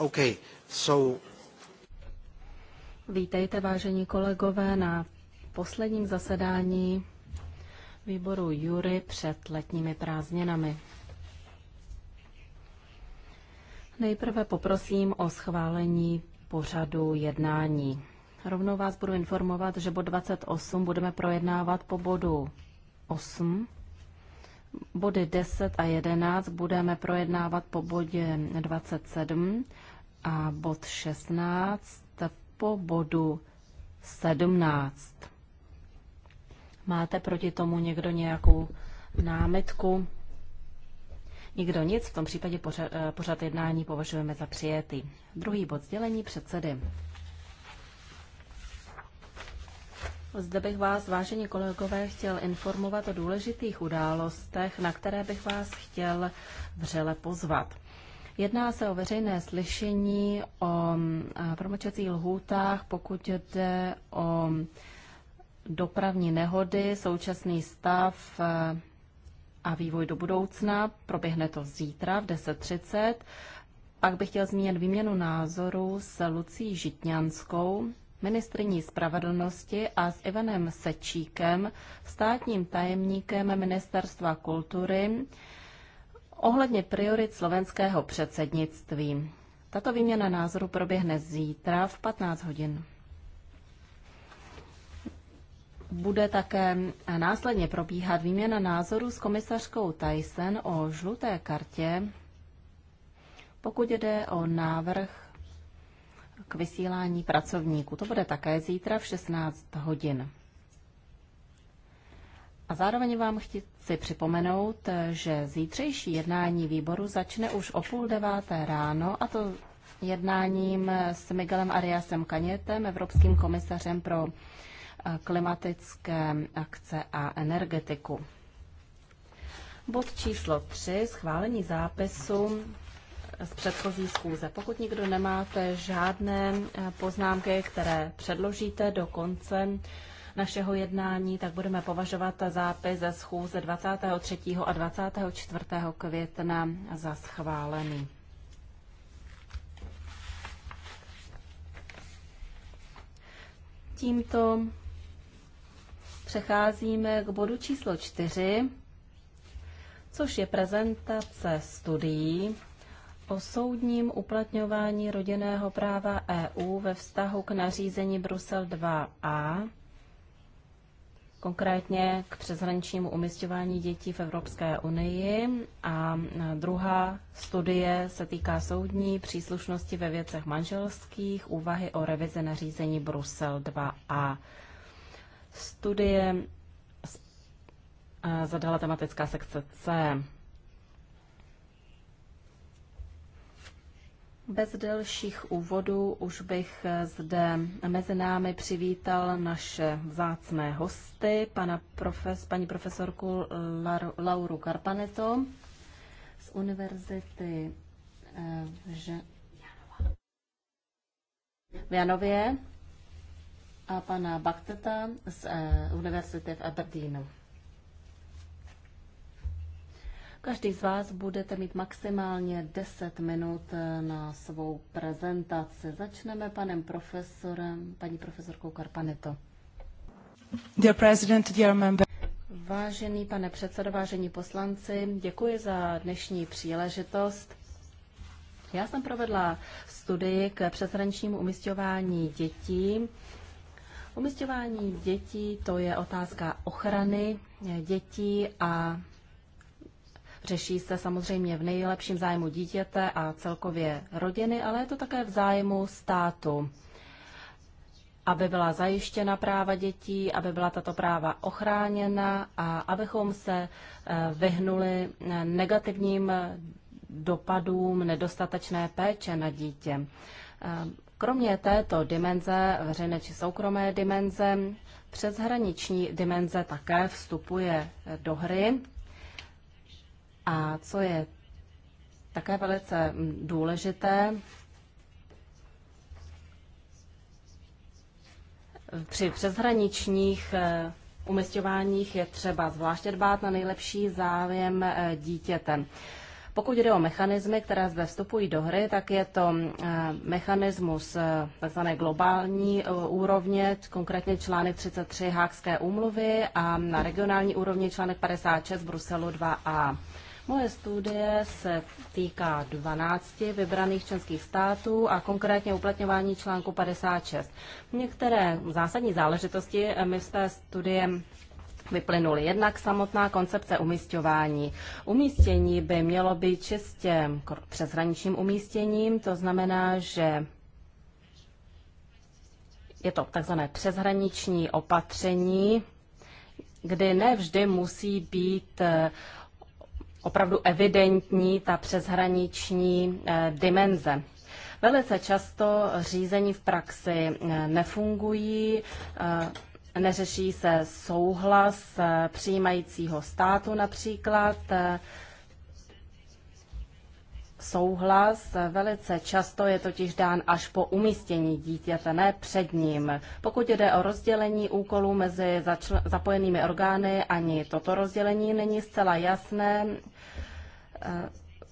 Okay, so... Vítejte, vážení kolegové, na posledním zasedání výboru Jury před letními prázdninami. Nejprve poprosím o schválení pořadu jednání. Rovnou vás budu informovat, že bod 28 budeme projednávat po bodu 8. Body 10 a 11 budeme projednávat po bodě 27 a bod 16 po bodu 17. Máte proti tomu někdo nějakou námitku? Nikdo nic, v tom případě pořad, eh, pořad jednání považujeme za přijetý. Druhý bod sdělení předsedy. Zde bych vás, vážení kolegové, chtěl informovat o důležitých událostech, na které bych vás chtěl vřele pozvat. Jedná se o veřejné slyšení o mm, promlčecích lhůtách, pokud jde o mm, dopravní nehody, současný stav e, a vývoj do budoucna. Proběhne to zítra v 10.30. Pak bych chtěl zmínit výměnu názoru s Lucí Žitňanskou, ministriní spravedlnosti a s Ivanem Sečíkem, státním tajemníkem Ministerstva kultury ohledně priorit slovenského předsednictví. Tato výměna názoru proběhne zítra v 15 hodin. Bude také následně probíhat výměna názoru s komisařkou Tyson o žluté kartě, pokud jde o návrh k vysílání pracovníků. To bude také zítra v 16 hodin. A zároveň vám chci připomenout, že zítřejší jednání výboru začne už o půl deváté ráno, a to jednáním s Miguelem Ariasem Kanětem, Evropským komisařem pro eh, klimatické akce a energetiku. Bod číslo 3, schválení zápisu z předchozí schůze. Pokud nikdo nemáte žádné eh, poznámky, které předložíte do konce našeho jednání, tak budeme považovat zápis ze schůze 23. a 24. května za schválený. Tímto přecházíme k bodu číslo 4, což je prezentace studií o soudním uplatňování rodinného práva EU ve vztahu k nařízení Brusel 2a konkrétně k přeshraničnímu umistování dětí v Evropské unii a druhá studie se týká soudní příslušnosti ve věcech manželských, úvahy o revizi nařízení Brusel 2a. Studie zadala tematická sekce C. Bez delších úvodů už bych zde mezi námi přivítal naše vzácné hosty, pana profes, paní profesorku Lauru Karpaneto z Univerzity eh, v Janově a pana Bakteta z eh, Univerzity v Aberdeenu. Každý z vás budete mít maximálně 10 minut eh, na svou prezentaci. Začneme panem profesorem, paní profesorkou Karpaneto. Dear president, dear member. Vážený pane předsedo, vážení poslanci, děkuji za dnešní příležitost. Já jsem provedla studii k přeshraničnímu umistování dětí. Umistování dětí to je otázka ochrany eh, dětí a Řeší se samozřejmě v nejlepším zájmu dítěte a celkově rodiny, ale je to také v zájmu státu aby byla zajištěna práva dětí, aby byla tato práva ochráněna a abychom se eh, vyhnuli eh, negativním dopadům nedostatečné péče na dítě. Eh, kromě této dimenze, veřejné či soukromé dimenze, přeshraniční dimenze také vstupuje do hry a co je také velice důležité, při přeshraničních eh, umistěváních je třeba zvláště dbát na nejlepší zájem eh, dítěte. Pokud jde o mechanismy, které zde vstupují do hry, tak je to eh, mechanismus tzv. globální úrovně, konkrétně článek 33 Hákské úmluvy a na regionální úrovni článek 56 Bruselu 2a. Moje studie se týká 12 vybraných členských států a konkrétně uplatňování článku 56. Některé zásadní záležitosti eh, mi z té studie vyplynuly. Jednak samotná koncepce umístování. Umístění by mělo být čistě přeshraničním umístěním, to znamená, že je to takzvané přeshraniční opatření, kdy nevždy musí být eh, opravdu evidentní ta přeshraniční eh, dimenze. Velice často řízení v praxi eh, nefungují, eh, neřeší se souhlas přijímajícího státu například, Souhlas velice často je totiž dán až po umístění dítěte, ne před ním. Pokud jde o rozdělení úkolů mezi zapojenými orgány, ani toto rozdělení není zcela jasné.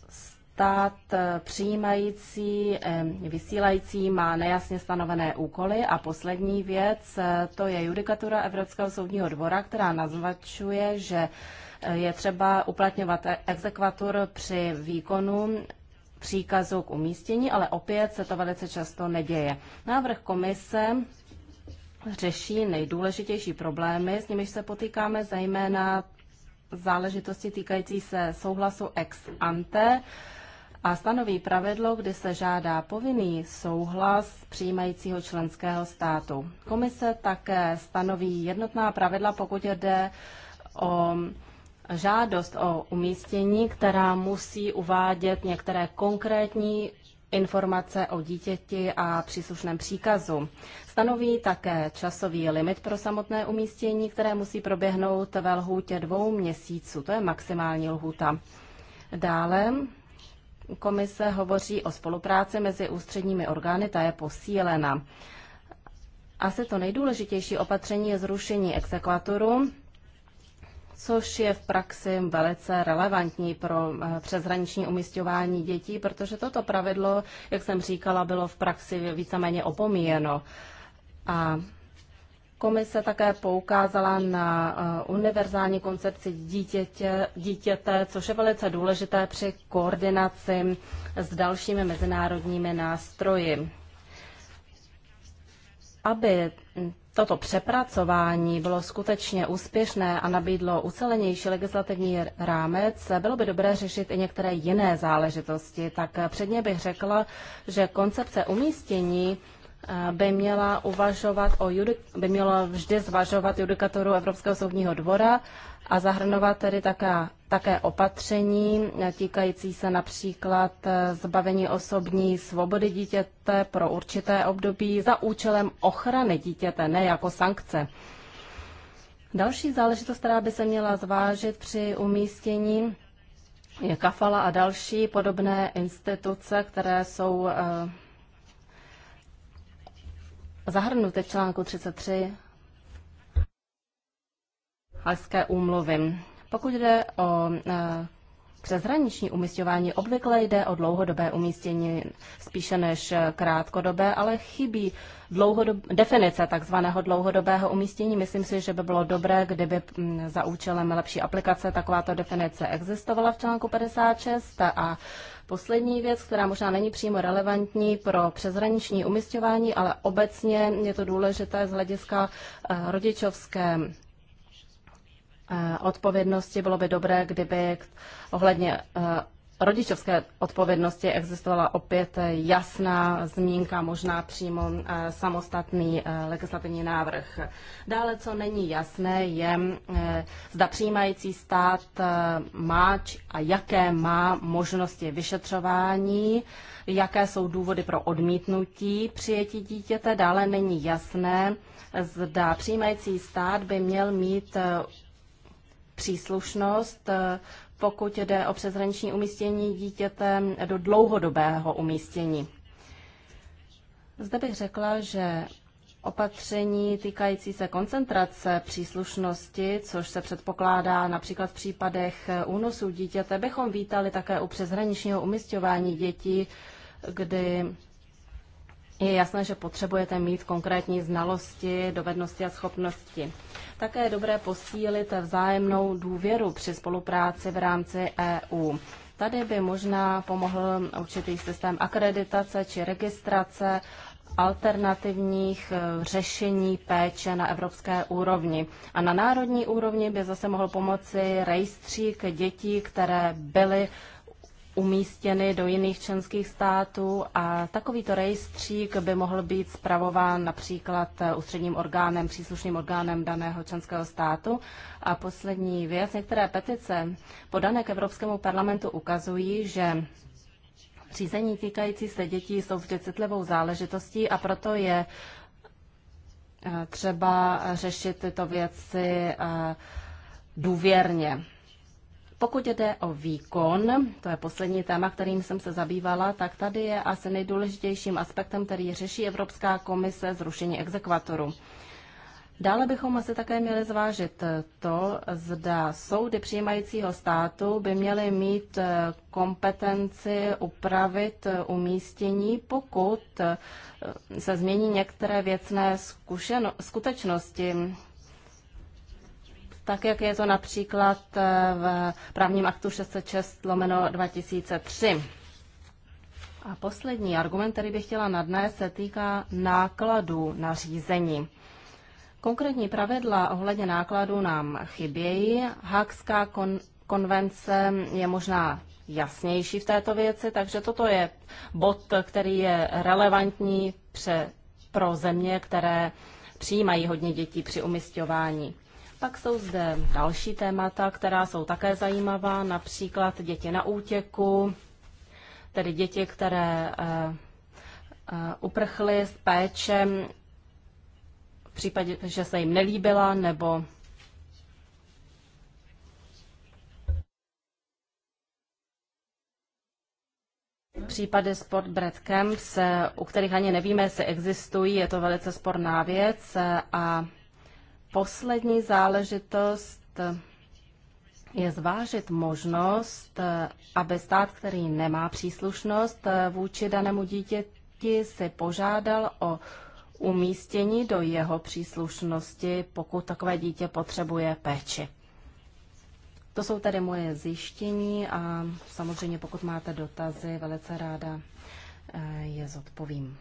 Stát přijímající, eh, vysílající má nejasně stanovené úkoly. A poslední věc, eh, to je judikatura Evropského soudního dvora, která naznačuje, že eh, je třeba uplatňovat e- exekvatur při výkonu příkazu k umístění, ale opět se to velice často neděje. Návrh komise řeší nejdůležitější problémy, s nimiž se potýkáme, zejména záležitosti týkající se souhlasu ex ante a stanoví pravidlo, kdy se žádá povinný souhlas přijímajícího členského státu. Komise také stanoví jednotná pravidla, pokud jde o žádost o umístění, která musí uvádět některé konkrétní informace o dítěti a příslušném příkazu. Stanoví také časový limit pro samotné umístění, které musí proběhnout ve lhůtě dvou měsíců. To je maximální lhůta. Dále komise hovoří o spolupráci mezi ústředními orgány, ta je posílena. Asi to nejdůležitější opatření je zrušení exekvatoru, což je v praxi velice relevantní pro eh, přeshraniční umistování dětí, protože toto pravidlo, jak jsem říkala, bylo v praxi víceméně opomíjeno. A Komise také poukázala na eh, univerzální koncepci dítětě, dítěte, což je velice důležité při koordinaci s dalšími mezinárodními nástroji. Aby toto přepracování bylo skutečně úspěšné a nabídlo ucelenější legislativní rámec, bylo by dobré řešit i některé jiné záležitosti. Tak předně bych řekla, že koncepce umístění eh, by měla uvažovat o by měla vždy zvažovat judikaturu Evropského soudního dvora a zahrnovat tedy také také opatření týkající se například eh, zbavení osobní svobody dítěte pro určité období za účelem ochrany dítěte, ne jako sankce. Další záležitost, která by se měla zvážit při umístění, je kafala a další podobné instituce, které jsou eh, zahrnuty v článku 33 Halské úmluvy. Pokud jde o e, Přeshraniční umístěvání obvykle jde o dlouhodobé umístění spíše než e, krátkodobé, ale chybí dlouhodob... definice takzvaného dlouhodobého umístění. Myslím si, že by bylo dobré, kdyby za účelem lepší aplikace takováto definice existovala v článku 56 a Poslední věc, která možná není přímo relevantní pro přezraniční umístěvání, ale obecně je to důležité z hlediska e, rodičovské Eh, odpovědnosti. Bylo by dobré, kdyby ohledně eh, rodičovské odpovědnosti existovala opět jasná zmínka, možná přímo eh, samostatný legislativní návrh. Dále, co není jasné, je, zda přijímající stát má a jaké má možnosti vyšetřování, jaké jsou důvody pro odmítnutí přijetí dítěte. Dále není jasné, zda přijímající stát by měl mít příslušnost, eh, pokud jde o přeshraniční umístění dítěte do dlouhodobého umístění. Zde bych řekla, že opatření týkající se koncentrace příslušnosti, což se předpokládá například v případech únosů dítěte, bychom vítali také u přeshraničního umistování dětí, kdy je jasné, že potřebujete mít konkrétní znalosti, dovednosti a schopnosti. Také je dobré posílit vzájemnou důvěru při spolupráci v rámci EU. Tady by možná pomohl určitý systém akreditace či registrace alternativních eh, řešení péče na evropské úrovni. A na národní úrovni by zase mohl pomoci rejstřík dětí, které byly umístěny do jiných členských států a takovýto rejstřík by mohl být zpravován například eh, ústředním orgánem, příslušným orgánem daného členského státu. A poslední věc, některé petice podané k Evropskému parlamentu ukazují, že řízení týkající se dětí jsou vždy citlivou záležitostí a proto je eh, třeba řešit tyto věci eh, důvěrně. Pokud jde o výkon, to je poslední téma, kterým jsem se zabývala, tak tady je asi nejdůležitějším aspektem, který řeší Evropská komise zrušení exekvatoru. Dále bychom asi také měli zvážit to, zda soudy přijímajícího státu by měly mít eh, kompetenci upravit eh, umístění, pokud eh, se změní některé věcné skutečnosti tak jak je to například eh, v právním aktu 606 lomeno 2003. A poslední argument, který bych chtěla nadnést, se týká nákladů na řízení. Konkrétní pravidla ohledně nákladů nám chybějí. Hákská kon- konvence je možná jasnější v této věci, takže toto je bod, který je relevantní pře- pro země, které přijímají hodně dětí při umistování. Pak jsou zde další témata, která jsou také zajímavá, například děti na útěku, tedy děti, které eh, eh, uprchly s péčem v případě, že se jim nelíbila nebo Případy sport Brad Camps, eh, u kterých ani nevíme, jestli existují, je to velice sporná věc a poslední záležitost je zvážit možnost, aby stát, který nemá příslušnost vůči danému dítěti, si požádal o umístění do jeho příslušnosti, pokud takové dítě potřebuje péči. To jsou tady moje zjištění a samozřejmě pokud máte dotazy, velice ráda eh, je zodpovím.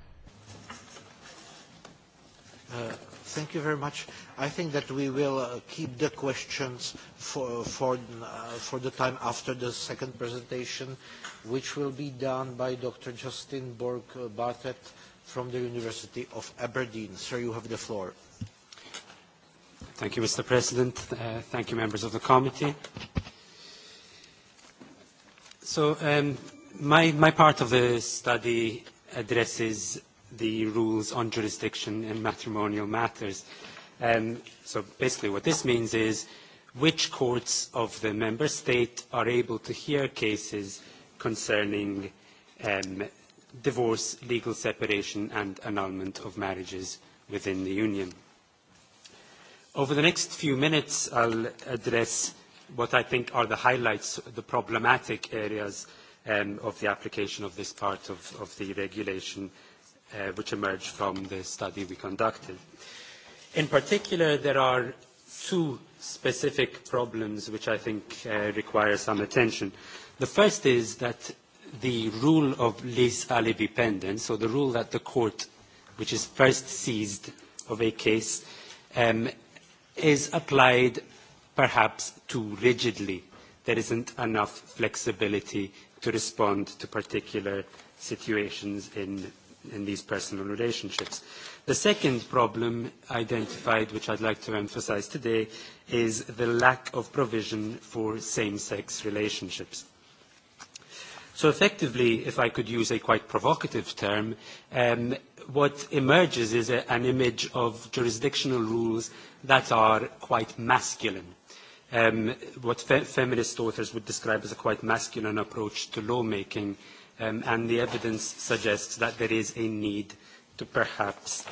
Eh, Thank you very much. I think that we will uh, keep the questions for, for, uh, for the time after the second presentation, which will be done by Dr. Justin Borg uh, bartet from the University of Aberdeen. Sir, you have the floor. Thank you, Mr. President. Uh, thank you, members of the committee. So um, my, my part of the study addresses the rules on jurisdiction in matrimonial matters. Um, so basically what this means is which courts of the member state are able to hear cases concerning um, divorce, legal separation and annulment of marriages within the Union. Over the next few minutes, I'll address what I think are the highlights, the problematic areas um, of the application of this part of, of the regulation Uh, which emerged from the study we conducted. In particular, there are two specific problems which I think uh, require some attention. The first is that the rule of lis alibi pendens, so the rule that the court, which is first seized of a case, um, is applied perhaps too rigidly. There isn't enough flexibility to respond to particular situations in in these personal relationships. The second problem identified, which I'd like to emphasize today, is the lack of provision for same-sex relationships. So effectively, if I could use a quite provocative term, um, what emerges is a, an image of jurisdictional rules that are quite masculine. Um, what fe feminist authors would describe as a quite masculine approach to lawmaking uh, Um, and the evidence suggests that there is a need to perhaps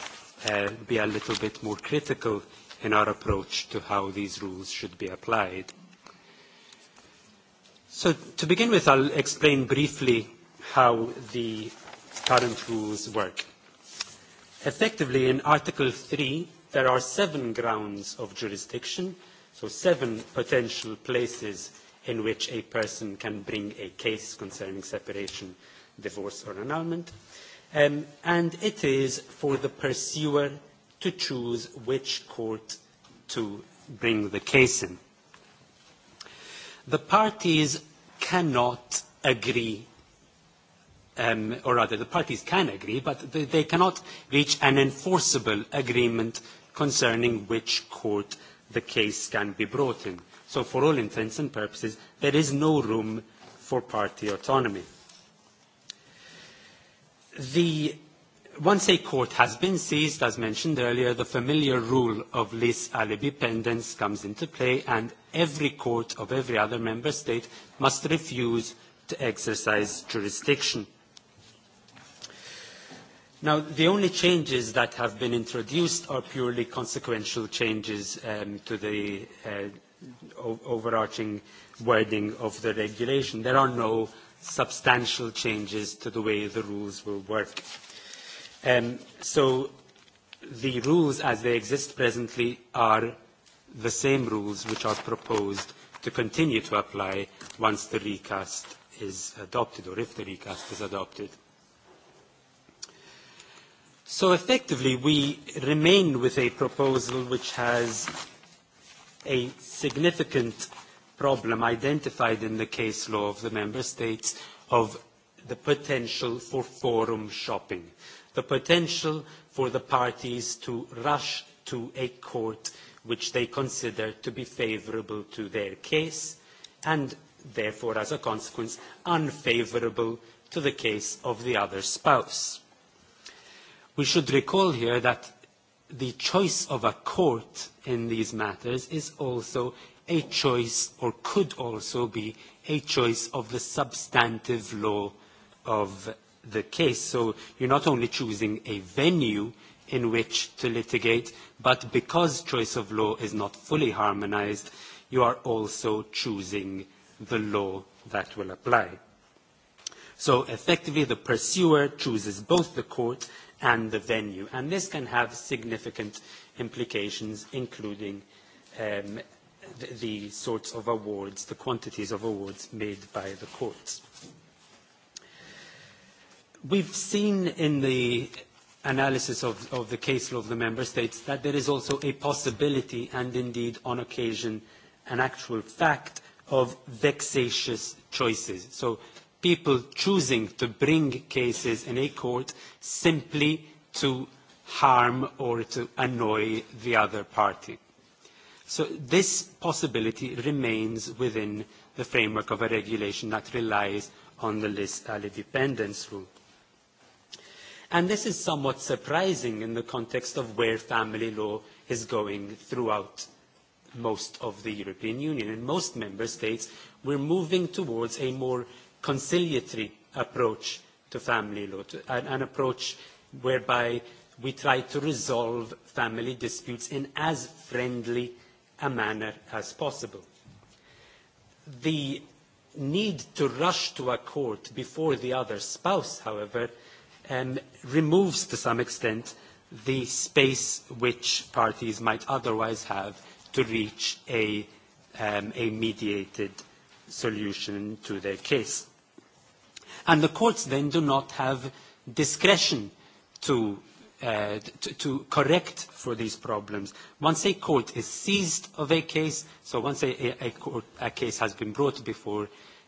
uh, be a little bit more critical in our approach to how these rules should be applied. So to begin with, I'll explain briefly how the current rules work. Effectively, in Article 3, there are seven grounds of jurisdiction, so seven potential places in which a person can bring a case concerning separation, divorce or annulment. Um, and it is for the pursuer to choose which court to bring the case in. The parties cannot agree um, or rather the parties can agree, but they, they cannot reach an enforceable agreement concerning which court the case can be brought in. So for all intents and purposes, there is no room for party autonomy. The, once a court has been seized, as mentioned earlier, the familiar rule of lis alibipendens comes into play and every court of every other member state must refuse to exercise jurisdiction. Now, the only changes that have been introduced are purely consequential changes um, to the uh, overarching wording of the regulation. There are no substantial changes to the way the rules will work. Um, so the rules as they exist presently are the same rules which are proposed to continue to apply once the recast is adopted or if the recast is adopted. So effectively, we remain with a proposal which has a significant problem identified in the case law of the member states of the potential for forum shopping, the potential for the parties to rush to a court which they consider to be favourable to their case and therefore as a consequence unfavourable to the case of the other spouse. We should recall here that the choice of a court in these matters is also a choice or could also be a choice of the substantive law of the case. So you're not only choosing a venue in which to litigate, but because choice of law is not fully harmonized, you are also choosing the law that will apply. So effectively, the pursuer chooses both the court and the venue. And this can have significant implications, including um, the, the sorts of awards, the quantities of awards made by the courts. We've seen in the analysis of, of the case law of the member states that there is also a possibility and indeed on occasion an actual fact of vexatious choices. So people choosing to bring cases in a court simply to harm or to annoy the other party. So this possibility remains within the framework of a regulation that relies on the list dependence rule. And this is somewhat surprising in the context of where family law is going throughout most of the European Union. In most member states, we're moving towards a more conciliatory approach to family law, to an, an approach whereby we try to resolve family disputes in as friendly a manner as possible. The need to rush to a court before the other spouse, however, um, removes to some extent the space which parties might otherwise have to reach a, um, a mediated solution to their case. And the courts then do not have discretion to, uh, to, to correct for these problems. Once a court is seized of a case, so once a, a, a, court, a case has been brought before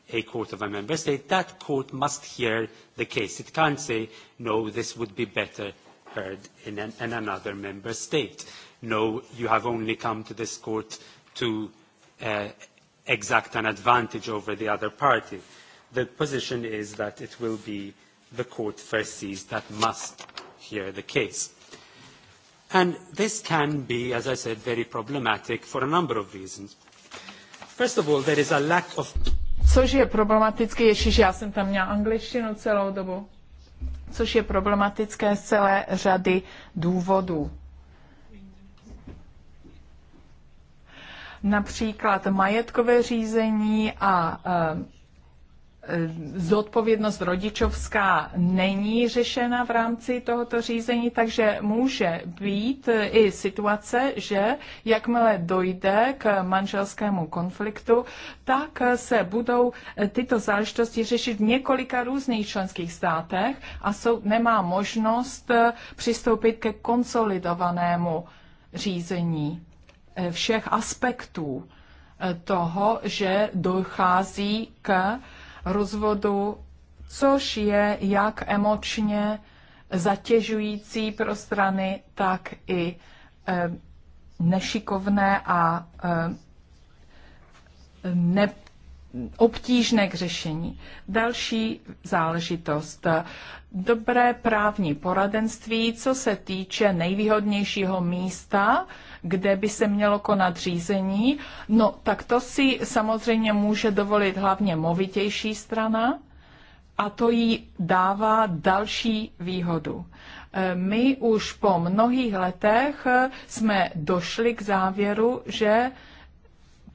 a court of a member state, that court must hear the case. It can't say, no, this would be better heard in, an, in another member state. No, you have only come to this court to uh, exact an advantage over the other party the position is that it will be the court first sees that must hear the case. And this can be, as I said, very problematic for a number of reasons. First of all, there is a lack of... Což je problematické, ježiš, já jsem tam měla angličtinu celou dobu. Což je problematické z celé řady důvodů. Například majetkové řízení a e, zodpovědnost rodičovská není řešena v rámci tohoto řízení, takže může být i situace, že jakmile dojde k manželskému konfliktu, tak se budou tyto záležitosti řešit v několika různých členských státech a soud nemá možnost přistoupit ke konsolidovanému řízení všech aspektů toho, že dochází k rozvodu, což je jak emočně zatěžující pro strany, tak i e, nešikovné a e, ne, obtížné k řešení. Další záležitost. Dobré právní poradenství, co se týče nejvýhodnějšího místa, kde by se mělo konat řízení, no tak to si samozřejmě může dovolit hlavně movitější strana a to jí dává další výhodu. E, my už po mnohých letech e, jsme došli k závěru, že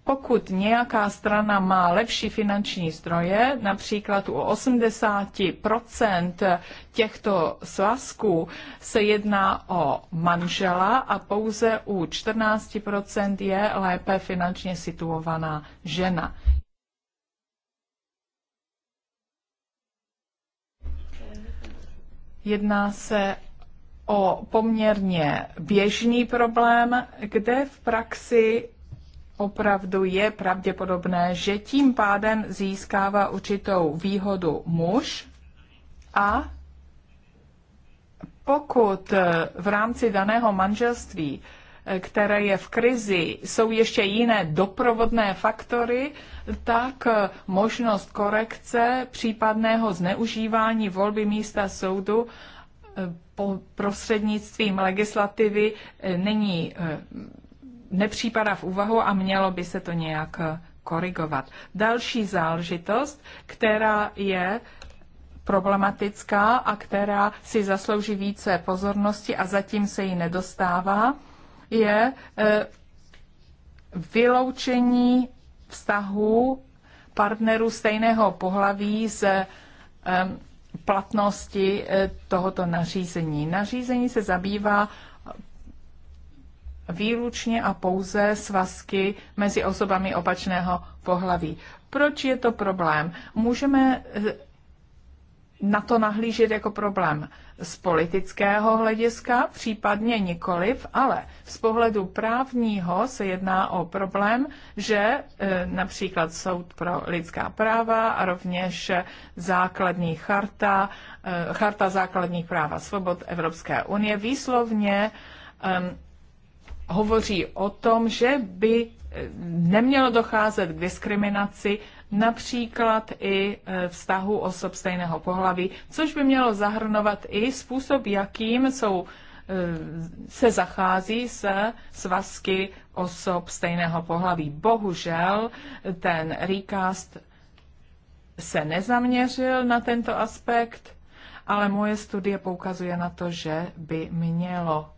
pokud nějaká strana má lepší finanční zdroje, například u 80% těchto svazků se jedná o manžela a pouze u 14% je lépe finančně situovaná žena. Jedná se o poměrně běžný problém, kde v praxi opravdu je pravděpodobné, že tím pádem získává určitou výhodu muž a pokud v rámci daného manželství, které je v krizi, jsou ještě jiné doprovodné faktory, tak možnost korekce případného zneužívání volby místa soudu eh, prostřednictvím legislativy eh, není eh, nepřípadá v úvahu a mělo by se to nějak eh, korigovat. Další záležitost, která je problematická a která si zaslouží více pozornosti a zatím se jí nedostává, je eh, vyloučení vztahu partnerů stejného pohlaví z eh, platnosti tohoto nařízení. Nařízení se zabývá výlučně a pouze svazky mezi osobami opačného pohlaví. Proč je to problém? Můžeme eh, na to nahlížet jako problém z politického hlediska, případně nikoliv, ale z pohledu právního se jedná o problém, že eh, například Soud pro lidská práva a rovněž základní charta, eh, charta základních práv a svobod Evropské unie výslovně hovoří o tom, že by eh, nemělo docházet k diskriminaci například i eh, vztahu osob stejného pohlaví, což by mělo zahrnovat i způsob, jakým jsou, eh, se zachází se svazky osob stejného pohlaví. Bohužel ten recast se nezaměřil na tento aspekt, ale moje studie poukazuje na to, že by mělo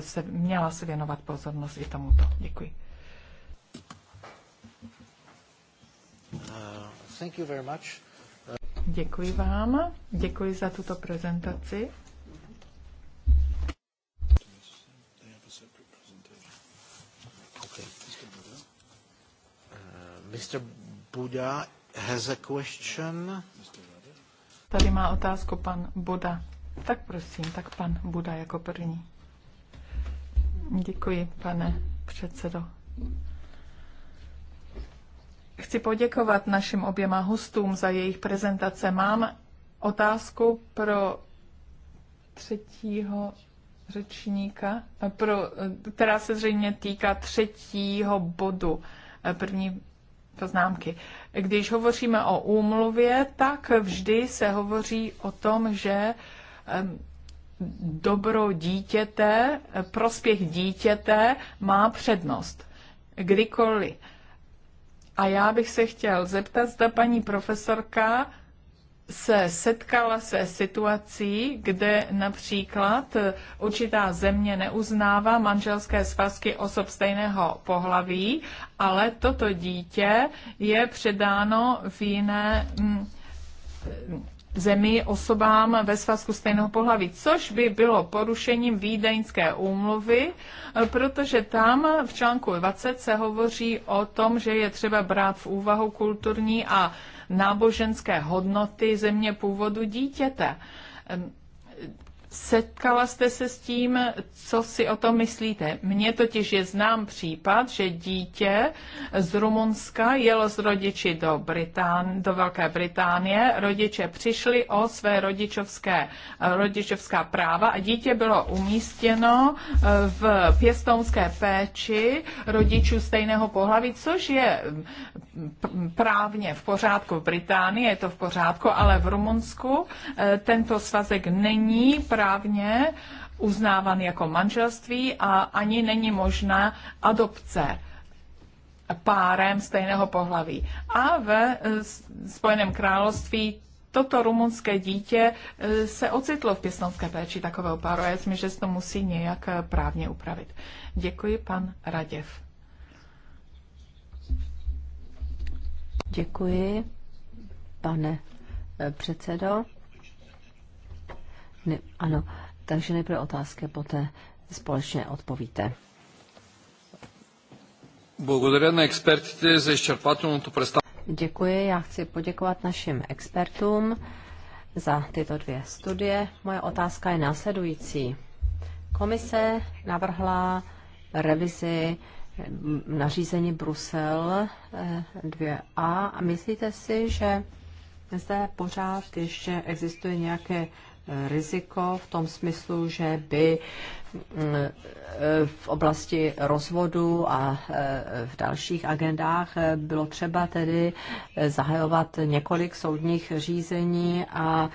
se měla se věnovat pozornost i tomuto. Děkuji. Uh, thank you very much. Děkuji vám. Děkuji za tuto prezentaci. Uh, Mr. Buda has a question. Tady má otázku pan Buda. Tak prosím, tak pan Buda jako první. Děkuji, pane předsedo. Chci poděkovat našim oběma hostům za jejich prezentace. Mám otázku pro třetího řečníka, pro, která se zřejmě týká třetího bodu první poznámky. Když hovoříme o úmluvě, tak vždy se hovoří o tom, že dobro dítěte, prospěch dítěte má přednost. Kdykoliv. A já bych se chtěl zeptat, zda paní profesorka se setkala se situací, kde například určitá země neuznává manželské svazky osob stejného pohlaví, ale toto dítě je předáno v jiné mm, zemi osobám ve svazku stejného pohlaví, což by bylo porušením výdeňské úmluvy, eh, protože tam v článku 20 se hovoří o tom, že je třeba brát v úvahu kulturní a náboženské hodnoty země původu dítěte Setkala jste se s tím, co si o tom myslíte? Mně totiž je znám případ, že dítě z Rumunska jelo s rodiči do, Britán, do Velké Británie, rodiče přišli o své rodičovské, rodičovská práva a dítě bylo umístěno eh, v pěstounské péči rodičů stejného pohlaví, což je mm, právně v pořádku v Británii, je to v pořádku, ale v Rumunsku eh, tento svazek není právně uznávan jako manželství a ani není možná adopce párem stejného pohlaví. A ve eh, Spojeném království toto rumunské dítě eh, se ocitlo v pěstnovské péči takového páru já myslím, že se to musí nějak eh, právně upravit. Děkuji, pan Raděv. Děkuji, pane předsedo. Ne, ano, takže nejprve otázky, poté společně odpovíte. Благодаря на експертите за изчерпателното Děkuji, já chci poděkovat našim expertům za tyto dvě studie. Moje otázka je následující. Komise navrhla revizi nařízení Brusel 2a eh, a myslíte si, že zde pořád ještě existuje nějaké riziko v tom smyslu, že by mm, v oblasti rozvodu a e, v dalších agendách e, bylo třeba tedy e, zahajovat několik soudních řízení a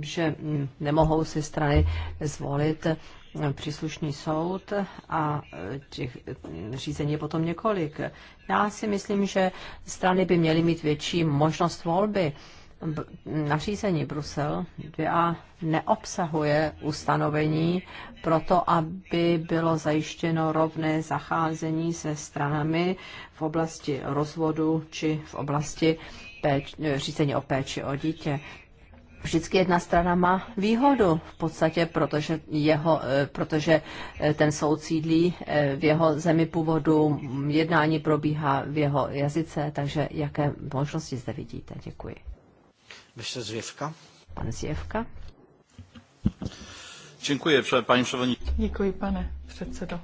že nemohou si strany zvolit příslušný soud a těch řízení je potom několik. Já si myslím, že strany by měly mít větší možnost volby nařízení Brusel 2a neobsahuje ustanovení pro to, aby bylo zajištěno rovné zacházení se stranami v oblasti rozvodu či v oblasti péč, e, řízení o péči o dítě. Vždycky jedna strana má výhodu v podstatě, protože, jeho, e, protože e, ten soud sídlí v jeho zemi původu, jednání probíhá v jeho jazyce, takže jaké možnosti zde vidíte? Děkuji. Mr. Zvěvka. Pan Děkuji, paní Děkuji, pane předsedo.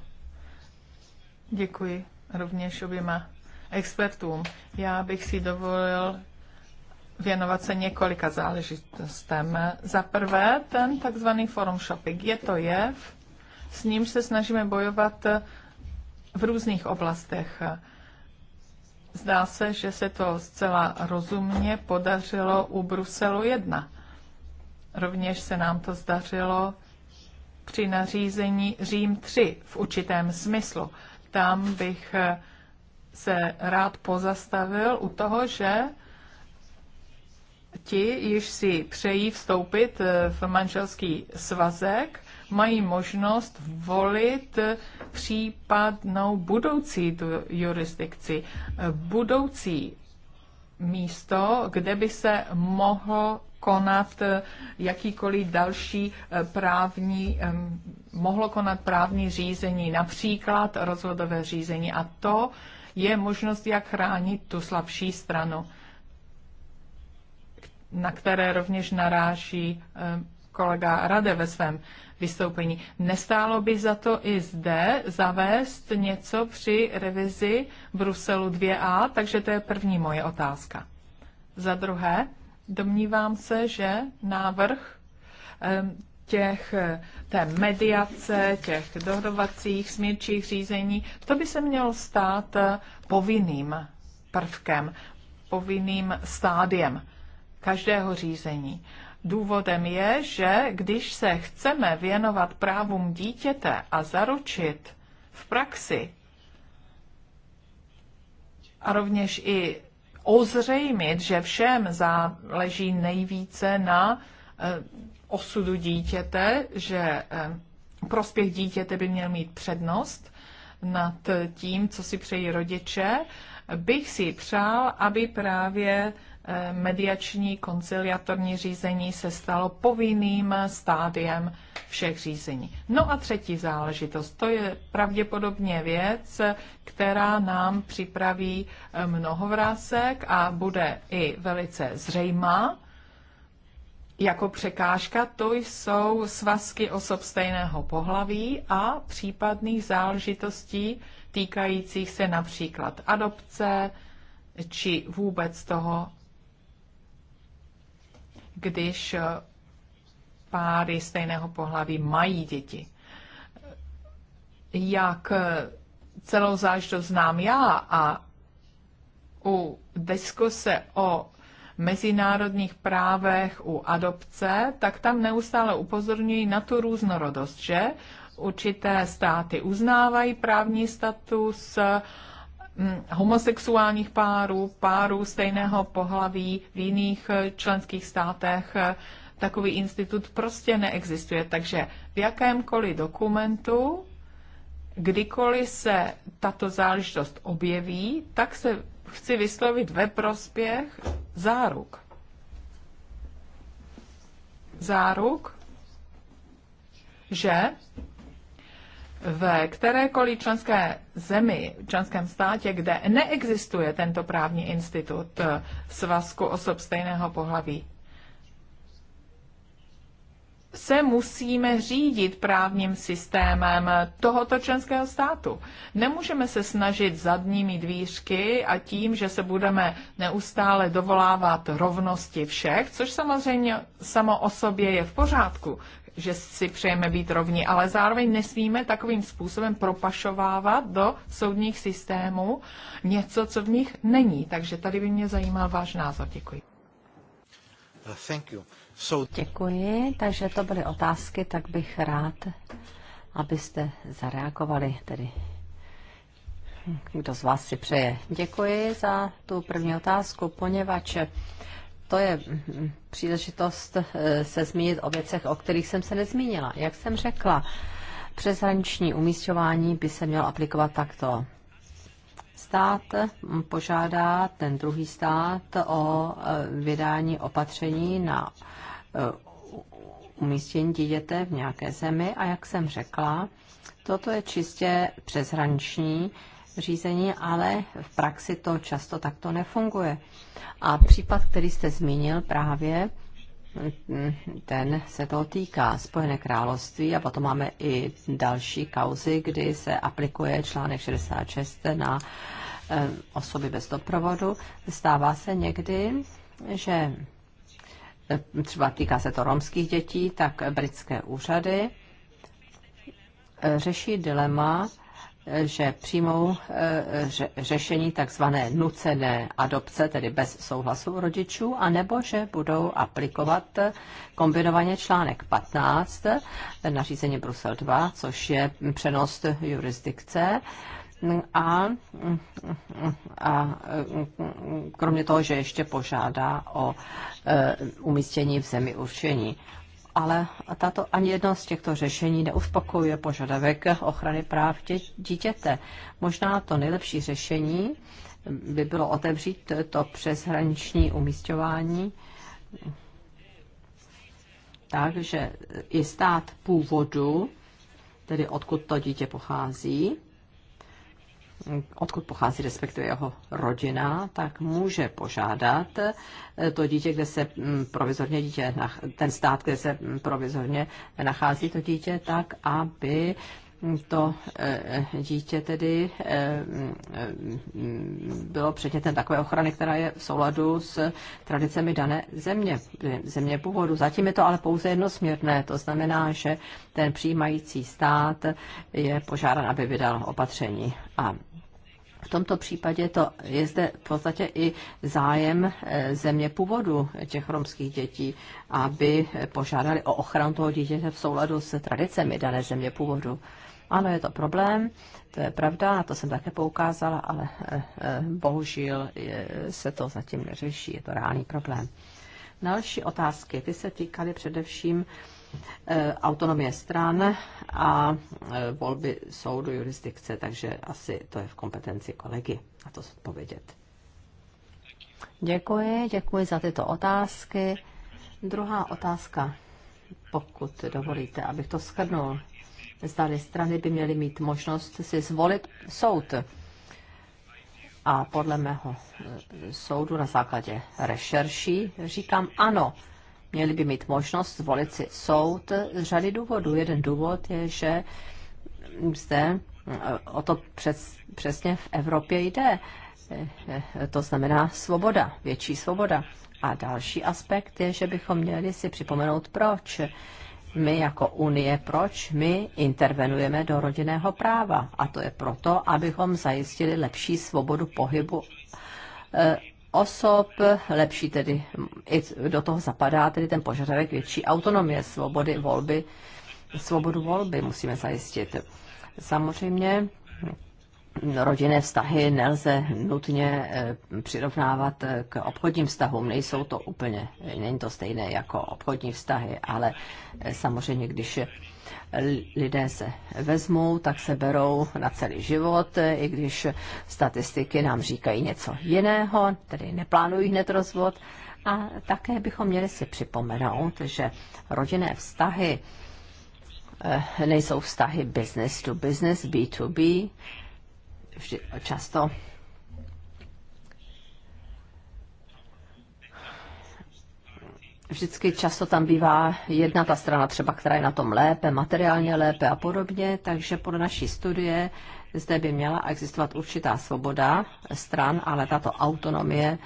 Děkuji rovněž oběma expertům. Já bych si dovolil věnovat se několika záležitostem. Za prvé, ten takzvaný forum shopping. Je to jev, s ním se snažíme bojovat v různých oblastech. Zdá se, že se to zcela rozumně podařilo u Bruselu 1. Rovněž se nám to zdařilo při nařízení Řím 3 v určitém smyslu. Tam bych eh, se rád pozastavil u toho, že ti již si přejí vstoupit eh, v manželský svazek, mají možnost volit případnou budoucí jurisdikci, budoucí místo, kde by se mohlo konat jakýkoliv další eh, právní, mohlo konat právní řízení, například rozvodové řízení. A to je možnost, jak chránit tu slabší stranu, na které rovněž naráží kolega Rade ve svém vystoupení. Nestálo by za to i zde zavést něco při revizi Bruselu 2a, takže to je první moje otázka. Za druhé, domnívám se, že návrh těch, té mediace, těch dohodovacích, smírčích řízení, to by se mělo stát eh, povinným prvkem, povinným stádiem každého řízení. Důvodem je, že když se chceme věnovat právům dítěte a zaručit v praxi a rovněž i ozřejmit, že všem záleží nejvíce na eh, osudu dítěte, že eh, prospěch dítěte by měl mít přednost nad tím, co si přejí rodiče, bych si přál, aby právě Eh, mediační konciliatorní řízení se stalo povinným stádiem všech řízení. No a třetí záležitost, to je pravděpodobně věc, která nám připraví eh, mnoho vrásek a bude i velice zřejmá, jako překážka to jsou svazky osob stejného pohlaví a případných záležitostí týkajících se například adopce či vůbec toho, když eh, páry stejného pohlaví mají děti. Jak eh, celou zážitost znám já a u diskuse o mezinárodních právech u adopce, tak tam neustále upozorňují na tu různorodost, že určité státy uznávají právní status Mm, homosexuálních párů, párů stejného pohlaví v jiných eh, členských státech eh, takový institut prostě neexistuje. Takže v jakémkoliv dokumentu, kdykoliv se tato záležitost objeví, tak se chci vyslovit ve prospěch záruk. Záruk, že v kterékoliv členské zemi, členském státě, kde neexistuje tento právní institut eh, svazku osob stejného pohlaví, se musíme řídit právním systémem tohoto členského státu. Nemůžeme se snažit zadními dvířky a tím, že se budeme neustále dovolávat rovnosti všech, což samozřejmě samo o sobě je v pořádku že si přejeme být rovni, ale zároveň nesmíme takovým způsobem propašovávat do soudních systémů něco, co v nich není. Takže tady by mě zajímal váš názor. Děkuji. Uh, thank you. So... Děkuji. Takže to byly otázky, tak bych rád, abyste zareagovali tedy hm, kdo z vás si přeje. Děkuji za tu první otázku, poněvadž to je mm, příležitost eh, se zmínit o věcech, o kterých jsem se nezmínila. Jak jsem řekla, přeshraniční umístování by se mělo aplikovat takto. Stát mm, požádá ten druhý stát o eh, vydání opatření na eh, umístění dítěte v nějaké zemi a jak jsem řekla, toto je čistě přeshraniční řízení, ale v praxi to často takto nefunguje. A případ, který jste zmínil právě, ten se toho týká Spojené království a potom máme i další kauzy, kdy se aplikuje článek 66 na eh, osoby bez doprovodu. Stává se někdy, že eh, třeba týká se to romských dětí, tak britské úřady eh, řeší dilema, že přijmou eh, řešení takzvané nucené adopce, tedy bez souhlasu rodičů, anebo že budou aplikovat eh, kombinovaně článek 15 eh, nařízení Brusel 2, což je přenost jurisdikce a, a kromě toho, že ještě požádá o umístění v zemi určení ale tato ani jedno z těchto řešení neuspokojuje požadavek ochrany práv dítěte. Možná to nejlepší řešení by bylo otevřít to přeshraniční umístování, takže i stát původu, tedy odkud to dítě pochází, odkud pochází respektive jeho rodina, tak může požádat eh, to dítě, kde se mm, provizorně dítě, ten stát, kde se mm, provizorně nachází to dítě, tak aby to eh, dítě tedy eh, mm, bylo předmětem takové ochrany, která je v souladu s tradicemi dané země, země původu. Zatím je to ale pouze jednosměrné, to znamená, že ten přijímající stát je požádán, aby vydal opatření. A v tomto případě to je zde v podstatě i zájem eh, země původu těch romských dětí, aby eh, požádali o ochranu toho dítěte v souladu s tradicemi dané země původu. Ano, je to problém, to je pravda, na to jsem také poukázala, ale eh, bohužel se to zatím neřeší, je to reálný problém. Další otázky, ty se týkaly především eh, Eh, autonomie stran a eh, volby soudu, jurisdikce, takže asi to je v kompetenci kolegy na to zodpovědět. Děkuji, děkuji za tyto otázky. Druhá otázka, pokud dovolíte, abych to shrnul. Zdali strany by měly mít možnost si zvolit soud. A podle mého eh, soudu na základě rešerší říkám ano měli by mít možnost zvolit si soud z řady důvodů. Jeden důvod je, že zde eh, o to přes, přesně v Evropě jde. Eh, to znamená svoboda, větší svoboda. A další aspekt je, že bychom měli si připomenout, proč my jako Unie, proč my intervenujeme do rodinného práva. A to je proto, abychom zajistili lepší svobodu pohybu eh, osob, lepší tedy, i do toho zapadá tedy ten požadavek větší autonomie, svobody volby, svobodu volby musíme zajistit. Samozřejmě rodinné vztahy nelze nutně eh, přirovnávat eh, k obchodním vztahům. Nejsou to úplně, není to stejné jako obchodní vztahy, ale eh, samozřejmě, když lidé se vezmou, tak se berou na celý život, i když statistiky nám říkají něco jiného, tedy neplánují hned rozvod. A také bychom měli si připomenout, že rodinné vztahy eh, nejsou vztahy business to business, B2B, vždy, často vždycky často tam bývá jedna ta strana třeba, která je na tom lépe, materiálně lépe a podobně, takže podle naší studie zde by měla existovat určitá svoboda stran, ale tato autonomie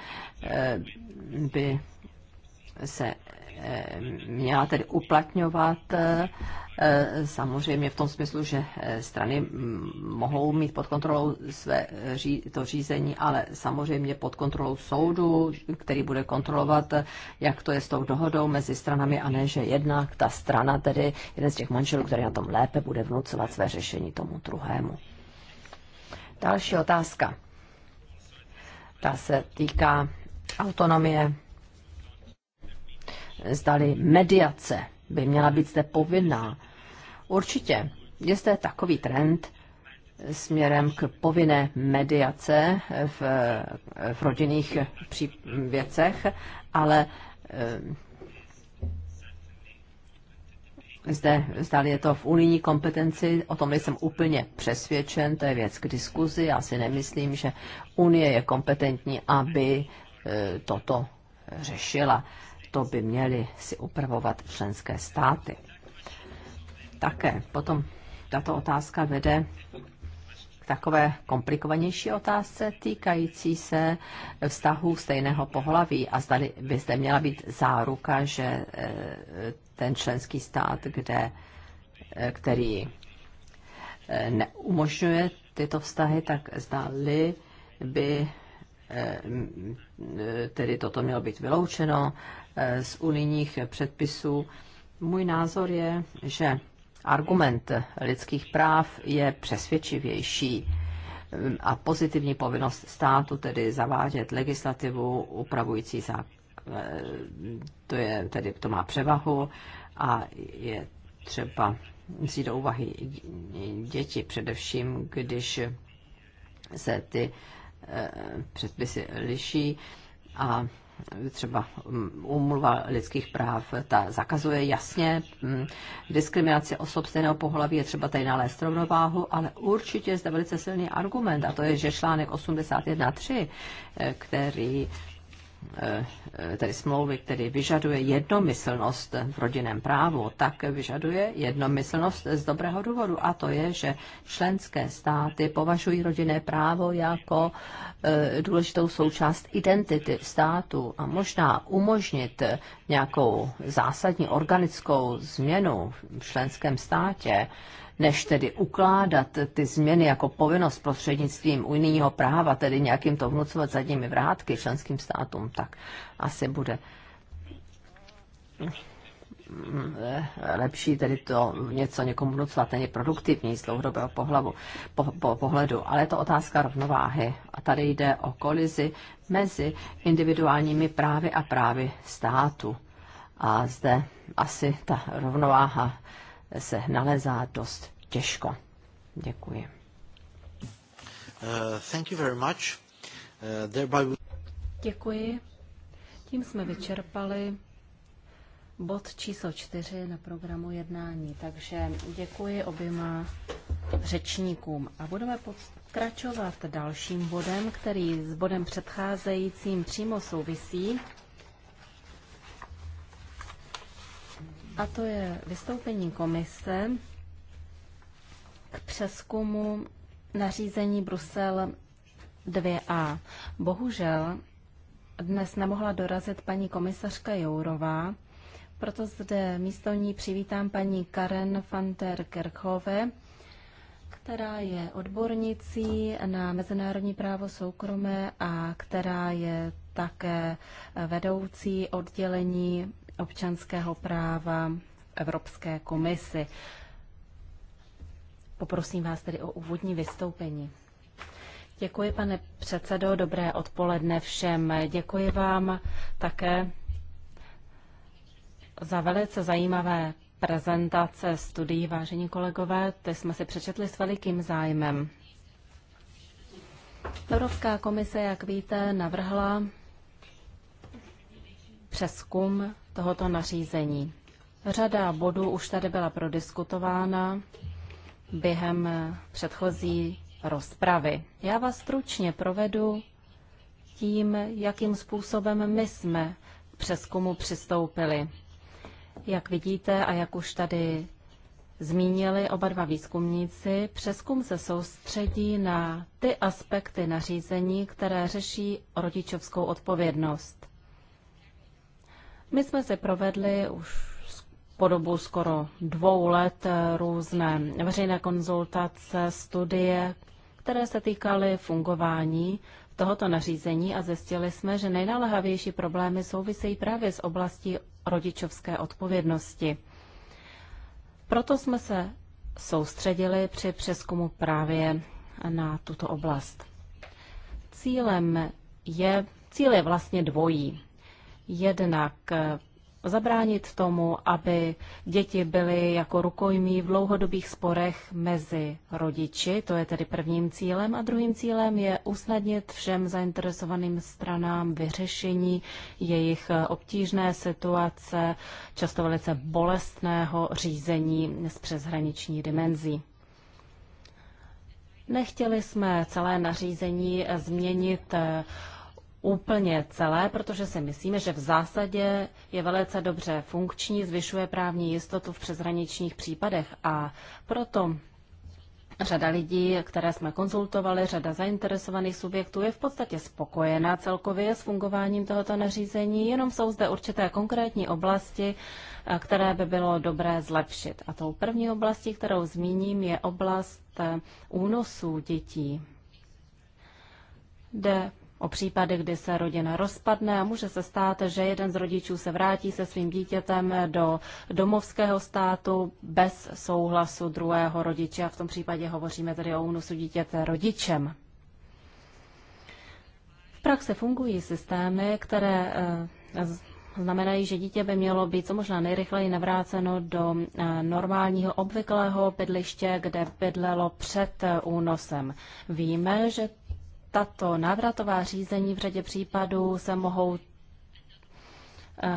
eh, by se eh, měla tedy uplatňovat eh, Eh, samozřejmě v tom smyslu, že eh, strany mm, mohou mít pod kontrolou své eh, to řízení, ale samozřejmě pod kontrolou soudu, který bude kontrolovat, jak to je s tou dohodou mezi stranami a ne, že jedna ta strana, tedy jeden z těch manželů, který na tom lépe bude vnucovat své řešení tomu druhému. Další otázka. Ta se týká autonomie, zdali mediace by měla být zde povinná. Určitě je zde takový trend směrem k povinné mediace v, v rodinných pří, věcech, ale eh, zde, zdali je to v unijní kompetenci, o tom nejsem úplně přesvědčen, to je věc k diskuzi, já si nemyslím, že Unie je kompetentní, aby eh, toto řešila to by měly si upravovat členské státy. Také potom tato otázka vede k takové komplikovanější otázce týkající se vztahů stejného pohlaví a zda by zde měla být záruka, že eh, ten členský stát, kde, eh, který eh, neumožňuje tyto vztahy, tak zdali by tedy toto mělo být vyloučeno z unijních předpisů. Můj názor je, že argument lidských práv je přesvědčivější a pozitivní povinnost státu tedy zavádět legislativu upravující za, to, je, tedy, to má převahu a je třeba vzít do úvahy děti, především když se ty eh, předpisy liší a třeba umluva mm, lidských práv, ta zakazuje jasně mm, diskriminaci osob stejného pohlaví, je třeba tady nalézt rovnováhu, ale určitě je zde velice silný argument, a to je, že článek 81.3, eh, který Eh, tedy smlouvy, který vyžaduje jednomyslnost v rodinném právu, tak vyžaduje jednomyslnost z dobrého důvodu. A to je, že členské státy považují rodinné právo jako eh, důležitou součást identity státu a možná umožnit nějakou zásadní organickou změnu v členském státě, než tedy ukládat ty změny jako povinnost prostřednictvím unijního práva, tedy nějakým to vnucovat zadními vrátky členským státům, tak asi bude lepší tedy to něco někomu vnucovat, není produktivní z dlouhodobého pohlavu, po, po, pohledu, ale je to otázka rovnováhy. A tady jde o kolizi mezi individuálními právy a právy státu. A zde asi ta rovnováha se nalezá dost těžko. Děkuji. Uh, thank you very much. Uh, thereby... Děkuji. Tím jsme vyčerpali bod číslo čtyři na programu jednání. Takže děkuji oběma řečníkům a budeme pokračovat dalším bodem, který s bodem předcházejícím přímo souvisí. a to je vystoupení komise k přeskumu nařízení Brusel 2a. Bohužel dnes nemohla dorazit paní komisařka Jourová, proto zde místo ní přivítám paní Karen van der Kerkhove, která je odbornicí na mezinárodní právo soukromé a která je také vedoucí oddělení občanského práva Evropské komisi. Poprosím vás tedy o úvodní vystoupení. Děkuji, pane předsedo, dobré odpoledne všem. Děkuji vám také za velice zajímavé prezentace studií, vážení kolegové. Ty jsme si přečetli s velikým zájmem. Evropská komise, jak víte, navrhla přeskum tohoto nařízení. Řada bodů už tady byla prodiskutována během předchozí rozpravy. Já vás stručně provedu tím, jakým způsobem my jsme k přeskumu přistoupili. Jak vidíte a jak už tady zmínili oba dva výzkumníci, přeskum se soustředí na ty aspekty nařízení, které řeší rodičovskou odpovědnost. My jsme se provedli už po dobu skoro dvou let různé veřejné konzultace, studie, které se týkaly fungování tohoto nařízení a zjistili jsme, že nejnaléhavější problémy souvisejí právě s oblastí rodičovské odpovědnosti. Proto jsme se soustředili při přeskumu právě na tuto oblast. Cílem je, cíl je vlastně dvojí jednak eh, zabránit tomu, aby děti byly jako rukojmí v dlouhodobých sporech mezi rodiči, to je tedy prvním cílem, a druhým cílem je usnadnit všem zainteresovaným stranám vyřešení jejich eh, obtížné situace, často velice bolestného řízení s přeshraniční dimenzí. Nechtěli jsme celé nařízení eh, změnit úplně celé, protože si myslíme, že v zásadě je velice dobře funkční, zvyšuje právní jistotu v přeshraničních případech a proto Řada lidí, které jsme konzultovali, řada zainteresovaných subjektů je v podstatě spokojená celkově s fungováním tohoto nařízení, jenom jsou zde určité konkrétní oblasti, eh, které by bylo dobré zlepšit. A tou první oblastí, kterou zmíním, je oblast eh, únosů dětí. Jde o případech, kdy se rodina rozpadne a může se stát, že jeden z rodičů se vrátí se svým dítětem do domovského státu bez souhlasu druhého rodiče a v tom případě hovoříme tedy o únosu dítěte rodičem. V praxi fungují systémy, které eh, znamenají, že dítě by mělo být co možná nejrychleji navráceno do eh, normálního obvyklého bydliště, kde bydlelo před eh, únosem. Víme, že tato návratová řízení v řadě případů se mohou,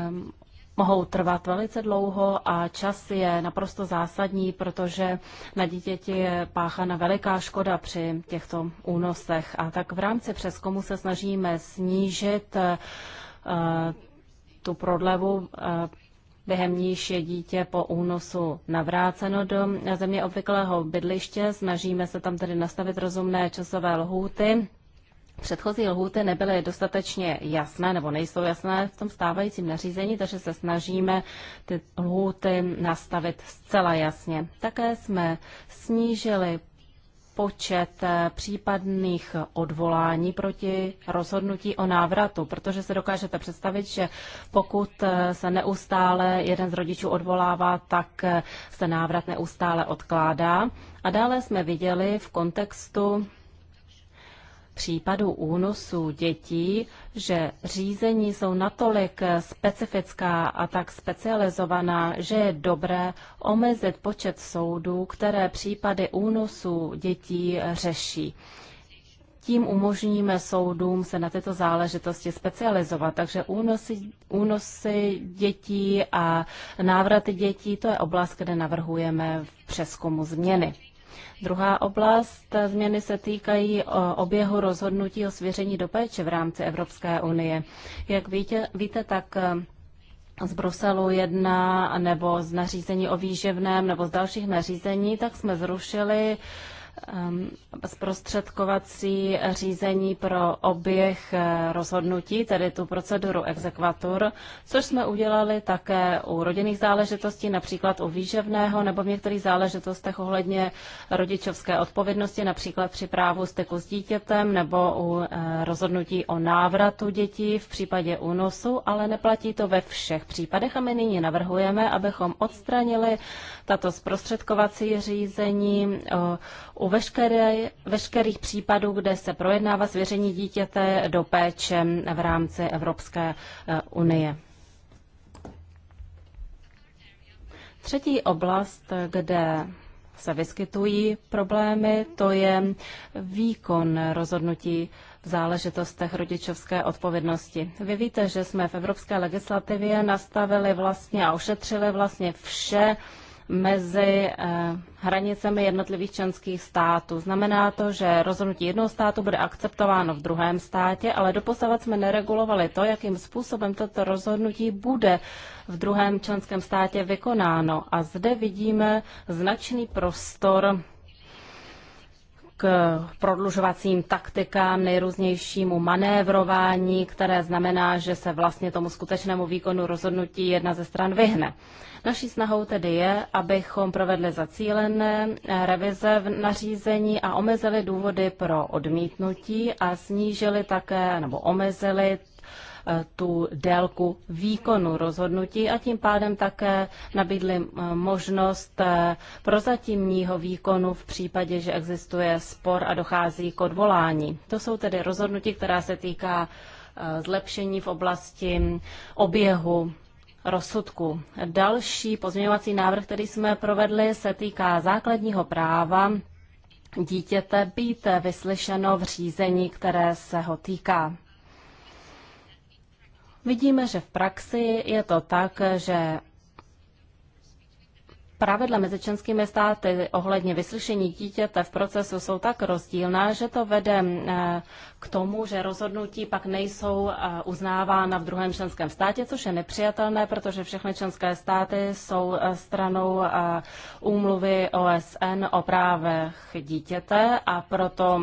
um, mohou trvat velice dlouho a čas je naprosto zásadní, protože na dítěti je páchana veliká škoda při těchto únosech. A tak v rámci přeskumu se snažíme snížit uh, tu prodlevu uh, během níž je dítě po únosu navráceno do země obvyklého bydliště. Snažíme se tam tedy nastavit rozumné časové lhůty předchozí lhůty nebyly dostatečně jasné nebo nejsou jasné v tom stávajícím nařízení, takže se snažíme ty lhůty nastavit zcela jasně. Také jsme snížili počet eh, případných odvolání proti rozhodnutí o návratu, protože se dokážete představit, že pokud eh, se neustále jeden z rodičů odvolává, tak eh, se návrat neustále odkládá. A dále jsme viděli v kontextu případů únosů dětí, že řízení jsou natolik specifická a tak specializovaná, že je dobré omezit počet soudů, které případy únosů dětí řeší. Tím umožníme soudům se na tyto záležitosti specializovat. Takže únosy, únosy dětí a návraty dětí, to je oblast, kde navrhujeme v přeskumu změny. Druhá oblast změny se týkají oběhu rozhodnutí o svěření do péče v rámci Evropské unie. Jak víte, víte tak eh, z Bruselu 1 nebo z nařízení o výživném nebo z dalších nařízení, tak jsme zrušili Ehm, zprostředkovací řízení pro oběh eh, rozhodnutí, tedy tu proceduru exekvatur, což jsme udělali také u rodinných záležitostí, například u výževného nebo v některých záležitostech ohledně rodičovské odpovědnosti, například při právu styku s dítětem nebo u eh, rozhodnutí o návratu dětí v případě únosu, ale neplatí to ve všech případech a my nyní navrhujeme, abychom odstranili tato zprostředkovací řízení eh, u veškeré, veškerých případů, kde se projednává svěření dítěte do péče v rámci Evropské eh, unie. Třetí oblast, kde se vyskytují problémy, to je výkon rozhodnutí v záležitostech rodičovské odpovědnosti. Vy víte, že jsme v evropské legislativě nastavili vlastně a ošetřili vlastně vše, mezi eh, hranicemi jednotlivých členských států. Znamená to, že rozhodnutí jednoho státu bude akceptováno v druhém státě, ale doposavat jsme neregulovali to, jakým způsobem toto rozhodnutí bude v druhém členském státě vykonáno. A zde vidíme značný prostor k prodlužovacím taktikám, nejrůznějšímu manévrování, které znamená, že se vlastně tomu skutečnému výkonu rozhodnutí jedna ze stran vyhne. Naší snahou tedy je, abychom provedli zacílené eh, revize v nařízení a omezili důvody pro odmítnutí a snížili také nebo omezili Eh, tu délku výkonu rozhodnutí a tím pádem také nabídli eh, možnost eh, prozatímního výkonu v případě, že existuje spor a dochází k odvolání. To jsou tedy rozhodnutí, která se týká zlepšení v oblasti oběhu rozsudku. Další pozměňovací návrh, který jsme provedli, se týká základního práva dítěte být vyslyšeno v řízení, které se ho týká. Vidíme, že v praxi je to tak, že Pravidla mezi členskými státy ohledně vyslyšení dítěte v procesu jsou tak rozdílná, že to vede eh, k tomu, že rozhodnutí pak nejsou eh, uznávána v druhém členském státě, což je nepřijatelné, protože všechny členské státy jsou eh, stranou úmluvy OSN o právech dítěte a proto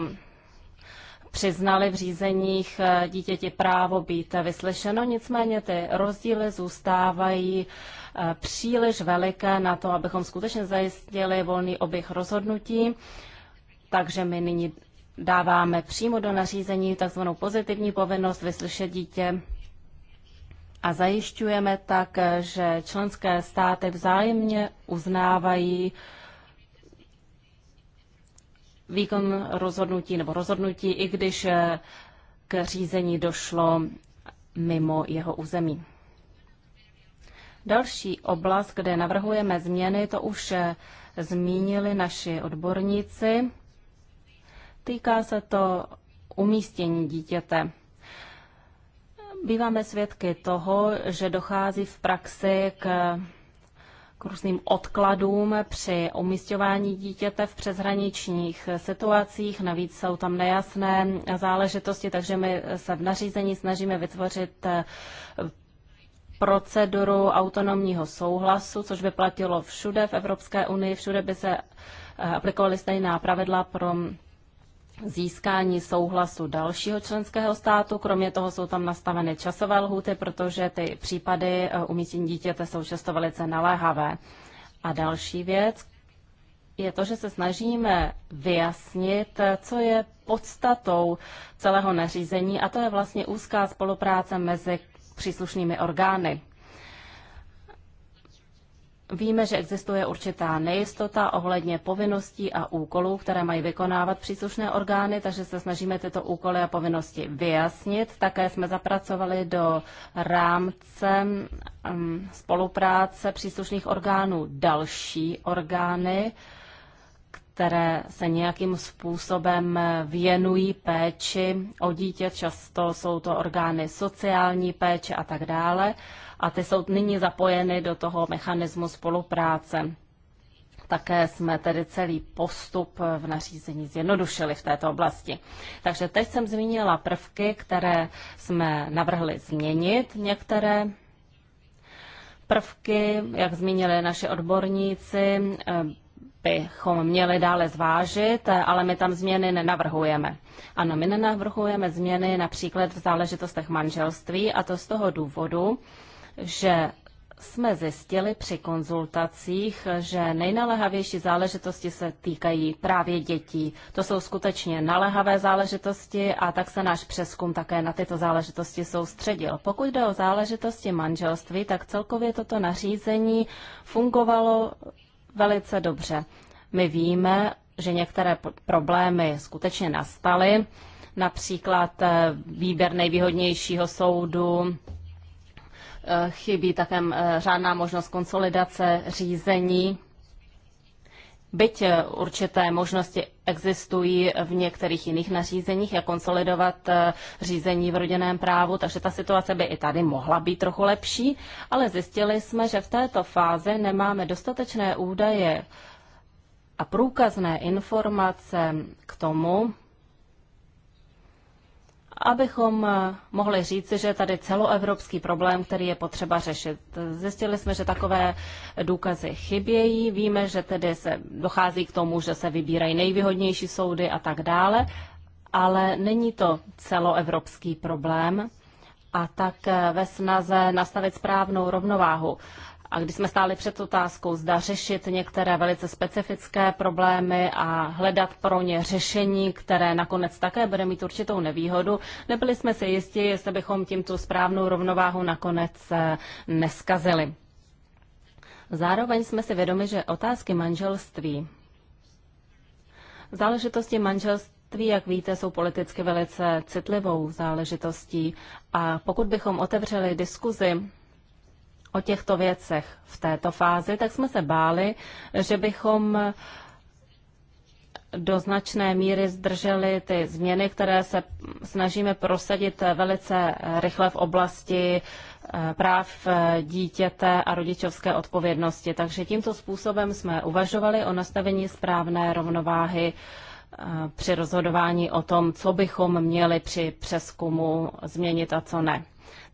přiznali v řízeních eh, dítěti právo být vyslyšeno, nicméně ty rozdíly zůstávají eh, příliš veliké na to, abychom skutečně zajistili volný oběh rozhodnutí. Takže my nyní dáváme přímo do nařízení takzvanou pozitivní povinnost vyslyšet dítě a zajišťujeme tak, eh, že členské státy vzájemně uznávají uh, výkon rozhodnutí nebo rozhodnutí, i když eh, k řízení došlo mimo jeho území. Další oblast, kde navrhujeme změny, to už eh, zmínili naši odborníci. Týká se to umístění dítěte. Býváme svědky toho, že dochází v praxi k k různým odkladům při umístěvání dítěte v přeshraničních situacích. Navíc jsou tam nejasné záležitosti, takže my se v nařízení snažíme vytvořit eh, proceduru autonomního souhlasu, což by platilo všude v Evropské unii, všude by se eh, aplikovaly stejná pravidla pro získání souhlasu dalšího členského státu. Kromě toho jsou tam nastaveny časové lhuty, protože ty případy eh, umístění dítěte jsou často velice naléhavé. A další věc je to, že se snažíme vyjasnit, eh, co je podstatou celého nařízení a to je vlastně úzká spolupráce mezi příslušnými orgány. Víme, že existuje určitá nejistota ohledně povinností a úkolů, které mají vykonávat příslušné orgány, takže se snažíme tyto úkoly a povinnosti vyjasnit. Také jsme zapracovali do rámce mm, spolupráce příslušných orgánů další orgány, které se nějakým způsobem věnují péči o dítě, často jsou to orgány sociální péče a tak dále a ty jsou nyní zapojeny do toho mechanismu spolupráce. Také jsme tedy celý postup v nařízení zjednodušili v této oblasti. Takže teď jsem zmínila prvky, které jsme navrhli změnit. Některé prvky, jak zmínili naši odborníci, bychom měli dále zvážit, ale my tam změny nenavrhujeme. Ano, my nenavrhujeme změny například v záležitostech manželství a to z toho důvodu, že jsme zjistili při konzultacích, že nejnalehavější záležitosti se týkají právě dětí. To jsou skutečně nalehavé záležitosti a tak se náš přeskum také na tyto záležitosti soustředil. Pokud jde o záležitosti manželství, tak celkově toto nařízení fungovalo velice dobře. My víme, že některé problémy skutečně nastaly, například eh, výběr nejvýhodnějšího soudu, Eh, chybí také eh, řádná možnost konsolidace řízení. Byť eh, určité možnosti existují v některých jiných nařízeních, jak konsolidovat řízení v rodinném právu, takže ta situace by i tady mohla být trochu lepší, ale zjistili jsme, že v této fázi nemáme dostatečné údaje a průkazné informace k tomu, abychom eh, mohli říci, že je tady celoevropský problém, který je potřeba řešit. Zjistili jsme, že takové důkazy chybějí, víme, že tedy se dochází k tomu, že se vybírají nejvýhodnější soudy a tak dále, ale není to celoevropský problém a tak eh, ve snaze nastavit správnou rovnováhu a když jsme stáli před otázkou, zda řešit některé velice specifické problémy a hledat pro ně řešení, které nakonec také bude mít určitou nevýhodu, nebyli jsme si jistí, jestli bychom tím tu správnou rovnováhu nakonec eh, neskazili. Zároveň jsme si vědomi, že otázky manželství, záležitosti manželství, jak víte, jsou politicky velice citlivou záležitostí a pokud bychom otevřeli diskuzi o těchto věcech v této fázi, tak jsme se báli, že bychom do značné míry zdrželi ty změny, které se snažíme prosadit velice rychle v oblasti eh, práv eh, dítěte a rodičovské odpovědnosti. Takže tímto způsobem jsme uvažovali o nastavení správné rovnováhy eh, při rozhodování o tom, co bychom měli při přeskumu změnit a co ne.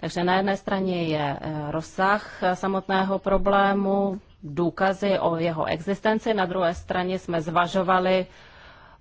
Takže na jedné straně je eh, rozsah eh, samotného problému, důkazy o jeho existenci, na druhé straně jsme zvažovali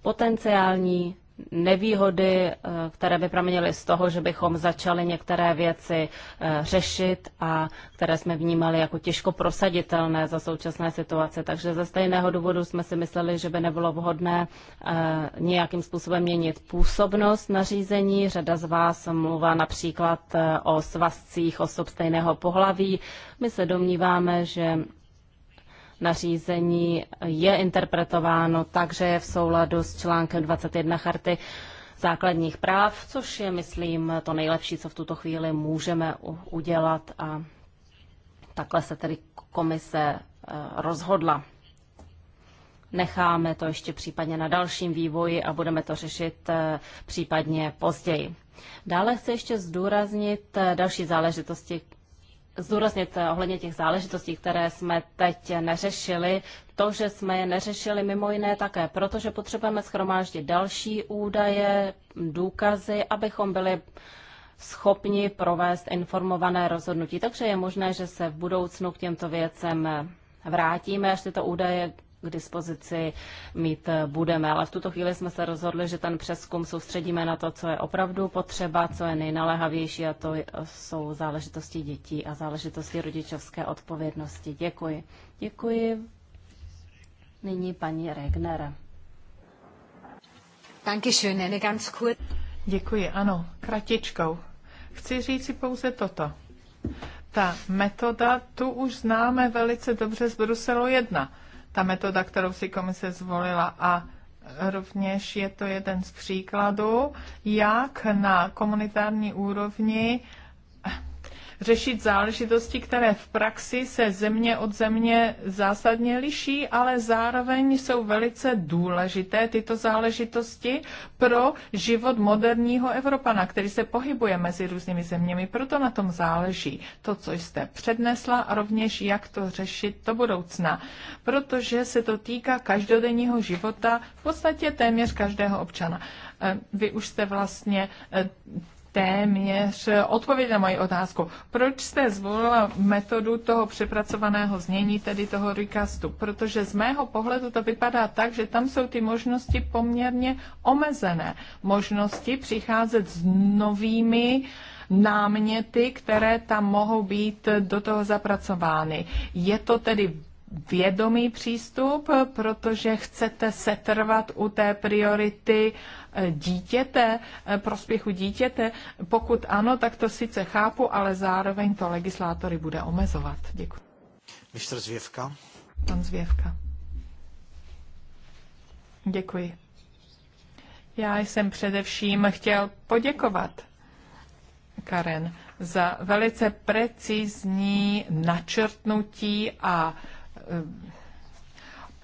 potenciální nevýhody, eh, které by pramenily z toho, že bychom začali některé věci eh, řešit a které jsme vnímali jako těžko prosaditelné za současné situace. Takže ze stejného důvodu jsme si mysleli, že by nebylo vhodné eh, nějakým způsobem měnit působnost nařízení. Řada z vás mluvá například o svazcích osob stejného pohlaví. My se domníváme, že nařízení je interpretováno tak, že je v souladu s článkem 21 charty základních práv, což je, myslím, to nejlepší, co v tuto chvíli můžeme udělat a takhle se tedy komise eh, rozhodla. Necháme to ještě případně na dalším vývoji a budeme to řešit eh, případně později. Dále chci ještě zdůraznit eh, další záležitosti, zdůraznit eh, ohledně těch záležitostí, které jsme teď neřešili. To, že jsme je neřešili mimo jiné také, protože potřebujeme schromáždit další údaje, důkazy, abychom byli schopni provést informované rozhodnutí. Takže je možné, že se v budoucnu k těmto věcem vrátíme, až tyto údaje k dispozici mít eh, budeme. Ale v tuto chvíli jsme se rozhodli, že ten přeskum soustředíme na to, co je opravdu potřeba, co je nejnaléhavější a to jsou záležitosti dětí a záležitosti rodičovské odpovědnosti. Děkuji. Děkuji. Nyní paní Regner. Děkuji, ano, kratičkou. Chci říct si pouze toto. Ta metoda tu už známe velice dobře z Bruselu 1 ta metoda, kterou si komise zvolila a rovněž je to jeden z příkladů, jak na komunitární úrovni řešit záležitosti, které v praxi se země od země zásadně liší, ale zároveň jsou velice důležité tyto záležitosti pro život moderního Evropana, který se pohybuje mezi různými zeměmi. Proto na tom záleží to, co jste přednesla a rovněž jak to řešit do budoucna, protože se to týká každodenního života v podstatě téměř každého občana. Eh, vy už jste vlastně eh, téměř odpověď na moji otázku. Proč jste zvolila metodu toho přepracovaného znění, tedy toho recastu? Protože z mého pohledu to vypadá tak, že tam jsou ty možnosti poměrně omezené. Možnosti přicházet s novými náměty, které tam mohou být do toho zapracovány. Je to tedy vědomý přístup, protože chcete setrvat u té priority eh, dítěte, eh, prospěchu dítěte. Pokud ano, tak to sice chápu, ale zároveň to legislátory bude omezovat. Děkuji. Mistr Zvěvka. Pan Zvěvka. Děkuji. Já jsem především chtěl poděkovat Karen za velice precizní načrtnutí a Eh,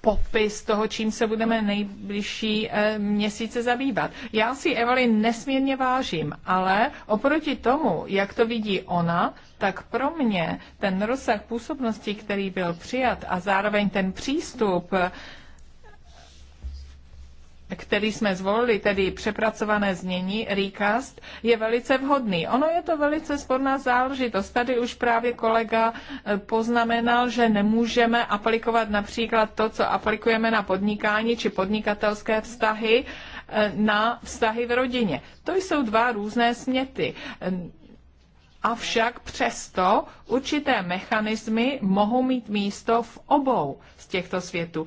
popis toho, čím se budeme nejbližší eh, měsíce zabývat. Já si Evali nesmírně vážím, ale oproti tomu, jak to vidí ona, tak pro mě ten rozsah působnosti, který byl přijat a zároveň ten přístup, který jsme zvolili, tedy přepracované znění, recast, je velice vhodný. Ono je to velice sporná záležitost. Tady už právě kolega eh, poznamenal, že nemůžeme aplikovat například to, co aplikujeme na podnikání či podnikatelské vztahy, eh, na vztahy v rodině. To jsou dva různé směty. Avšak přesto určité mechanismy mohou mít místo v obou z těchto světů.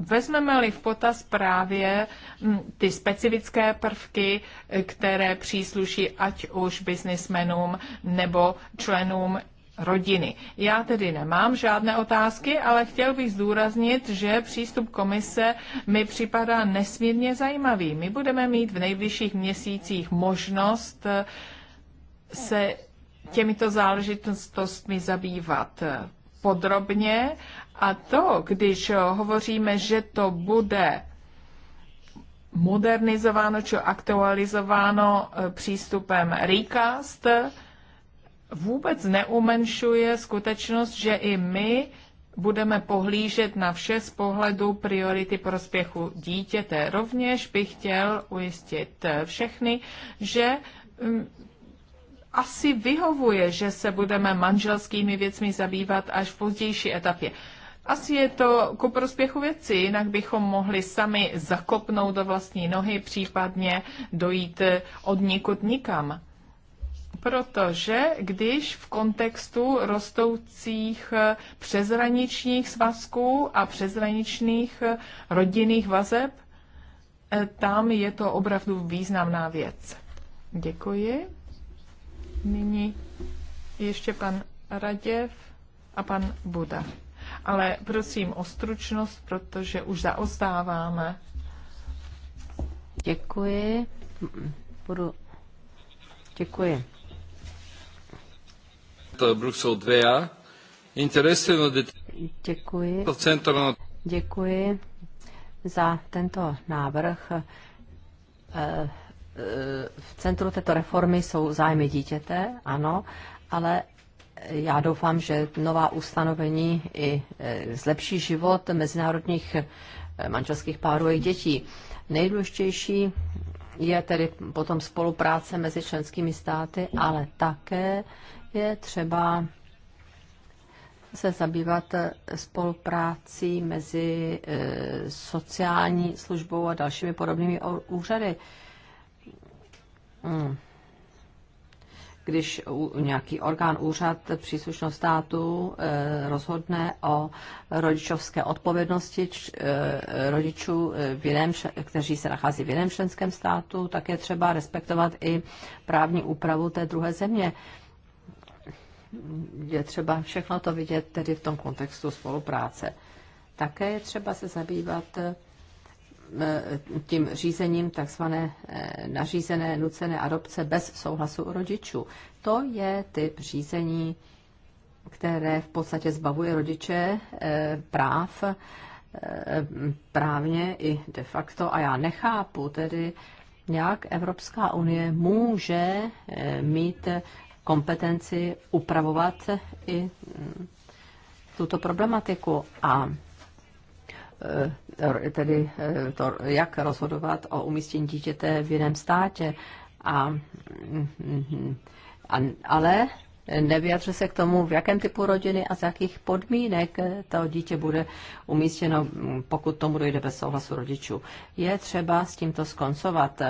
Vezmeme-li v potaz právě mm, ty specifické prvky, které přísluší ať už biznismenům nebo členům rodiny. Já tedy nemám žádné otázky, ale chtěl bych zdůraznit, že přístup komise mi připadá nesmírně zajímavý. My budeme mít v nejbližších měsících možnost eh, se těmito záležitostmi zabývat eh, podrobně a to, když hovoříme, že to bude modernizováno či aktualizováno e, přístupem Recast, vůbec neumenšuje skutečnost, že i my budeme pohlížet na vše z pohledu priority prospěchu dítěte. Rovněž bych chtěl ujistit e, všechny, že mm, asi vyhovuje, že se budeme manželskými věcmi zabývat až v pozdější etapě. Asi je to ku prospěchu věci, jinak bychom mohli sami zakopnout do vlastní nohy, případně dojít od nikud nikam. Protože když v kontextu rostoucích přezraničních svazků a přezraničných rodinných vazeb, eh, tam je to opravdu významná věc. Děkuji. Nyní ještě pan Raděv a pan Buda ale prosím o stručnost, protože už zaostáváme. Děkuji. Budu... Děkuji. To Brusel 2a. Interesy Děkuji. Děkuji za tento návrh. Eh, eh, v centru této reformy jsou zájmy dítěte, ano, ale já doufám, že nová ustanovení i e, zlepší život mezinárodních e, manželských párů a dětí. Nejdůležitější je tedy potom spolupráce mezi členskými státy, ale také je třeba se zabývat e, spoluprácí mezi sociální službou a dalšími podobnými úřady. Hmm když nějaký orgán, úřad příslušného státu eh, rozhodne o rodičovské odpovědnosti eh, rodičů, eh, v jiném, kteří se nachází v jiném členském státu, tak je třeba respektovat i právní úpravu té druhé země. Je třeba všechno to vidět tedy v tom kontextu spolupráce. Také je třeba se zabývat E, tím řízením takzvané e, nařízené nucené adopce bez souhlasu rodičů. To je typ řízení, které v podstatě zbavuje rodiče e, práv právně i de facto. A já nechápu tedy, jak Evropská unie může mít kompetenci upravovat i mm, tuto problematiku. A Eh, tedy eh, to, jak rozhodovat o umístění dítěte v jiném státě. A, mm, mm, mm, a, ale nevyjadřuje se k tomu, v jakém typu rodiny a z jakých podmínek to dítě bude umístěno, pokud tomu dojde bez souhlasu rodičů. Je třeba s tímto skoncovat,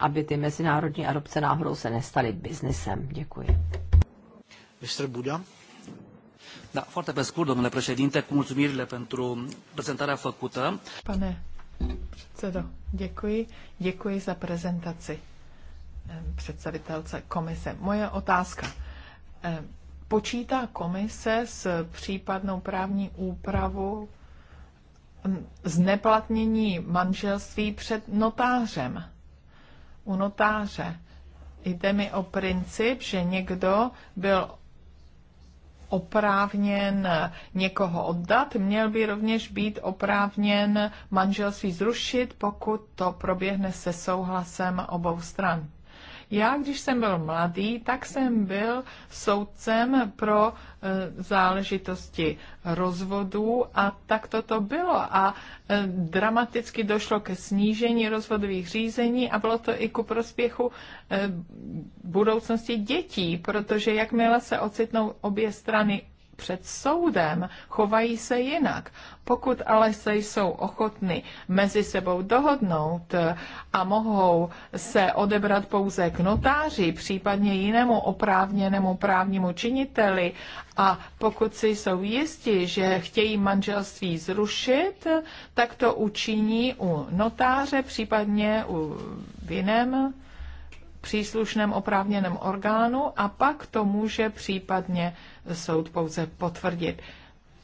aby ty mezinárodní adopce náhodou se nestaly biznesem. Děkuji. Mr. Buda. Da, foarte pe scurt, domnule președinte, cu mulțumirile pentru prezentarea făcută. Pane předsedo, děkuji. Děkuji za prezentaci eh, představitelce komise. Moje otázka. Eh, počítá komise s případnou právní úpravu mm, zneplatnění manželství před notářem? U notáře jde mi o princip, že někdo byl oprávněn někoho oddat, měl by rovněž být oprávněn manželství zrušit, pokud to proběhne se souhlasem obou stran. Já, když jsem byl mladý, tak jsem byl soudcem pro e, záležitosti rozvodů a tak toto bylo. A e, dramaticky došlo ke snížení rozvodových řízení a bylo to i ku prospěchu e, budoucnosti dětí, protože jakmile se ocitnou obě strany před soudem, chovají se jinak. Pokud ale se jsou ochotny mezi sebou dohodnout eh, a mohou se odebrat pouze k notáři, případně jinému oprávněnému právnímu činiteli a pokud si jsou jisti, že chtějí manželství zrušit, tak to učiní u notáře, případně u v jiném příslušném oprávněném orgánu a pak to může případně soud pouze potvrdit.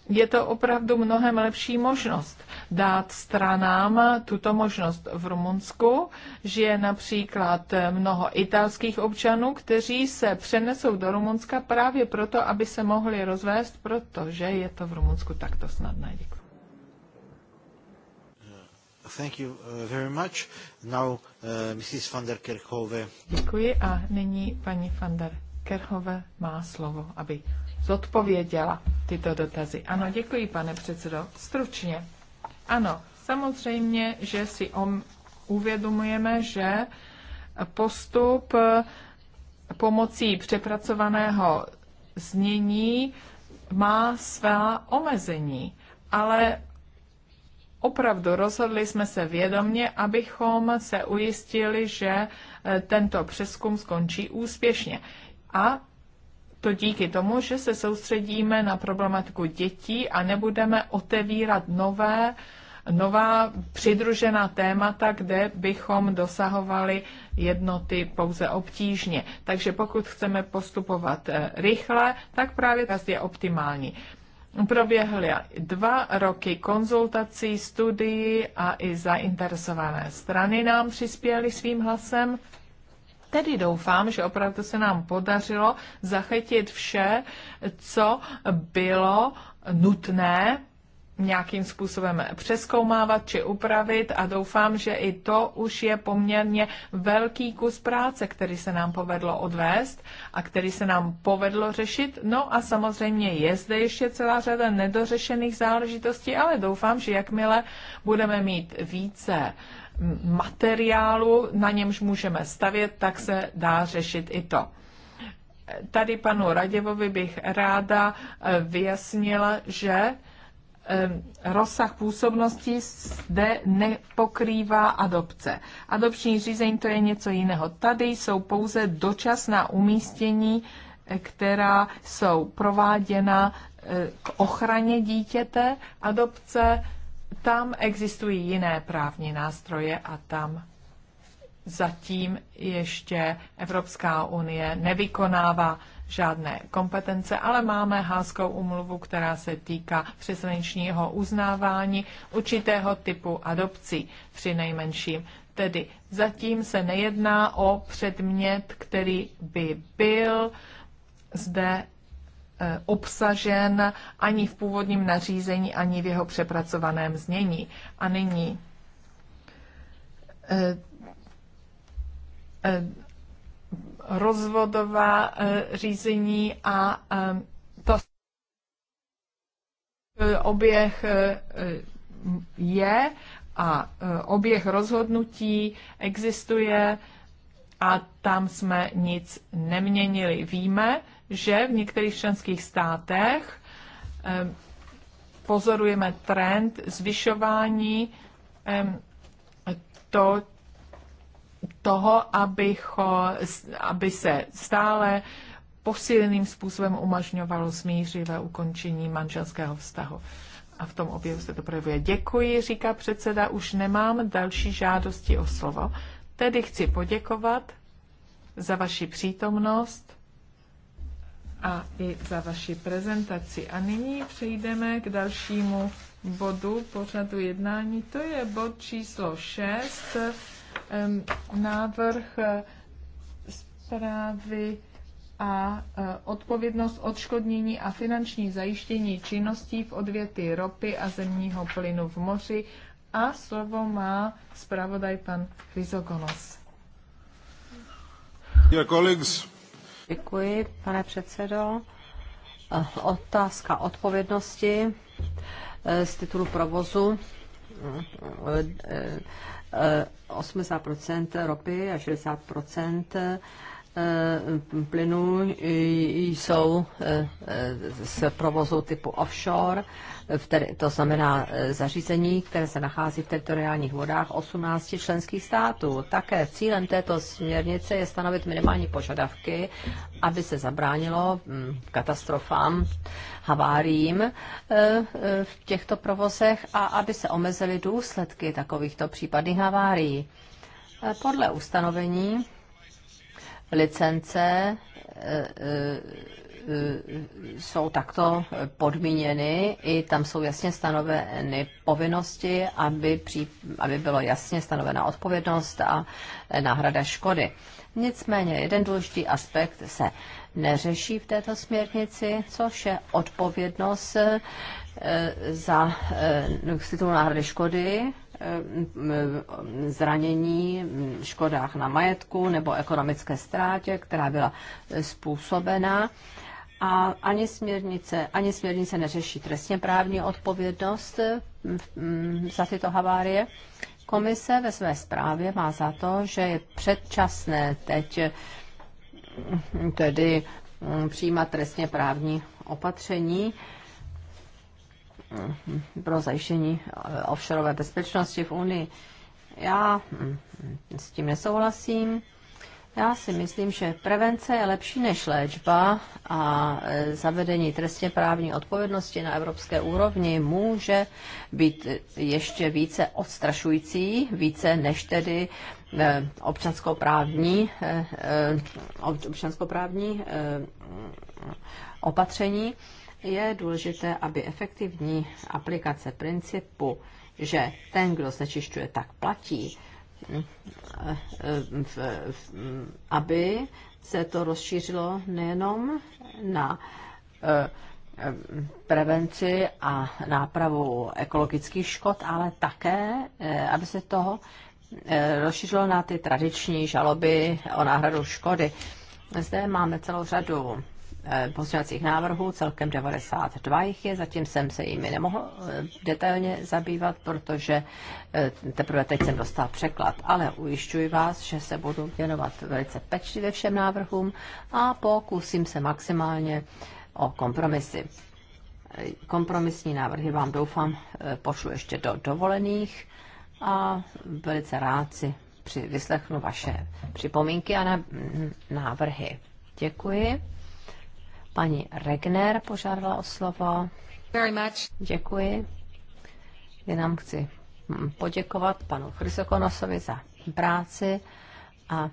Je to opravdu mnohem lepší možnost dát stranám tuto možnost. V Rumunsku že je například mnoho italských občanů, kteří se přenesou do Rumunska právě proto, aby se mohli rozvést, protože je to v Rumunsku takto snadné. Děkuji. Thank you uh, very much. Now, uh, Mrs. van der Děkuji a nyní paní van der Kerchove má slovo, aby zodpověděla tyto dotazy. Ano, děkuji, pane předsedo. Stručně. Ano, samozřejmě, že si om, uvědomujeme, že postup eh, pomocí přepracovaného znění má svá omezení, ale opravdu rozhodli jsme se vědomně, abychom se ujistili, že e, tento přeskum skončí úspěšně. A to díky tomu, že se soustředíme na problematiku dětí a nebudeme otevírat nové, nová přidružená témata, kde bychom dosahovali jednoty pouze obtížně. Takže pokud chceme postupovat e, rychle, tak právě test je optimální. Proběhly dva roky konzultací, studií a i zainteresované strany nám přispěly svým hlasem. Tedy doufám, že opravdu se nám podařilo zachytit vše, co bylo nutné nějakým způsobem přeskoumávat či upravit a doufám, že i to už je poměrně velký kus práce, který se nám povedlo odvést a který se nám povedlo řešit. No a samozřejmě je zde ještě celá řada nedořešených záležitostí, ale doufám, že jakmile budeme mít více materiálu, na němž můžeme stavět, tak se dá řešit i to. Tady panu Raděvovi bych ráda vyjasnila, že rozsah působnosti zde nepokrývá adopce. Adopční řízení to je něco jiného. Tady jsou pouze dočasná umístění, eh, která jsou prováděna eh, k ochraně dítěte. Adopce, tam existují jiné právní nástroje a tam zatím ještě Evropská unie nevykonává žádné kompetence, ale máme háskou umluvu, která se týká přeshraničního uznávání určitého typu adopcí při nejmenším. Tedy zatím se nejedná o předmět, který by byl zde e, obsažen ani v původním nařízení, ani v jeho přepracovaném znění. A nyní e, e, rozvodová eh, řízení a eh, to oběh eh, je a oběh rozhodnutí existuje a tam jsme nic neměnili. Víme, že v některých členských státech pozorujeme trend zvyšování to toho, abycho, aby se stále posíleným způsobem umožňovalo smířivé ukončení manželského vztahu. A v tom objevu se to projevuje. Děkuji, říká předseda, už nemám další žádosti o slovo. Tedy chci poděkovat za vaši přítomnost a i za vaši prezentaci. A nyní přejdeme k dalšímu bodu pořadu jednání. To je bod číslo 6 návrh eh, zprávy a eh, odpovědnost odškodnění a finanční zajištění činností v odvěty ropy a zemního plynu v moři. A slovo má zpravodaj pan Chrysogonos. Děkuji, pane předsedo. Eh, otázka odpovědnosti z titulu provozu 80 eh, ropy a 60 Eh, plynu eh, jsou eh, z provozu typu offshore, to znamená zařízení, které se nachází v teritoriálních vodách 18 členských států. Také cílem této směrnice je stanovit minimální požadavky, aby se zabránilo hm, katastrofám, haváriím v těchto provozech a aby se omezily důsledky takovýchto případných havárií. Podle ustanovení licence e, e, e, jsou takto podmíněny, i tam jsou jasně stanoveny povinnosti, aby, při, aby bylo jasně stanovena odpovědnost a náhrada škody. Nicméně jeden důležitý aspekt se neřeší v této směrnici, což je odpovědnost za z titulu náhrady škody Eh, eh, zranění, mm, škodách na majetku nebo ekonomické ztrátě, která byla eh, způsobena. A ani směrnice, ani směrnice neřeší trestně právní odpovědnost mm, za tyto havárie. Komise ve své zprávě má za to, že je předčasné teď mm, tedy přijímat trestně právní opatření, Eh, pro zajištění eh, offshoreové bezpečnosti v Unii. Já mm, s tím nesouhlasím. Já si myslím, že prevence je lepší než léčba a eh, zavedení trestně právní odpovědnosti na evropské úrovni může být ještě více odstrašující, více než tedy občanskoprávní, občanskoprávní opatření je důležité, aby efektivní aplikace principu, že ten, kdo znečišťuje, tak platí, aby se to rozšířilo nejenom na eh, prevenci a nápravu ekologických škod, ale také, eh, aby se toho eh, rozšířilo na ty tradiční žaloby o náhradu škody. Zde máme celou řadu Eh, pozměňovacích návrhů, celkem 92 jich je, zatím jsem se jimi nemohl eh, detailně zabývat, protože eh, teprve teď jsem dostal překlad, ale ujišťuji vás, že se budu věnovat velice pečlivě všem návrhům a pokusím se maximálně o kompromisy. Kompromisní návrhy vám doufám pošlu ještě do dovolených a velice rád si při, vyslechnu vaše připomínky a návrhy. Děkuji. Paní Regner požádala o slovo. Very much. Děkuji. Jenom chci hm, poděkovat panu Chrysokonosovi za práci a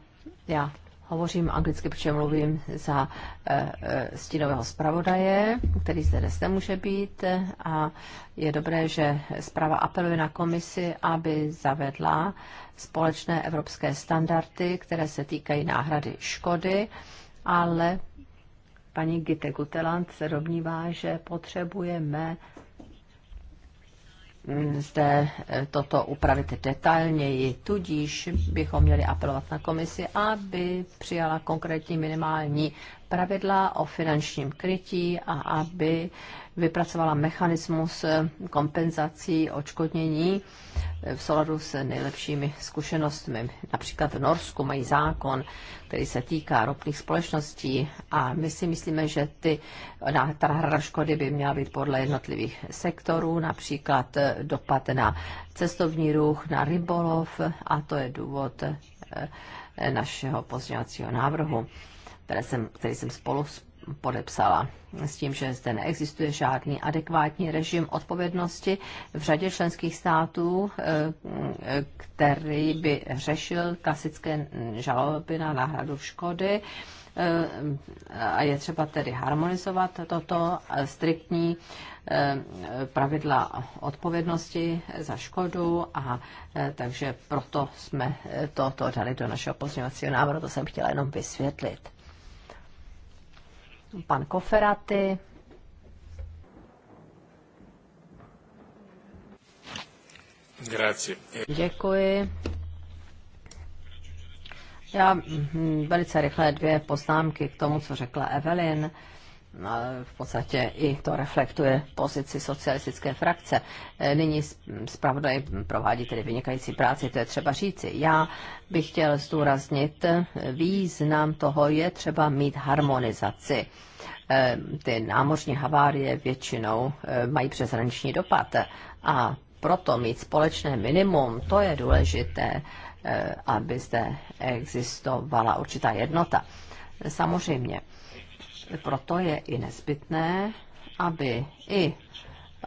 já hovořím anglicky, protože mluvím za e, stínového zpravodaje, který zde dnes nemůže být a je dobré, že zpráva apeluje na komisi, aby zavedla společné evropské standardy, které se týkají náhrady škody, ale Paní Gite Gutelant se domnívá, že potřebujeme mm, zde e, toto upravit detailněji. Tudíž bychom měli apelovat na komisi, aby přijala konkrétní minimální pravidla o finančním krytí a aby vypracovala mechanismus eh, kompenzací očkodnění eh, v souladu s nejlepšími zkušenostmi. Například v Norsku mají zákon, který se týká ropných společností a my si myslíme, že ty, na, ta hra škody by měla být podle jednotlivých sektorů, například eh, dopad na cestovní ruch, na rybolov a to je důvod našeho pozdělacího návrhu, které jsem, který jsem spolu podepsala s tím, že zde neexistuje žádný adekvátní režim odpovědnosti v řadě členských států, eh, který by řešil klasické žaloby na náhradu škody eh, a je třeba tedy harmonizovat toto striktní eh, pravidla odpovědnosti za škodu a takže proto jsme toto dali do našeho pozměňovacího návrhu, to jsem chtěla jenom vysvětlit pan Koferaty. Grazie. Děkuji. Já hm, velice rychle dvě poznámky k tomu, co řekla Evelyn v podstatě i to reflektuje pozici socialistické frakce. E, nyní zpravodaj provádí tedy vynikající práci, to je třeba říci. Já bych chtěl zdůraznit e, význam toho, je třeba mít harmonizaci. E, ty námořní havárie většinou mají přeshraniční dopad a proto mít společné minimum, to je důležité, aby zde existovala určitá jednota. Samozřejmě proto je i nezbytné, aby i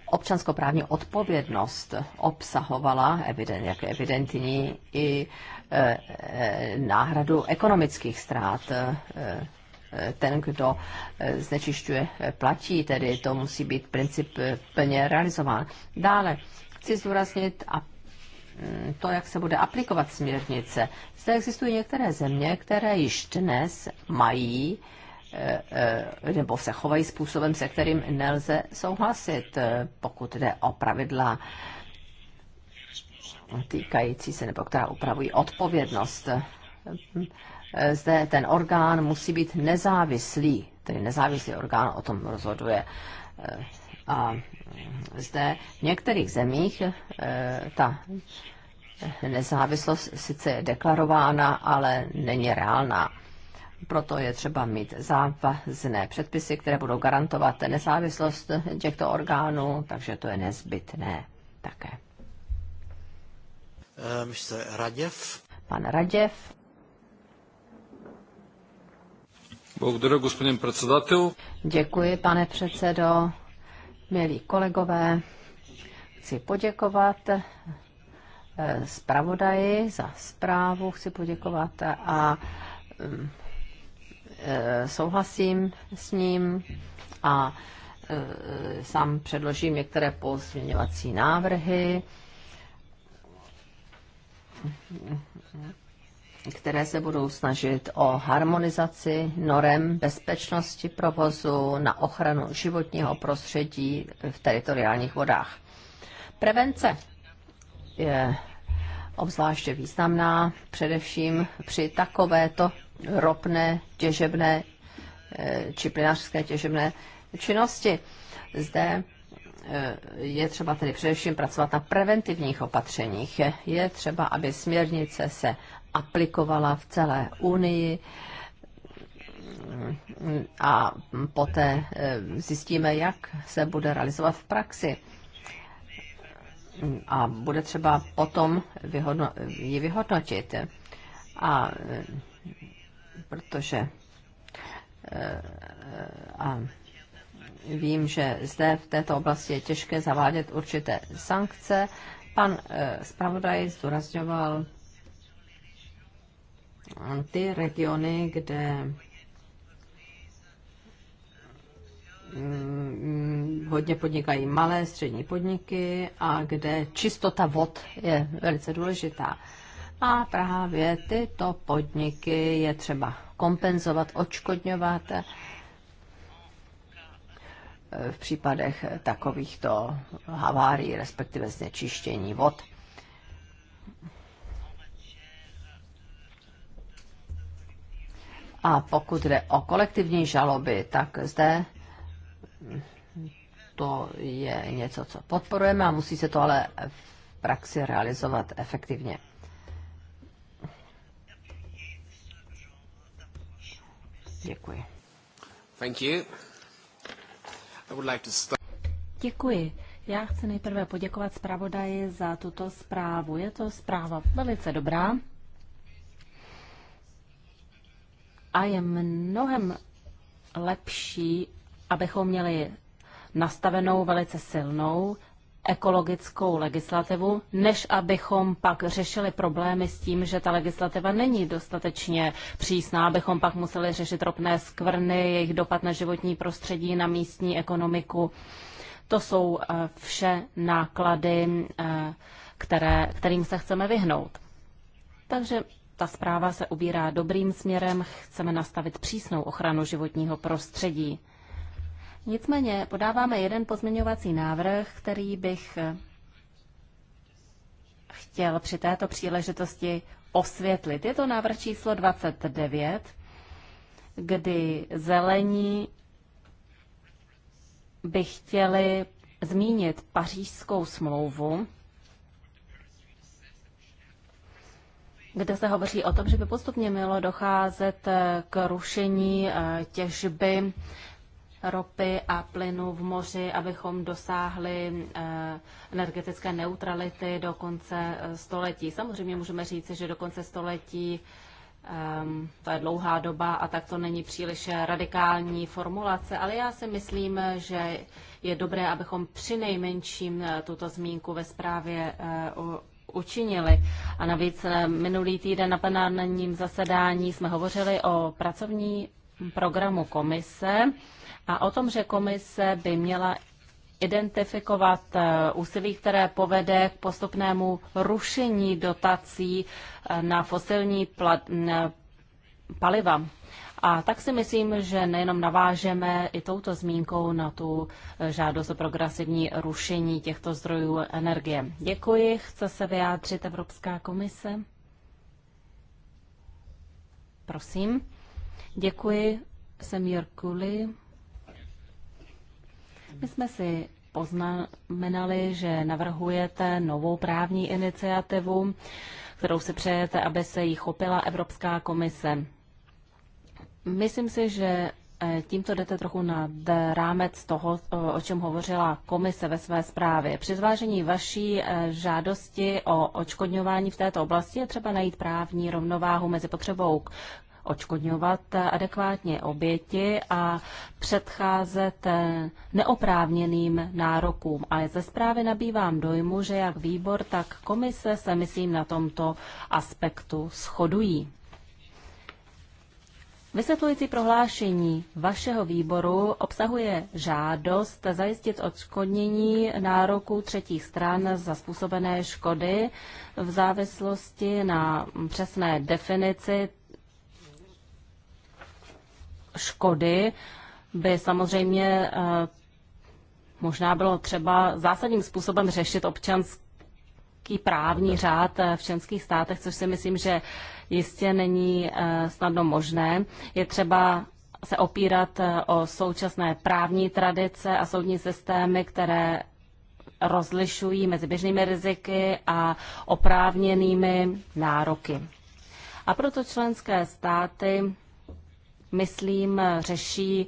občanskoprávní odpovědnost obsahovala, evident, jak je evidentní, i e, e, náhradu ekonomických ztrát. E, e ten, kdo e, znečišťuje, e, platí, tedy to musí být princip plně realizován. Dále chci zdůraznit a mm, to, jak se bude aplikovat směrnice. Zde existují některé země, které již dnes mají Eh, eh, nebo se chovají způsobem, se kterým nelze souhlasit, eh, pokud jde o pravidla týkající se nebo která upravují odpovědnost. Zde ten orgán musí být nezávislý, tedy nezávislý orgán o tom rozhoduje. A zde v některých zemích ta nezávislost sice je deklarována, ale není reálná. Proto je třeba mít závazné předpisy, které budou garantovat nezávislost těchto orgánů, takže to je nezbytné také. Eh, Mr. Raděv. Pan Raděv. Благодаря, господин председател. Děkuji, pane předsedo. Milí kolegové, chci poděkovat eh, zpravodaji za zprávu, chci poděkovat a mm, Eh, souhlasím s ním a eh, sám předložím některé pozměňovací návrhy, které se budou snažit o harmonizaci norem bezpečnosti provozu na ochranu životního prostředí v teritoriálních vodách. Prevence je obzvláště významná, především při takovéto ropné, těžebné eh, či plynářské těžebné činnosti. Zde eh, je třeba tedy především pracovat na preventivních opatřeních. Je třeba, aby směrnice se aplikovala v celé Unii a poté eh, zjistíme, jak se bude realizovat v praxi. A bude třeba potom vyhodno- ji vyhodnotit. A protože eh, a vím, že zde v této oblasti je těžké zavádět určité sankce. Pan eh, zpravodaj zdůrazňoval ty regiony, kde mm, hodně podnikají malé, střední podniky a kde čistota vod je velice důležitá. A právě tyto podniky je třeba kompenzovat, odškodňovat eh, v případech takovýchto havárií, respektive znečištění vod. A pokud jde o kolektivní žaloby, tak zde to je něco, co podporujeme a musí se to ale v praxi realizovat efektivně. Děkuji. Thank you. I would like to start... Děkuji. Já chci nejprve poděkovat zpravodaji za tuto zprávu. Je to zpráva velice dobrá a je mnohem lepší, abychom měli nastavenou velice silnou ekologickou legislativu, než abychom pak řešili problémy s tím, že ta legislativa není dostatečně přísná, abychom pak museli řešit ropné skvrny, jejich dopad na životní prostředí, na místní ekonomiku. To jsou eh, vše náklady, eh, které, kterým se chceme vyhnout. Takže ta zpráva se ubírá dobrým směrem, chceme nastavit přísnou ochranu životního prostředí. Nicméně podáváme jeden pozměňovací návrh, který bych eh, chtěl při této příležitosti osvětlit. Je to návrh číslo 29, kdy zelení by chtěli zmínit pařížskou smlouvu, kde se hovoří o tom, že by postupně mělo docházet eh, k rušení eh, těžby ropy a plynu v moři, abychom dosáhli eh, energetické neutrality do konce eh, století. Samozřejmě můžeme říci, že do konce století eh, to je dlouhá doba a tak to není příliš radikální formulace, ale já si myslím, že je dobré, abychom při nejmenším tuto zmínku ve zprávě učinili. A navíc minulý týden na plenárním zasedání jsme hovořili o pracovní programu komise a o tom, že komise by měla identifikovat eh, úsilí, které povede k postupnému rušení dotací eh, na fosilní paliva. A tak si myslím, že nejenom navážeme i touto zmínkou na tu eh, žádost o progresivní rušení těchto zdrojů energie. Děkuji. Chce se vyjádřit Evropská komise? Prosím. Děkuji. Jsem Jirkuli my jsme si poznamenali, že navrhujete novou právní iniciativu, kterou si přejete, aby se jí chopila Evropská komise. Myslím si, že eh, tímto jdete trochu nad rámec toho, o čem hovořila komise ve své zprávě. Při zvážení vaší eh, žádosti o očkodňování v této oblasti je třeba najít právní rovnováhu mezi potřebou očkodňovat adekvátně oběti a předcházet neoprávněným nárokům. A ze zprávy nabývám dojmu, že jak výbor, tak komise se, myslím, na tomto aspektu shodují. Vysvětlující prohlášení vašeho výboru obsahuje žádost zajistit odškodnění nároků třetích stran za způsobené škody v závislosti na přesné definici škody by samozřejmě eh, možná bylo třeba zásadním způsobem řešit občanský právní řád eh, v členských státech, což si myslím, že jistě není eh, snadno možné. Je třeba se opírat o současné právní tradice a soudní systémy, které rozlišují mezi běžnými riziky a oprávněnými nároky. A proto členské státy myslím, řeší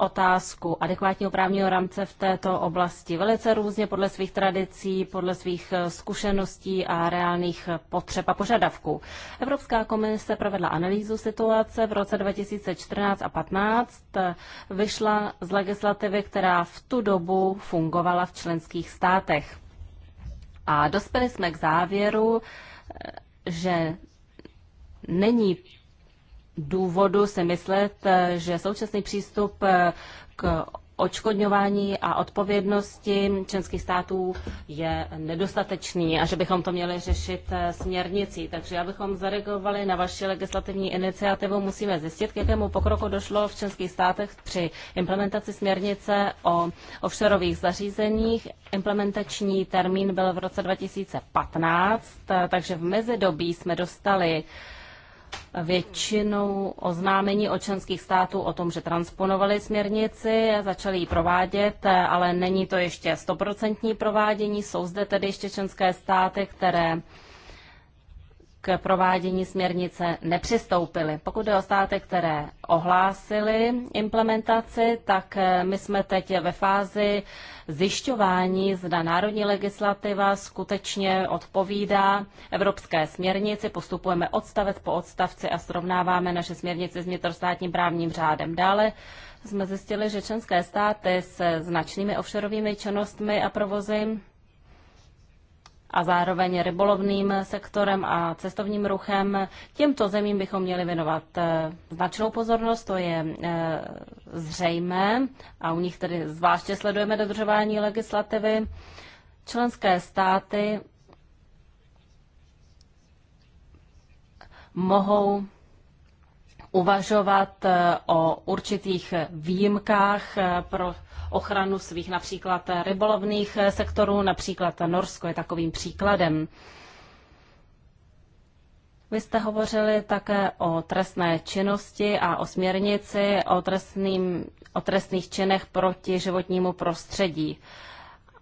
otázku adekvátního právního rámce v této oblasti velice různě podle svých tradicí, podle svých eh, zkušeností a reálných potřeb a požadavků. Evropská komise provedla analýzu situace v roce 2014 a 2015, eh, vyšla z legislativy, která v tu dobu fungovala v členských státech. A dospěli jsme k závěru, eh, že není důvodu si myslet, že současný přístup k očkodňování a odpovědnosti členských států je nedostatečný a že bychom to měli řešit eh, směrnicí. Takže abychom zareagovali na vaši legislativní iniciativu, musíme zjistit, k jakému pokroku došlo v členských státech při implementaci směrnice o offshoreových zařízeních. Implementační termín byl v roce 2015, eh, takže v mezidobí jsme dostali většinou oznámení od členských států o tom, že transponovali směrnici, začali ji provádět, ale není to ještě stoprocentní provádění. Jsou zde tedy ještě členské státy, které k provádění směrnice nepřistoupily. Pokud je o státy, které ohlásily implementaci, tak eh, my jsme teď ve fázi zjišťování, zda národní legislativa skutečně odpovídá evropské směrnici. Postupujeme odstavec po odstavci a srovnáváme naše směrnice s vnitrostátním právním řádem. Dále jsme zjistili, že členské státy se značnými offshoreovými činnostmi a provozy a zároveň rybolovným sektorem a cestovním ruchem. Těmto zemím bychom měli věnovat eh, značnou pozornost, to je eh, zřejmé a u nich tedy zvláště sledujeme dodržování legislativy. Členské státy mohou uvažovat eh, o určitých výjimkách pro ochranu svých například rybolovných sektorů, například Norsko je takovým příkladem. Vy jste hovořili také o trestné činnosti a o směrnici o, trestným, o trestných činech proti životnímu prostředí. Uh,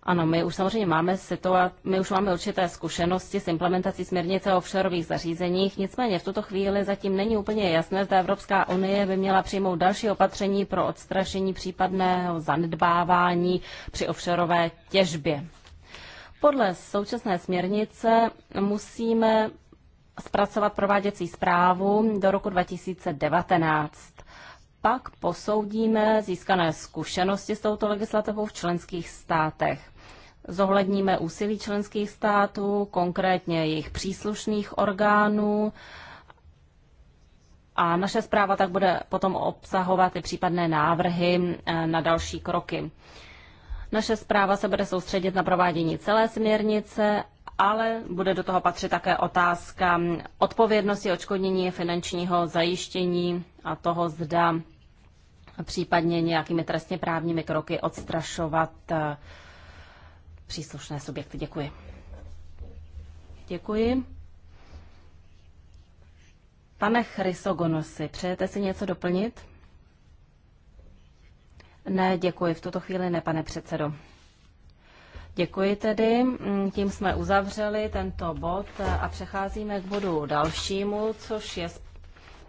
ano, my už samozřejmě máme situaci, my už máme určité zkušenosti s implementací směrnice o offshoreových zařízeních, nicméně v tuto chvíli zatím není úplně jasné, zda Evropská unie by měla přijmout další opatření pro odstrašení případného zanedbávání při offshoreové těžbě. Podle současné směrnice musíme zpracovat prováděcí zprávu do roku 2019 pak posoudíme získané zkušenosti s touto legislativou v členských státech zohledníme úsilí členských států, konkrétně jejich příslušných orgánů. A naše zpráva tak bude potom obsahovat i případné návrhy eh, na další kroky. Naše zpráva se bude soustředit na provádění celé směrnice, ale bude do toho patřit také otázka odpovědnosti, odškodnění finančního zajištění a toho zda případně nějakými trestně právními kroky odstrašovat eh, příslušné subjekty. Děkuji. Děkuji. Pane Chrysogonosi, přejete si něco doplnit? Ne, děkuji. V tuto chvíli ne, pane předsedo. Děkuji tedy. Tím jsme uzavřeli tento bod a přecházíme k bodu dalšímu, což je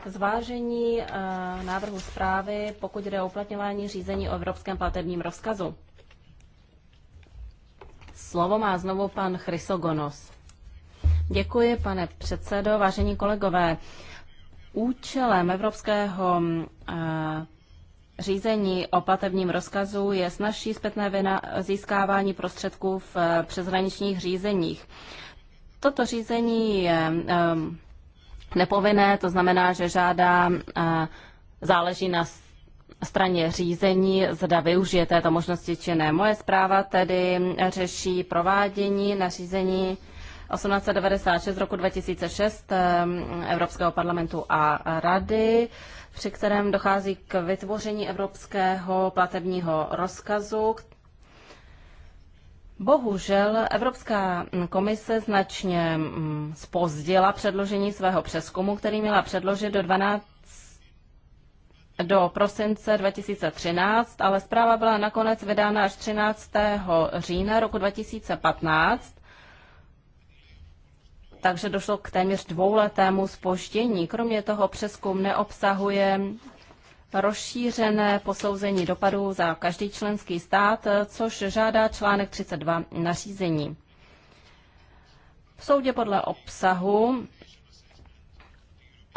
zvážení eh, návrhu zprávy, pokud jde o uplatňování řízení o evropském platebním rozkazu. Slovo má znovu pan Chrysogonos. Děkuji, pane předsedo. Vážení kolegové, účelem Evropského eh, Řízení o platebním rozkazu je snažší zpětné vina získávání prostředků v eh, přeshraničních řízeních. Toto řízení je eh, nepovinné, to znamená, že žádá záleží na straně řízení, zda využije této možnosti či ne. Moje zpráva tedy řeší provádění nařízení 1896 roku 2006 ehm, Evropského parlamentu a rady, při kterém dochází k vytvoření evropského platebního rozkazu. Bohužel Evropská komise značně spozdila mm, předložení svého přeskumu, který měla předložit do 12 do prosince 2013, ale zpráva byla nakonec vydána až 13. října roku 2015, takže došlo k téměř dvouletému spoždění. Kromě toho přeskum neobsahuje rozšířené posouzení dopadů za každý členský stát, což žádá článek 32 nařízení. V soudě podle obsahu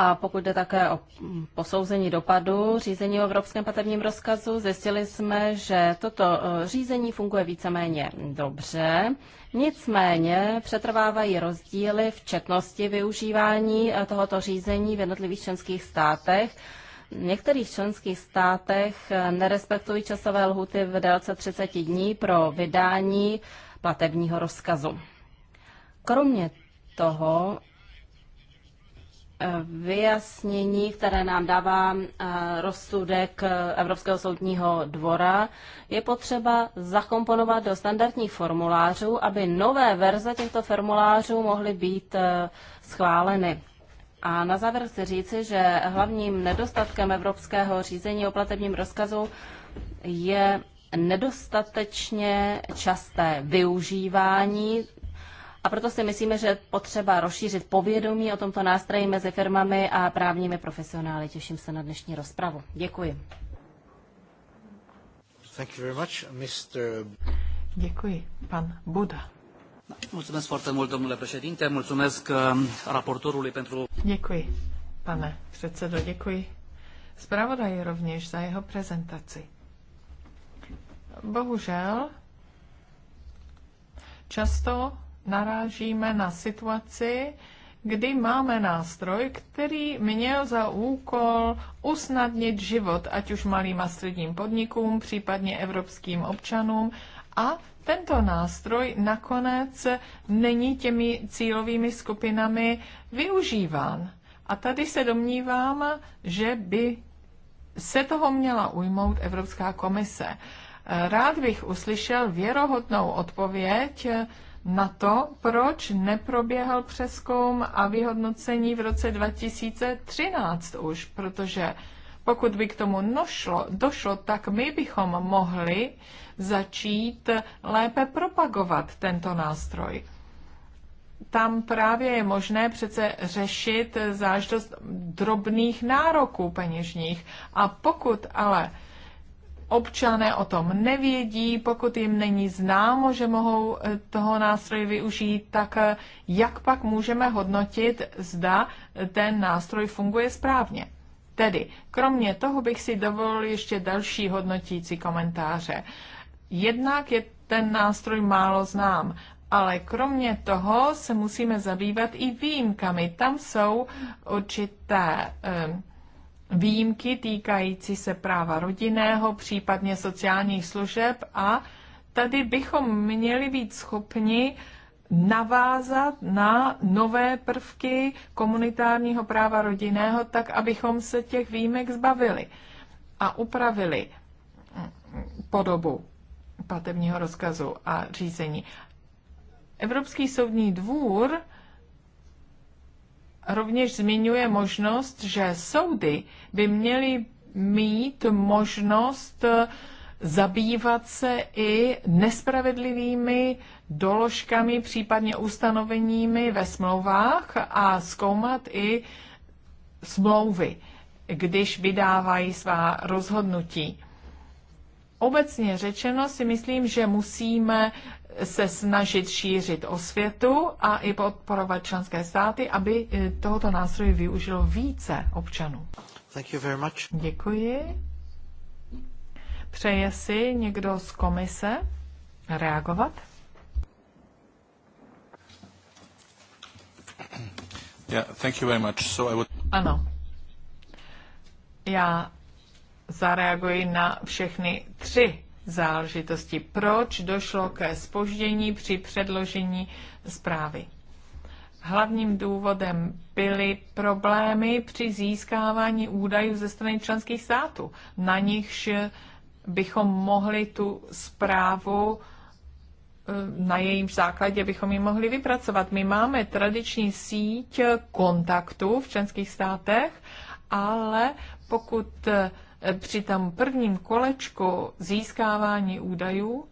a pokud jde také o posouzení dopadu řízení o Evropském platebním rozkazu, zjistili jsme, že toto eh, řízení funguje víceméně dobře. Nicméně přetrvávají rozdíly v četnosti využívání eh, tohoto řízení v jednotlivých členských státech. V některých členských státech eh, nerespektují časové lhuty v délce 30 dní pro vydání platebního rozkazu. Kromě toho vyjasnění, které nám dává eh, rozsudek eh, Evropského soudního dvora, je potřeba zakomponovat do standardních formulářů, aby nové verze těchto formulářů mohly být eh, schváleny. A na závěr chci říci, že hlavním nedostatkem evropského řízení o platebním rozkazu je nedostatečně časté využívání a proto si myslíme, že potřeba rozšířit povědomí o tomto nástroji mezi firmami a právními profesionály. Těším se na dnešní rozpravu. Děkuji. Thank you very much, Mr. Děkuji. Pan Buda. Mulțumesc foarte mult, domnule președinte. Mulțumesc um, raportorului pentru... Děkuji, pane předsedo, děkuji. Zpravodaji rovněž za jeho prezentaci. Bohužel, často narážíme na situaci, kdy máme nástroj, který měl za úkol usnadnit život, ať už malým a středním podnikům, případně evropským občanům. A tento nástroj nakonec není těmi cílovými skupinami využíván. A tady se domnívám, že by se toho měla ujmout Evropská komise. Rád bych uslyšel věrohodnou odpověď, na to, proč neproběhl přeskum a vyhodnocení v roce 2013 už, protože pokud by k tomu nošlo, došlo, tak my bychom mohli začít lépe propagovat tento nástroj. Tam právě je možné přece řešit záždost drobných nároků peněžních. A pokud ale občané o tom nevědí, pokud jim není známo, že mohou eh, toho nástroje využít, tak eh, jak pak můžeme hodnotit, zda eh, ten nástroj funguje správně? Tedy, kromě toho bych si dovolil ještě další hodnotící komentáře. Jednak je ten nástroj málo znám, ale kromě toho se musíme zabývat i výjimkami. Tam jsou určité um, výjimky týkající se práva rodinného, případně sociálních služeb a tady bychom měli být schopni navázat na nové prvky komunitárního práva rodinného, tak abychom se těch výjimek zbavili a upravili podobu platebního rozkazu a řízení. Evropský soudní dvůr rovněž zmiňuje možnost, že soudy by měly mít možnost eh, zabývat se i nespravedlivými doložkami, případně ustanoveními ve smlouvách a zkoumat i smlouvy, když vydávají svá rozhodnutí. Obecně řečeno si myslím, že musíme se snažit šířit osvětu a i podporovat členské státy, aby e, tohoto nástroje využilo více občanů. Thank you very much. Děkuji. Přeje si někdo z komise reagovat? Yeah, thank you very much. So I would... Ano. Já zareaguji na všechny tři záležitosti. Proč došlo ke spoždění při předložení zprávy? Hlavním důvodem byly problémy při získávání údajů ze strany členských států. Na nichž bychom mohli tu zprávu eh, na jejím základě bychom ji mohli vypracovat. My máme tradiční síť kontaktů v členských státech, ale pokud eh, při tom prvním kolečku získávání údajů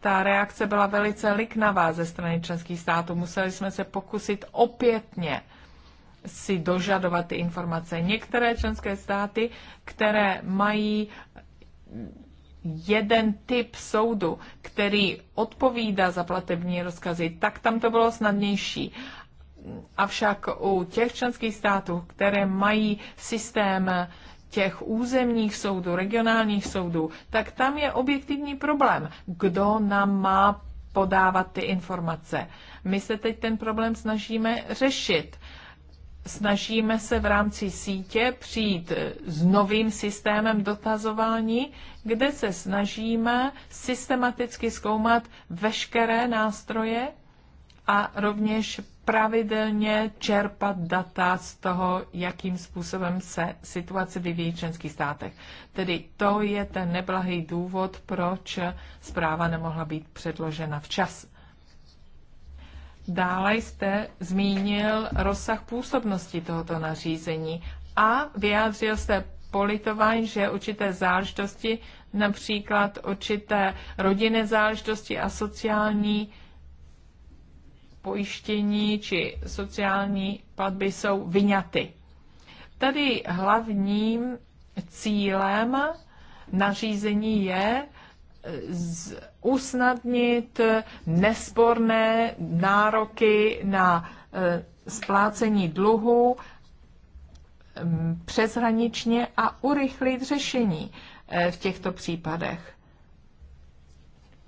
ta reakce byla velice liknavá ze strany členských států. Museli jsme se pokusit opětně si dožadovat ty informace. Některé členské státy, které mají jeden typ soudu, který odpovídá za platební rozkazy, tak tam to bylo snadnější. Avšak u těch členských států, které mají systém těch územních soudů, regionálních soudů, tak tam je objektivní problém, kdo nám má podávat ty informace. My se teď ten problém snažíme řešit. Snažíme se v rámci sítě přijít s novým systémem dotazování, kde se snažíme systematicky zkoumat veškeré nástroje a rovněž pravidelně čerpat data z toho, jakým způsobem se situace vyvíjí v členských státech. Tedy to je ten neblahý důvod, proč zpráva nemohla být předložena včas. Dále jste zmínil rozsah působnosti tohoto nařízení a vyjádřil jste politování, že určité záležitosti, například určité rodinné záležitosti a sociální pojištění či sociální platby jsou vyňaty. Tady hlavním cílem nařízení je eh, usnadnit nesporné nároky na eh, splácení dluhu mm, přeshraničně a urychlit řešení eh, v těchto případech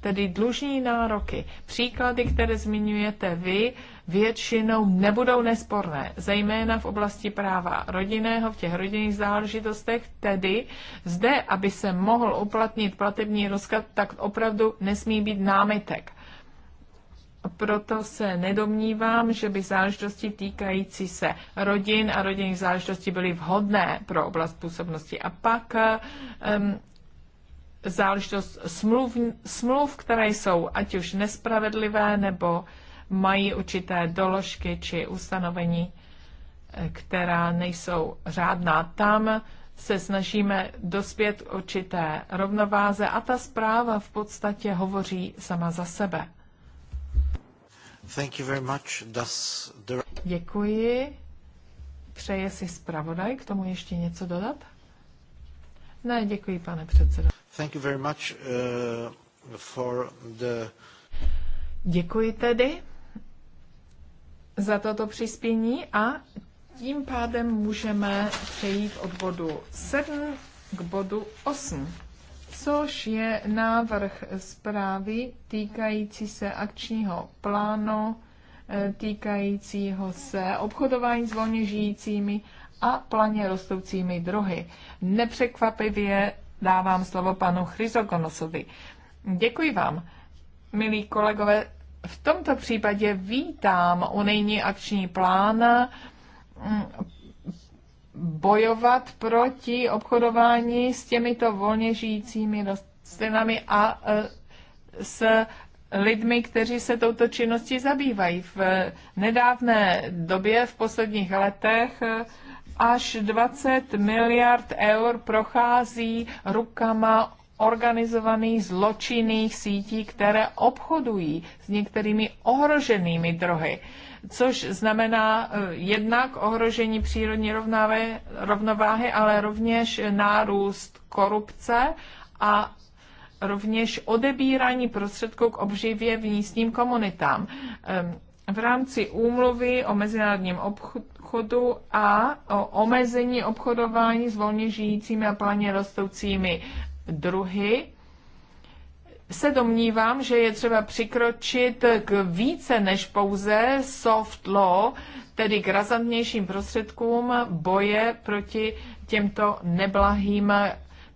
tedy dlužní nároky, příklady, které zmiňujete vy, většinou nebudou nesporné, zejména v oblasti práva rodinného, v těch rodinných záležitostech, tedy zde, aby se mohl uplatnit platební rozkaz, tak opravdu nesmí být námitek. Proto se nedomnívám, že by záležitosti týkající se rodin a rodinných záležitostí byly vhodné pro oblast působnosti. A pak um, záležitost smluv, smluv, které jsou ať už nespravedlivé nebo mají určité doložky či ustanovení, eh, která nejsou řádná. Tam se snažíme dospět určité rovnováze a ta zpráva v podstatě hovoří sama za sebe. Thank you very much. Das... Děkuji. Přeje si zpravodaj k tomu ještě něco dodat? Ne, děkuji, pane předsedo. Thank you very much uh, for the... Děkuji tedy za toto přispění a tím pádem můžeme přejít od bodu 7 k bodu 8, což je návrh zprávy týkající se akčního plánu eh, týkajícího se obchodování s volně žijícími a planě rostoucími druhy. Nepřekvapivě dávám slovo panu Chryzogonosovi. Děkuji vám, milí kolegové. V tomto případě vítám unijní akční plán mm, bojovat proti obchodování s těmito volně žijícími rostlinami a e, s lidmi, kteří se touto činností zabývají. V nedávné době, v posledních letech, až 20 miliard eur prochází rukama organizovaných zločinných sítí, které obchodují s některými ohroženými drohy, což znamená eh, jednak ohrožení přírodní rovnováhy, ale rovněž nárůst korupce a rovněž odebírání prostředků k obživě v místním komunitám. Ehm, v rámci úmluvy o mezinárodním obchodu a o omezení obchodování s volně žijícími a plně rostoucími druhy se domnívám, že je třeba přikročit k více než pouze soft law, tedy k razantnějším prostředkům boje proti těmto neblahým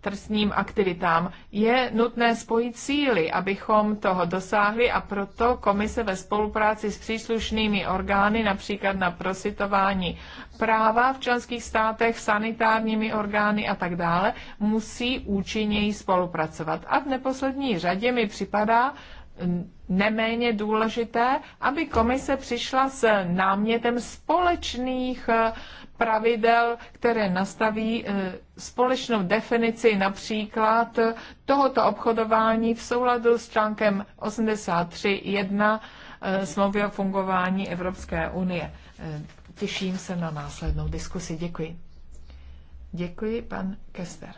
trstním aktivitám. Je nutné spojit síly, abychom toho dosáhli a proto komise ve spolupráci s příslušnými orgány, například na prositování práva v členských státech, sanitárními orgány a tak dále, musí účinněji spolupracovat. A v neposlední řadě mi připadá neméně důležité, aby komise přišla s námětem společných uh, pravidel, které nastaví eh, společnou definici například tohoto obchodování v souladu s článkem 83.1 eh, smlouvy o fungování Evropské unie. Eh, těším se na následnou diskusi. Děkuji. Děkuji, pan Kester.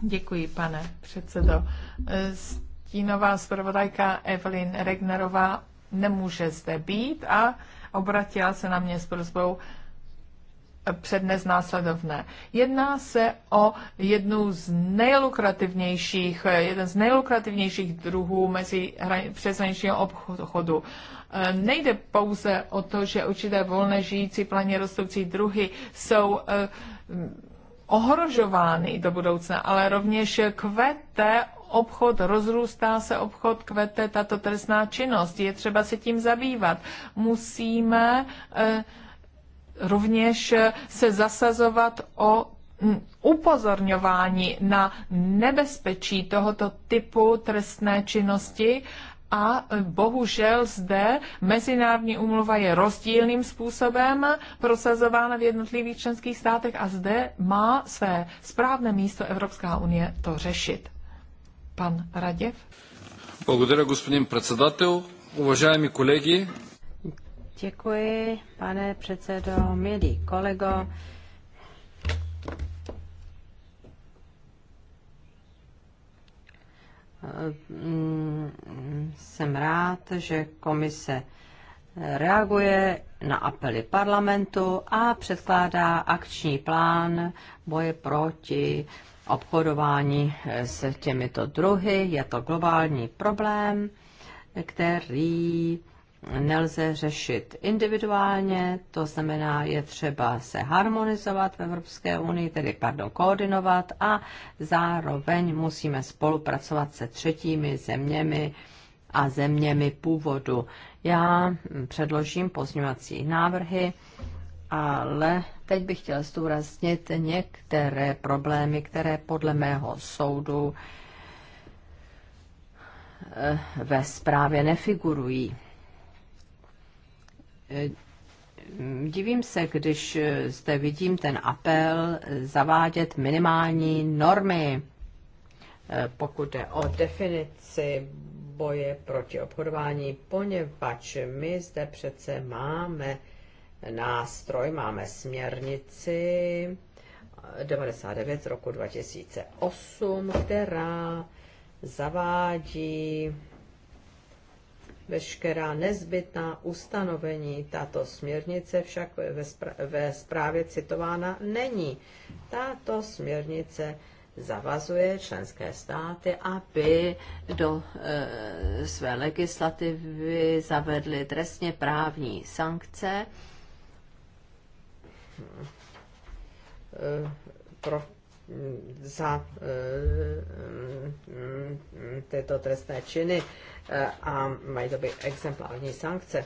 Děkuji, pane předsedo. Stínová zpravodajka Evelyn Regnerová nemůže zde být a obratila se na mě s prozbou eh, přednes následovné. Jedná se o jednu z nejlukrativnějších, eh, jeden z nejlukrativnějších druhů mezi přeshraničního obchodu. Eh, nejde pouze o to, že určité volné žijící planě rostoucí druhy jsou ohrožovány do budoucna, ale rovněž kvete obchod, rozrůstá se obchod, kvete tato trestná činnost. Je třeba se tím zabývat. Musíme eh, rovněž eh, se zasazovat o upozorňování na nebezpečí tohoto typu trestné činnosti a eh, bohužel zde mezinárodní umluva je rozdílným způsobem prosazována v jednotlivých členských státech a zde má své správné místo Evropská unie to řešit. Pan Raděv. Благодаря, господин председател. Уважаеми колеги. Děkuji, pane předsedo, milí kolego. Jsem rád, že komise reaguje na apely parlamentu a předkládá akční plán boje proti uh, obchodování eh, s těmito druhy. Je to globální problém, který nelze řešit individuálně, to znamená, je třeba se harmonizovat v Evropské unii, tedy pardon, koordinovat a zároveň musíme spolupracovat se třetími zeměmi a zeměmi původu. Já předložím pozňovací návrhy ale teď bych chtěl zdůraznit některé problémy, které podle mého soudu eh, ve zprávě nefigurují. Eh, divím se, když eh, zde vidím ten apel zavádět minimální normy, pokud jde o definici boje proti obchodování, poněvadž my zde přece máme nástroj, máme směrnici 99 eh, z roku 2008, která zavádí veškerá nezbytná ustanovení. Tato směrnice však ve, spra- ve zprávě citována není. Tato směrnice zavazuje členské státy, aby do e, své legislativy zavedly trestně právní sankce pro, za tyto trestné činy eh, a mají to být exemplární sankce.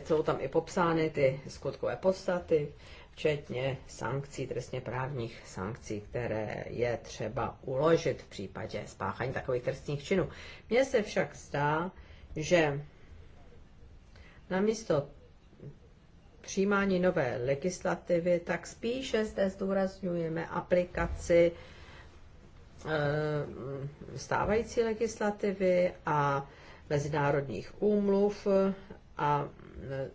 Jsou tam i popsány ty skutkové podstaty, včetně sankcí, trestně právních sankcí, které je třeba uložit v případě spáchání takových trestních činů. Mně se však zdá, že namísto přijímání nové legislativy, tak spíše zde zdůrazňujeme aplikaci eh, stávající legislativy a mezinárodních úmluv a eh,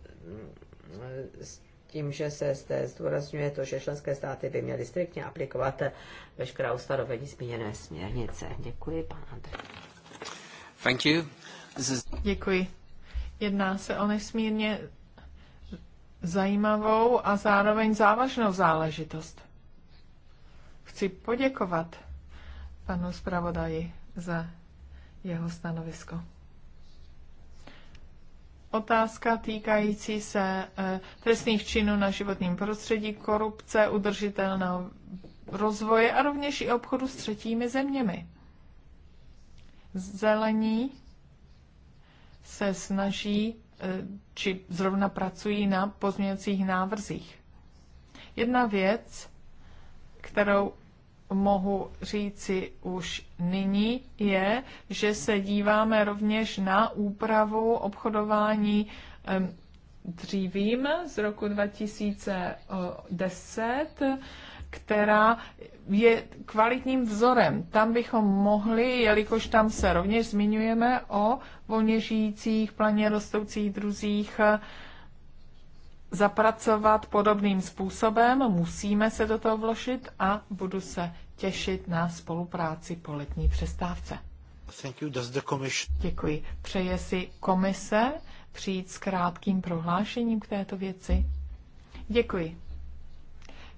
s tím, že se zde zdůrazňuje to, že členské státy by měly striktně aplikovat veškerá ustanovení zmíněné směrnice. Děkuji, pan Andrej. Thank you. Is... Děkuji. Jedná se o nesmírně zajímavou a zároveň závažnou záležitost. Chci poděkovat panu zpravodaji za jeho stanovisko. Otázka týkající se eh, trestných činů na životním prostředí, korupce, udržitelného rozvoje a rovněž i obchodu s třetími zeměmi. Zelení se snaží E, či zrovna pracují na pozměňovacích návrzích. Jedna věc, kterou mohu říci už nyní, je, že se díváme rovněž na úpravu obchodování e, dřívím z roku 2010 která je kvalitním vzorem. Tam bychom mohli, jelikož tam se rovněž zmiňujeme o volně žijících, planě rostoucích druzích, zapracovat podobným způsobem. Musíme se do toho vložit a budu se těšit na spolupráci po letní přestávce. Thank you. Does the commission... Děkuji. Přeje si komise přijít s krátkým prohlášením k této věci? Děkuji.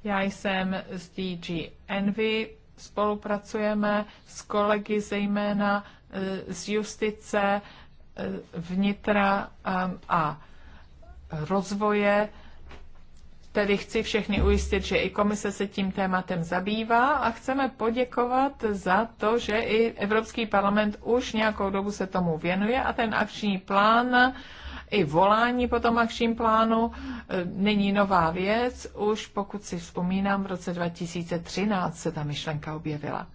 Já jsem z DG Envy, spolupracujeme s kolegy zejména eh, z justice, eh, vnitra eh, a rozvoje. Tedy chci všechny ujistit, že i komise se tím tématem zabývá a chceme poděkovat za to, že i Evropský parlament už nějakou dobu se tomu věnuje a ten akční plán i volání po tom akčním plánu e, není nová věc. Už pokud si vzpomínám, v roce 2013 se ta myšlenka objevila.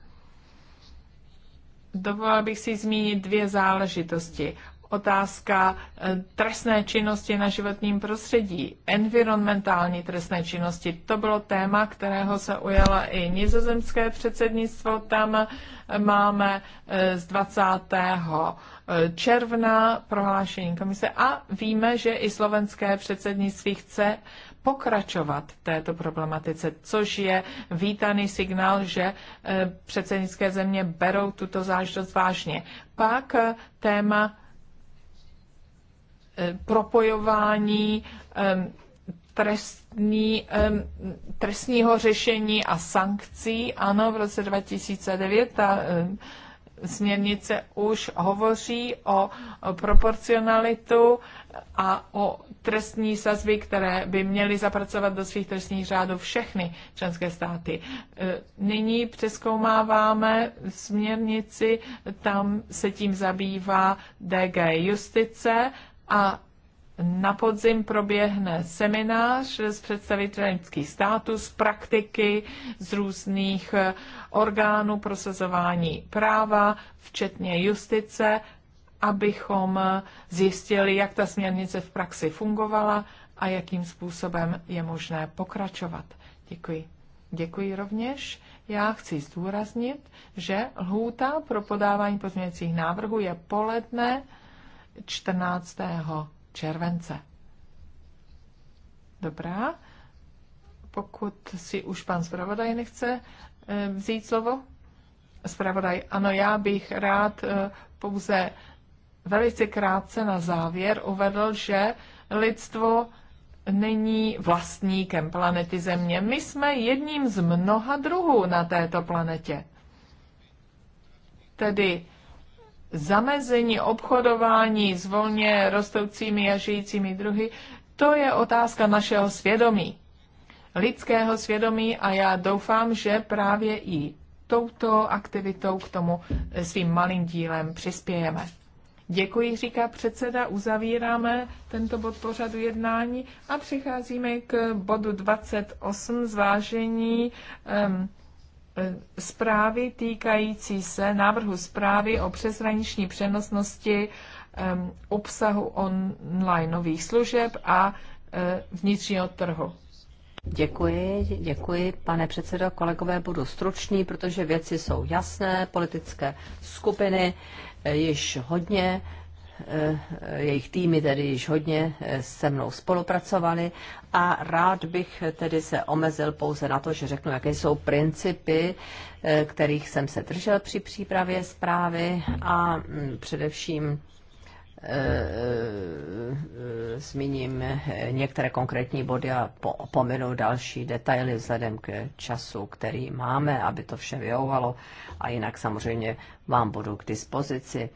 Dovolila bych si zmínit dvě záležitosti otázka eh, trestné činnosti na životním prostředí, environmentální trestné činnosti. To bylo téma, kterého se ujala i nizozemské předsednictvo. Tam eh, máme eh, z 20. června prohlášení komise a víme, že i slovenské předsednictví chce pokračovat v této problematice, což je vítaný signál, že předsednické země berou tuto záležitost vážně. Pak téma propojování trestní, trestního řešení a sankcí. Ano, v roce 2009 ta směrnice už hovoří o proporcionalitu a o trestní sazby, které by měly zapracovat do svých trestních řádů všechny členské státy. E, nyní přeskoumáváme směrnici, tam se tím zabývá DG Justice a na podzim proběhne seminář s představiteli lidských z praktiky, z různých eh, orgánů prosazování práva, včetně justice, abychom eh, zjistili, jak ta směrnice v praxi fungovala a jakým způsobem je možné pokračovat. Děkuji. Děkuji rovněž. Já chci zdůraznit, že lhůta pro podávání pozměňovacích návrhů je poledne 14. července. Dobrá. Pokud si už pan zpravodaj nechce eh, vzít slovo, zpravodaj, ano, já bych rád eh, pouze velice krátce na závěr uvedl, že lidstvo není vlastníkem planety Země. My jsme jedním z mnoha druhů na této planetě. Tedy zamezení obchodování s volně rostoucími a žijícími druhy, to je otázka našeho svědomí, lidského svědomí a já doufám, že právě i touto aktivitou k tomu svým malým dílem přispějeme. Děkuji, říká předseda, uzavíráme tento bod pořadu jednání a přicházíme k bodu 28 zvážení um, E, zprávy týkající se návrhu zprávy o přeshraniční přenosnosti obsahu online nových služeb a e, vnitřního trhu. Děkuji, děkuji, pane předsedo. Kolegové, budu stručný, protože věci jsou jasné. Politické skupiny e, již hodně Eh, jejich týmy tedy již hodně eh, se mnou spolupracovali a rád bych tedy se omezil pouze na to, že řeknu, jaké jsou principy, eh, kterých jsem se držel při přípravě zprávy a mm, především zmíním některé konkrétní body a pominu další detaily vzhledem k času, který máme, aby to vše vyhovalo a jinak samozřejmě vám budu k dispozici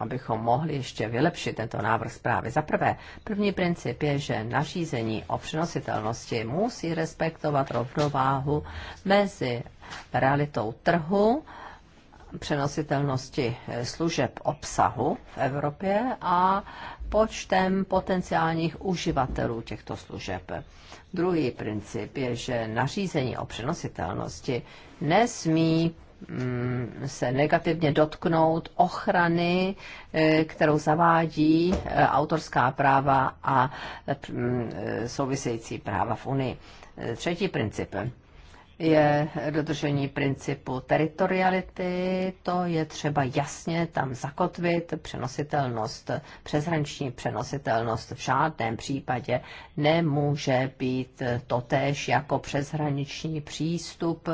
abychom mohli ještě vylepšit tento návrh zprávy. Za prvé, první princip je, že nařízení o přenositelnosti musí respektovat rovnováhu mezi realitou trhu, přenositelnosti eh, služeb obsahu v Evropě a počtem potenciálních uživatelů těchto služeb. Druhý princip je, že nařízení o přenositelnosti nesmí Mm, se negativně dotknout ochrany, eh, kterou zavádí eh, autorská práva a mm, související práva v Unii. Eh, třetí princip je dodržení principu teritoriality, to je třeba jasně tam zakotvit, přenositelnost, přeshraniční přenositelnost v žádném případě nemůže být totéž jako přeshraniční přístup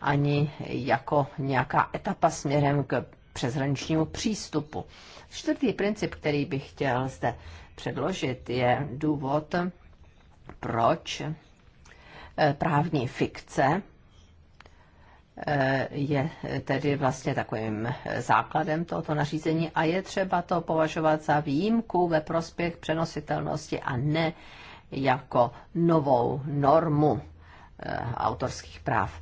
ani jako nějaká etapa směrem k přeshraničnímu přístupu. Čtvrtý princip, který bych chtěl zde předložit, je důvod, proč eh, právní fikce eh, je tedy vlastně takovým eh, základem tohoto nařízení a je třeba to považovat za výjimku ve prospěch přenositelnosti a ne jako novou normu autorských práv.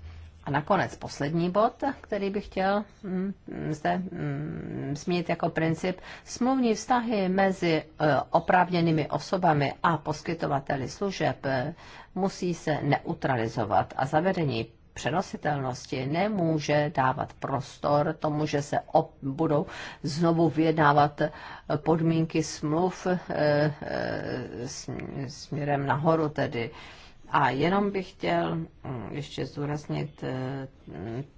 A nakonec poslední bod, který bych chtěl mm, mm, zde mm, zmínit jako princip, smluvní vztahy mezi e, oprávněnými osobami a poskytovateli služeb e, musí se neutralizovat a zavedení přenositelnosti nemůže dávat prostor tomu, že se op- budou znovu vyjednávat e, podmínky smluv e, e, směrem nahoru tedy. E, a jenom bych chtěl mm, ještě zúraznit, eh,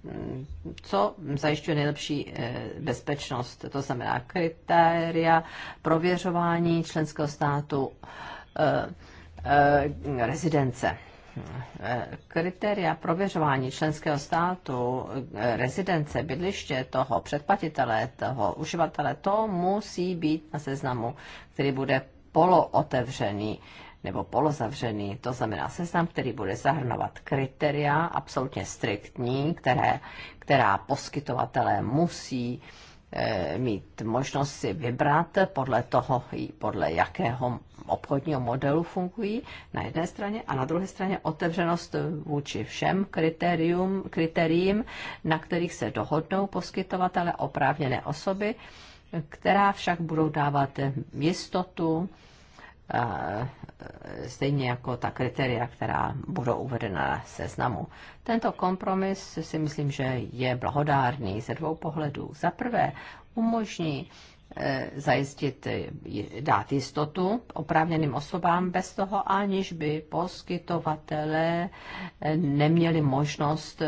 mm, co zajišťuje nejlepší eh, bezpečnost. To znamená kritéria prověřování členského státu eh, rezidence. Kritéria prověřování členského státu, rezidence, bydliště toho předplatitele, toho uživatele, to musí být na seznamu, který bude polootevřený nebo polozavřený. To znamená seznam, který bude zahrnovat kritéria absolutně striktní, které, která poskytovatelé musí e, mít možnost si vybrat podle toho, podle jakého obchodního modelu fungují na jedné straně a na druhé straně otevřenost vůči všem kritérium, kritériím, na kterých se dohodnou poskytovatele oprávněné osoby, která však budou dávat jistotu Eh, stejně jako ta kritéria, která budou uvedena na seznamu. Tento kompromis si myslím, že je blahodárný ze dvou pohledů. Za prvé, umožní Eh, zajistit, eh, dát jistotu oprávněným osobám bez toho, aniž by poskytovatelé eh, neměli možnost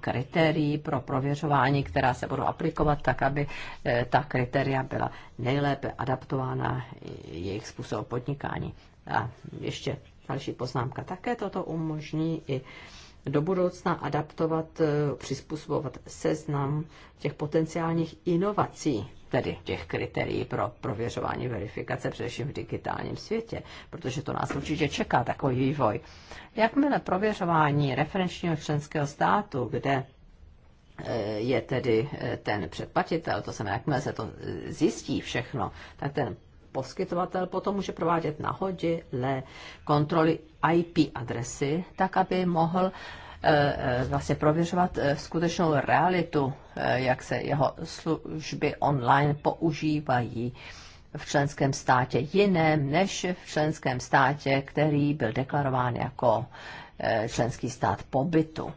kritérií pro prověřování, která se budou aplikovat tak, aby ta kritéria byla nejlépe adaptována jejich způsobu podnikání. A ještě další poznámka. Také toto umožní i do budoucna adaptovat, přizpůsobovat seznam těch potenciálních inovací, tedy těch kritérií pro prověřování verifikace, především v digitálním světě, protože to nás určitě čeká takový vývoj. Jakmile prověřování referenčního členského státu, kde eh, je tedy eh, ten předplatitel, to znamená, jakmile se to eh, zjistí všechno, tak ten poskytovatel potom může provádět nahodilé kontroly IP adresy, tak aby mohl Eh, eh, vlastně prověřovat eh, skutečnou realitu, jak se jeho služby online používají v členském státě jiném než v členském státě, který byl deklarován jako členský stát pobytu.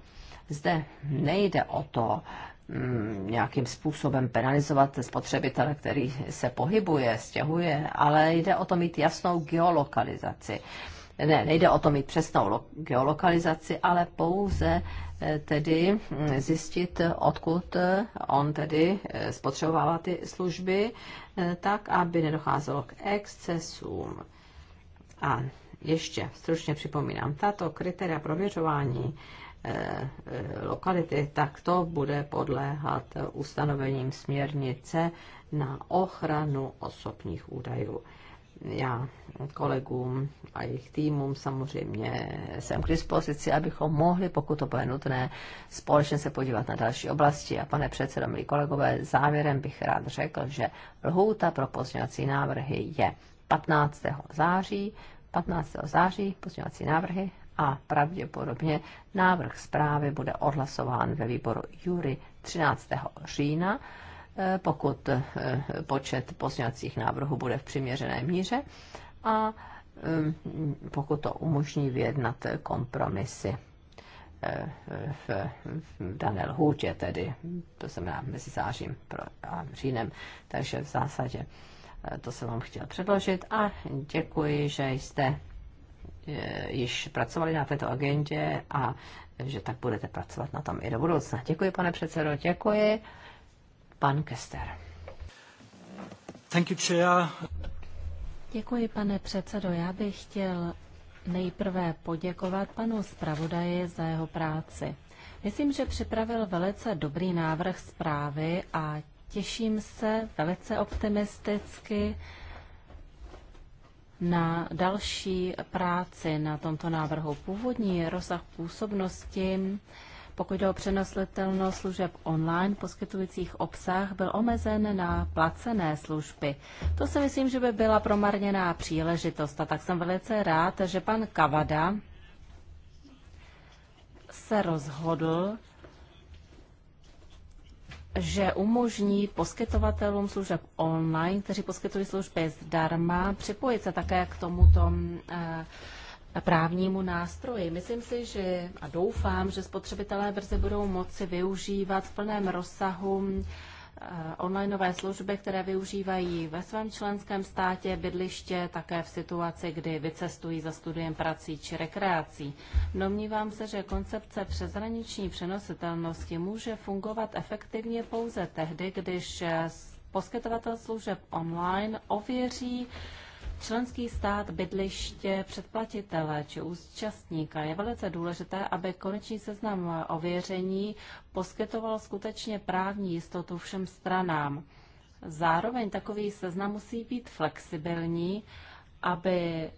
Zde nejde o to mm, nějakým způsobem penalizovat spotřebitele, který se pohybuje, stěhuje, ale jde o to mít jasnou geolokalizaci ne, nejde o to mít přesnou geolokalizaci, ale pouze eh, tedy hm, zjistit, odkud eh, on tedy eh, spotřebovává ty služby, tak, aby nedocházelo k excesům. A ještě stručně připomínám, tato kritéria prověřování lokality, tak to bude podléhat ustanovením směrnice na ochranu osobních údajů já kolegům a jejich týmům samozřejmě jsem k dispozici, abychom mohli, pokud to bude nutné, společně se podívat na další oblasti. A pane předsedo, milí kolegové, závěrem bych rád řekl, že lhůta pro pozměňovací návrhy je 15. září, 15. září pozměňovací návrhy a pravděpodobně návrh zprávy bude odhlasován ve výboru Jury 13. října Eh, pokud eh, počet pozňacích návrhů bude v přiměřené míře a eh, pokud to umožní vyjednat kompromisy v, v dané lhůtě, tedy to znamená mezi zářím a říjnem. Takže v zásadě to jsem vám chtěl předložit a děkuji, že jste již pracovali na této agendě a že tak budete pracovat na tom i do budoucna. Děkuji, pane předsedo, děkuji pan Kester. Thank you, chair. Děkuji, pane předsedo. Já bych chtěl nejprve poděkovat panu zpravodaji za jeho práci. Myslím, že připravil velice dobrý návrh zprávy a těším se velice optimisticky na další práci na tomto návrhu. Původní rozsah působnosti pokud jde o přenosletelnost služeb online poskytujících obsah, byl omezen na placené služby. To si myslím, že by byla promarněná příležitost a tak jsem velice rád, že pan Kavada se rozhodl, že umožní poskytovatelům služeb online, kteří poskytují služby zdarma, připojit se také k tomuto eh, právnímu nástroji. Myslím si, že a doufám, že spotřebitelé brzy budou moci využívat v plném rozsahu eh, onlineové služby, které využívají ve svém členském státě bydliště, také v situaci, kdy vycestují za studiem prací či rekreací. Domnívám se, že koncepce přeshraniční přenositelnosti může fungovat efektivně pouze tehdy, když eh, poskytovatel služeb online ověří Členský stát bydliště předplatitele či účastníka je velice důležité, aby konečný seznam ověření poskytoval skutečně právní jistotu všem stranám. Zároveň takový seznam musí být flexibilní, aby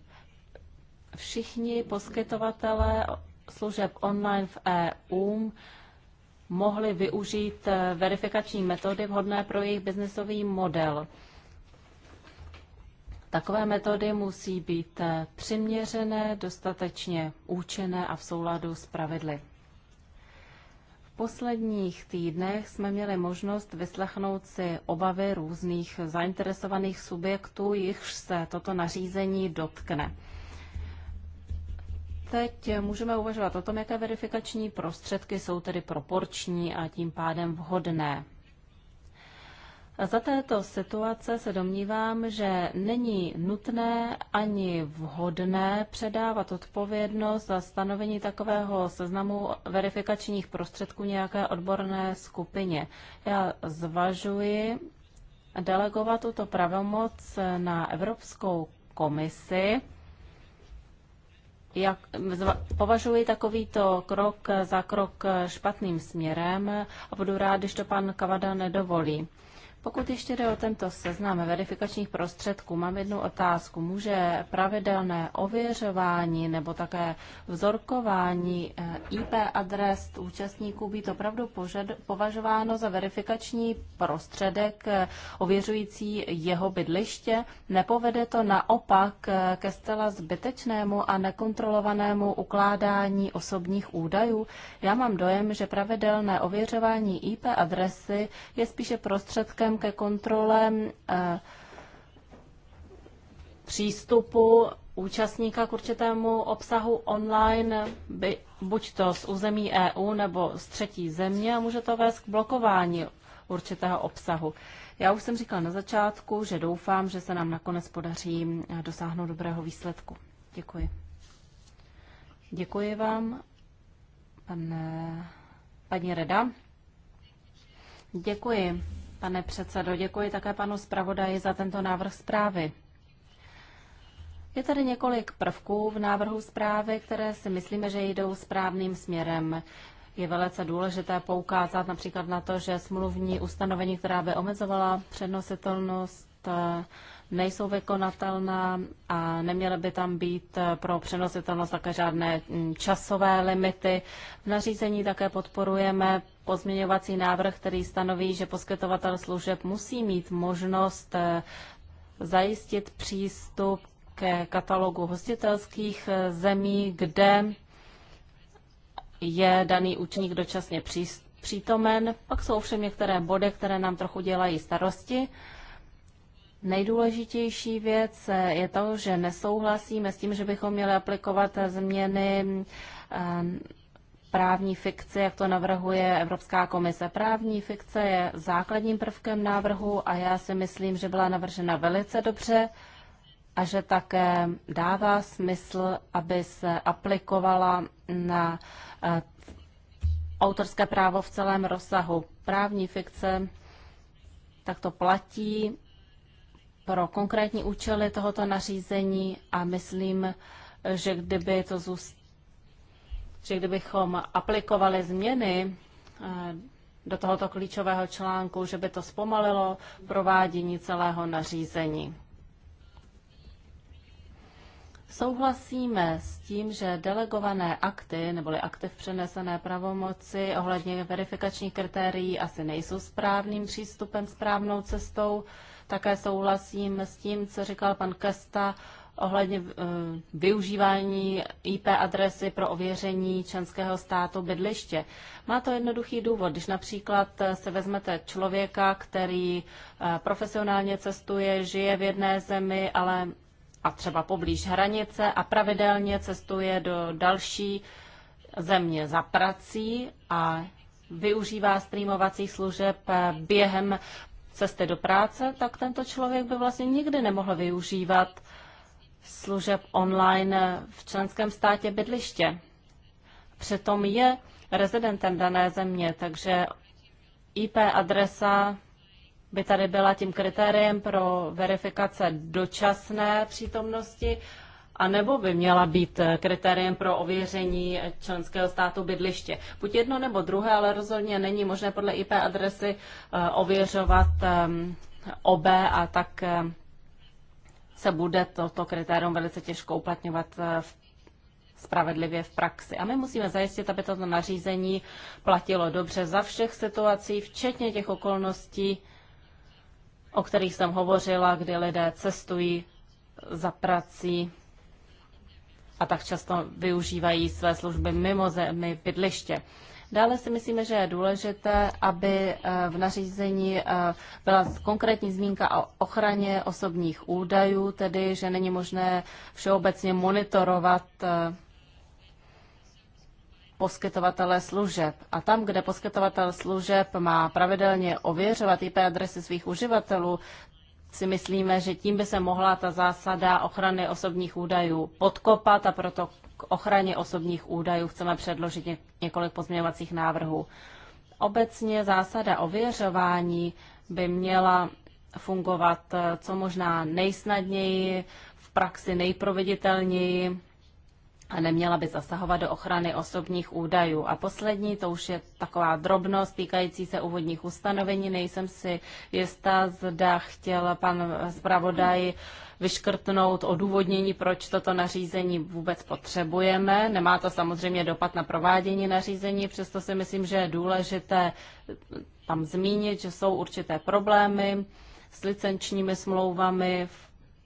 všichni poskytovatelé služeb online v EU mohli využít verifikační metody vhodné pro jejich biznesový model. Takové metody musí být eh, přiměřené, dostatečně účené a v souladu s pravidly. V posledních týdnech jsme měli možnost vyslechnout si obavy různých zainteresovaných subjektů, jichž se toto nařízení dotkne teď můžeme uvažovat o tom, jaké verifikační prostředky jsou tedy proporční a tím pádem vhodné. Za této situace se domnívám, že není nutné ani vhodné předávat odpovědnost za stanovení takového seznamu verifikačních prostředků nějaké odborné skupině. Já zvažuji delegovat tuto pravomoc na Evropskou komisi. Jak, považuji takovýto krok za krok špatným směrem a budu rád, když to pan Kavada nedovolí. Pokud ještě jde o tento seznam verifikačních prostředků, mám jednu otázku. Může pravidelné ověřování nebo také vzorkování eh, IP adres účastníků být opravdu požad, považováno za verifikační prostředek eh, ověřující jeho bydliště? Nepovede to naopak eh, ke zcela zbytečnému a nekontrolovanému ukládání osobních údajů? Já mám dojem, že pravidelné ověřování IP adresy je spíše prostředkem systém ke kontrole eh, přístupu účastníka k určitému obsahu online, by, buď to z území EU nebo z třetí země, a může to vést k blokování určitého obsahu. Já už jsem říkal na začátku, že doufám, že se nám nakonec podaří eh, dosáhnout dobrého výsledku. Děkuji. Děkuji vám, pan, paní Reda. Děkuji pane předsedo. Děkuji také panu zpravodaji za tento návrh zprávy. Je tady několik prvků v návrhu zprávy, které si myslíme, že jdou správným směrem. Je velice důležité poukázat například na to, že smluvní ustanovení, která by omezovala přenositelnost nejsou vykonatelná a neměly by tam být pro přenositelnost také žádné mm, časové limity. V nařízení také podporujeme pozměňovací návrh, který stanoví, že poskytovatel služeb musí mít možnost eh, zajistit přístup ke katalogu hostitelských eh, zemí, kde je daný účinník dočasně přístup přítomen. Pak jsou ovšem některé body, které nám trochu dělají starosti. Nejdůležitější věc je to, že nesouhlasíme s tím, že bychom měli aplikovat změny ehm, právní fikce, jak to navrhuje Evropská komise. Právní fikce je základním prvkem návrhu a já si myslím, že byla navržena velice dobře a že také dává smysl, aby se aplikovala na eh, autorské právo v celém rozsahu. Právní fikce tak to platí pro konkrétní účely tohoto nařízení a myslím, že kdyby to zůst... že kdybychom aplikovali změny eh, do tohoto klíčového článku, že by to zpomalilo provádění celého nařízení. Souhlasíme s tím, že delegované akty neboli akty v přenesené pravomoci ohledně verifikačních kritérií asi nejsou správným přístupem, správnou cestou. Také souhlasím s tím, co říkal pan Kesta ohledně eh, využívání IP adresy pro ověření členského státu bydliště. Má to jednoduchý důvod. Když například eh, se vezmete člověka, který eh, profesionálně cestuje, žije v jedné zemi, ale a třeba poblíž hranice a pravidelně cestuje do další země za prací a využívá streamovacích služeb během cesty do práce, tak tento člověk by vlastně nikdy nemohl využívat služeb online v členském státě bydliště. Přitom je rezidentem dané země, takže IP adresa by tady byla tím kritériem pro verifikace dočasné přítomnosti a nebo by měla být eh, kritériem pro ověření členského státu bydliště. Buď jedno nebo druhé, ale rozhodně není možné podle IP adresy eh, ověřovat ehm, obé a tak eh, se bude toto kritérium velice těžko uplatňovat v spravedlivě v praxi. A my musíme zajistit, aby toto nařízení platilo dobře za všech situací, včetně těch okolností, o kterých jsem hovořila, kdy lidé cestují za prací a tak často využívají své služby mimo zemi bydliště. Dále si myslíme, že je důležité, aby eh, v nařízení eh, byla konkrétní zmínka o ochraně osobních údajů, tedy že není možné všeobecně monitorovat eh, poskytovatele služeb. A tam, kde poskytovatel služeb má pravidelně ověřovat IP adresy svých uživatelů, si myslíme, že tím by se mohla ta zásada ochrany osobních údajů podkopat a proto k ochraně osobních údajů chceme předložit několik pozměňovacích návrhů. Obecně zásada ověřování by měla fungovat eh, co možná nejsnadněji, v praxi nejproveditelněji a neměla by zasahovat do ochrany osobních údajů. A poslední, to už je taková drobnost týkající se úvodních ustanovení. Nejsem si jistá, zda chtěl pan zpravodaj vyškrtnout odůvodnění, proč toto nařízení vůbec potřebujeme. Nemá to samozřejmě dopad na provádění nařízení, přesto si myslím, že je důležité tam zmínit, že jsou určité problémy s licenčními smlouvami,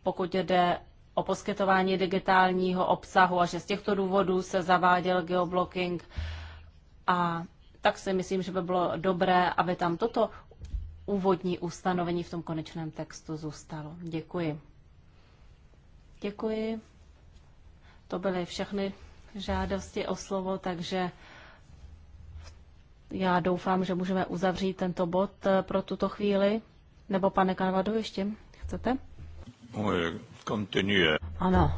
pokud jde o poskytování digitálního obsahu a že z těchto důvodů se zaváděl geoblocking. A tak si myslím, že by bylo dobré, aby tam toto úvodní ustanovení v tom konečném textu zůstalo. Děkuji. Děkuji. To byly všechny žádosti o slovo, takže já doufám, že můžeme uzavřít tento bod eh, pro tuto chvíli. Nebo pane Kanvadu ještě chcete? Ano.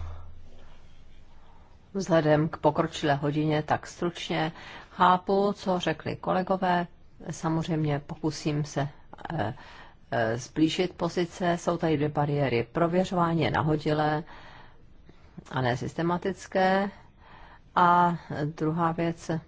Vzhledem k pokročilé hodině, tak stručně chápu, co řekli kolegové. Samozřejmě pokusím se zblížit eh, eh, pozice. Jsou tady dvě bariéry. Prověřování je nahodilé a ne systematické. A druhá věc, eh,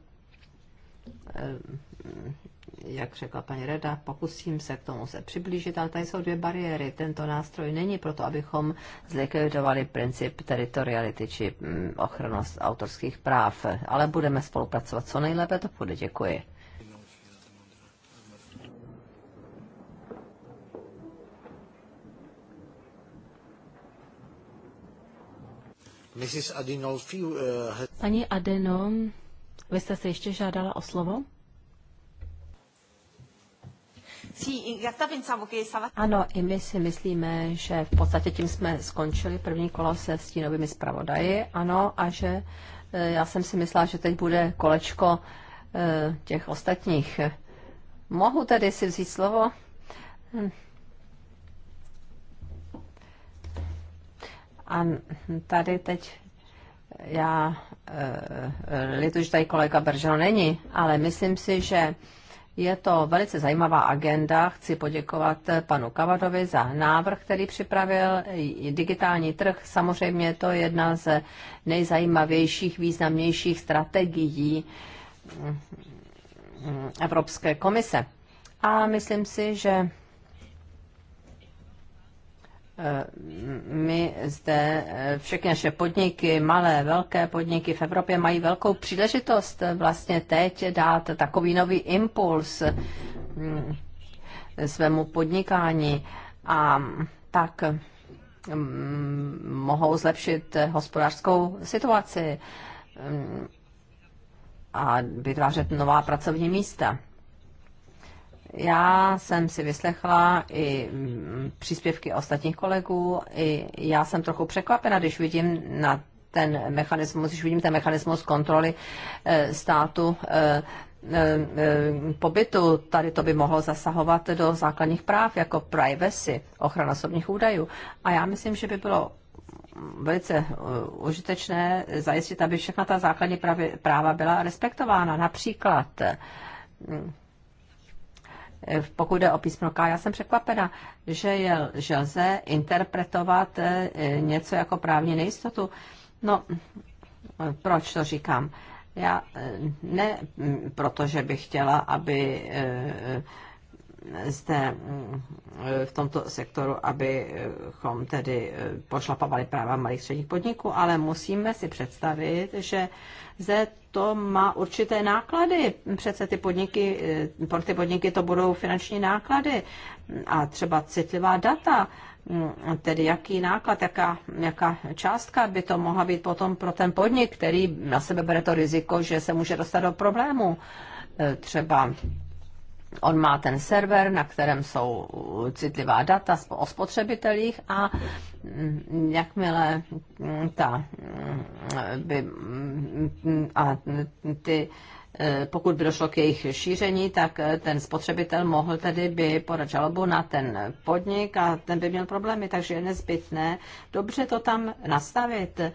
jak řekla paní Reda, pokusím se k tomu se přiblížit, ale tady jsou dvě bariéry. Tento nástroj není proto, abychom zlikvidovali princip teritoriality či mm, ochranost autorských práv, ale budeme spolupracovat co nejlépe to půjde. Děkuji. Uh, paní Adeno, vy jste se ještě žádala o slovo? Ano, i my si myslíme, že v podstatě tím jsme skončili první kolo se stínovými zpravodaji, ano, a že e, já jsem si myslela, že teď bude kolečko e, těch ostatních. Mohu tedy si vzít slovo? Hm. A tady teď já e, lituji, že tady kolega Beržel není, ale myslím si, že je to velice zajímavá agenda. Chci poděkovat panu Kavadovi za návrh, který připravil. Digitální trh samozřejmě to je jedna z nejzajímavějších, významnějších strategií Evropské komise. A myslím si, že my zde, eh, všechny naše podniky, malé, velké podniky v Evropě mají velkou příležitost vlastně teď dát takový nový impuls mm, svému podnikání a tak mm, mohou zlepšit hospodářskou situaci mm, a vytvářet nová pracovní místa. Já jsem si vyslechla i mm, příspěvky ostatních kolegů, i já jsem trochu překvapena, když vidím na ten mechanismus, když vidím ten mechanismus kontroly eh, státu eh, eh, pobytu, tady to by mohlo zasahovat do základních práv, jako privacy, ochrana osobních údajů. A já myslím, že by bylo velice užitečné zajistit, aby všechna ta základní práva byla respektována. Například mm, Eh, pokud jde o písmo K, já jsem překvapena, že, je, že lze interpretovat eh, něco jako právní nejistotu. No, proč to říkám? Já eh, ne mm, protože bych chtěla, aby té, eh, v tomto sektoru, abychom tedy eh, pošlapovali práva malých středních podniků, ale musíme si představit, že ze to má určité náklady. Přece ty podniky, eh, pro ty podniky to budou finanční náklady a třeba citlivá data, mm, tedy jaký náklad, jaká, jaká částka by to mohla být potom pro ten podnik, který na sebe bere to riziko, že se může dostat do problému. Třeba On má ten server, na kterém jsou citlivá data o spotřebitelích a mm, jakmile mm, ta mm, by, a ty e, pokud by došlo k jejich šíření, tak e, ten spotřebitel mohl tedy by podat žalobu na ten podnik a ten by měl problémy, takže je nezbytné dobře to tam nastavit, e,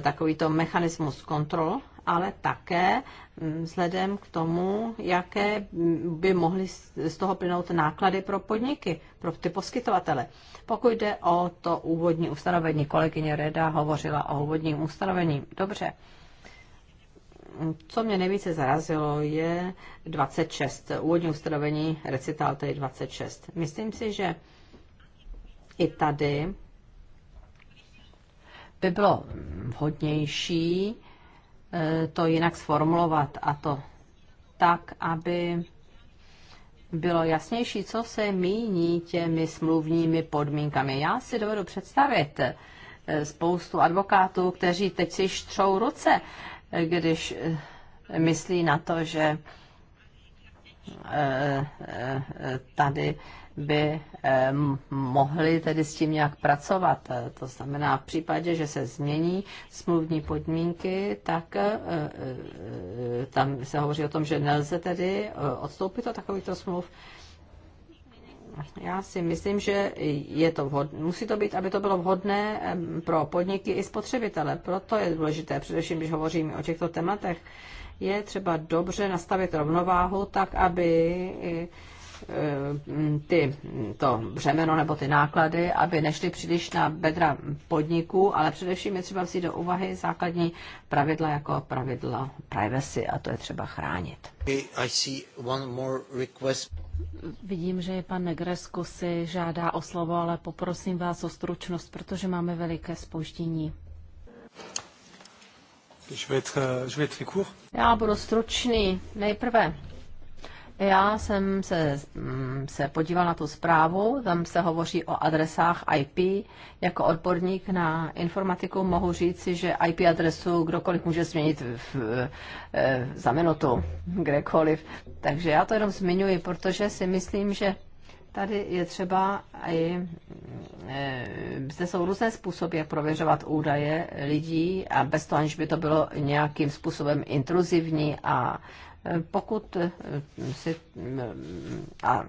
takovýto mechanismus kontrol ale také mm, vzhledem k tomu, jaké by mohly z toho plynout náklady pro podniky, pro ty poskytovatele. Pokud jde o to úvodní ustanovení, kolegyně Reda hovořila o úvodním ustanovení. Dobře. Co mě nejvíce zarazilo, je 26. Úvodní ustanovení, recital tedy 26. Myslím si, že i tady by bylo vhodnější to jinak sformulovat a to tak, aby bylo jasnější, co se míní těmi smluvními podmínkami. Já si dovedu představit eh, spoustu advokátů, kteří teď si štřou ruce, eh, když eh, myslí na to, že tady by eh, mohli tedy s tím nějak pracovat. Eh, to znamená, v případě, že se změní smluvní podmínky, tak eh, tam se hovoří o tom, že nelze tedy odstoupit od takovýchto smluv. Já si myslím, že je to vhodné. musí to být, aby to bylo vhodné pro podniky i spotřebitele. Proto je důležité, především když hovoříme o těchto tématech, je třeba dobře nastavit rovnováhu tak, aby ty, to břemeno nebo ty náklady, aby nešly příliš na bedra podniků, ale především je třeba vzít do úvahy základní pravidla jako pravidla privacy a to je třeba chránit. I see one more request. Vidím, že je pan Negresko si žádá o slovo, ale poprosím vás o stručnost, protože máme veliké spoždění. Euh, Já budu stručný. Nejprve já jsem se, mm, se podíval na tu zprávu, tam se hovoří o adresách IP. Jako odborník na informatiku mohu říci, že IP adresu kdokoliv může změnit v, e, za minutu, kdekoliv. Takže já to jenom zmiňuji, protože si myslím, že tady je třeba i, e, zde jsou různé způsoby, jak prověřovat údaje lidí a bez toho, aniž by to bylo nějakým způsobem intruzivní a pokud eh, si, eh, a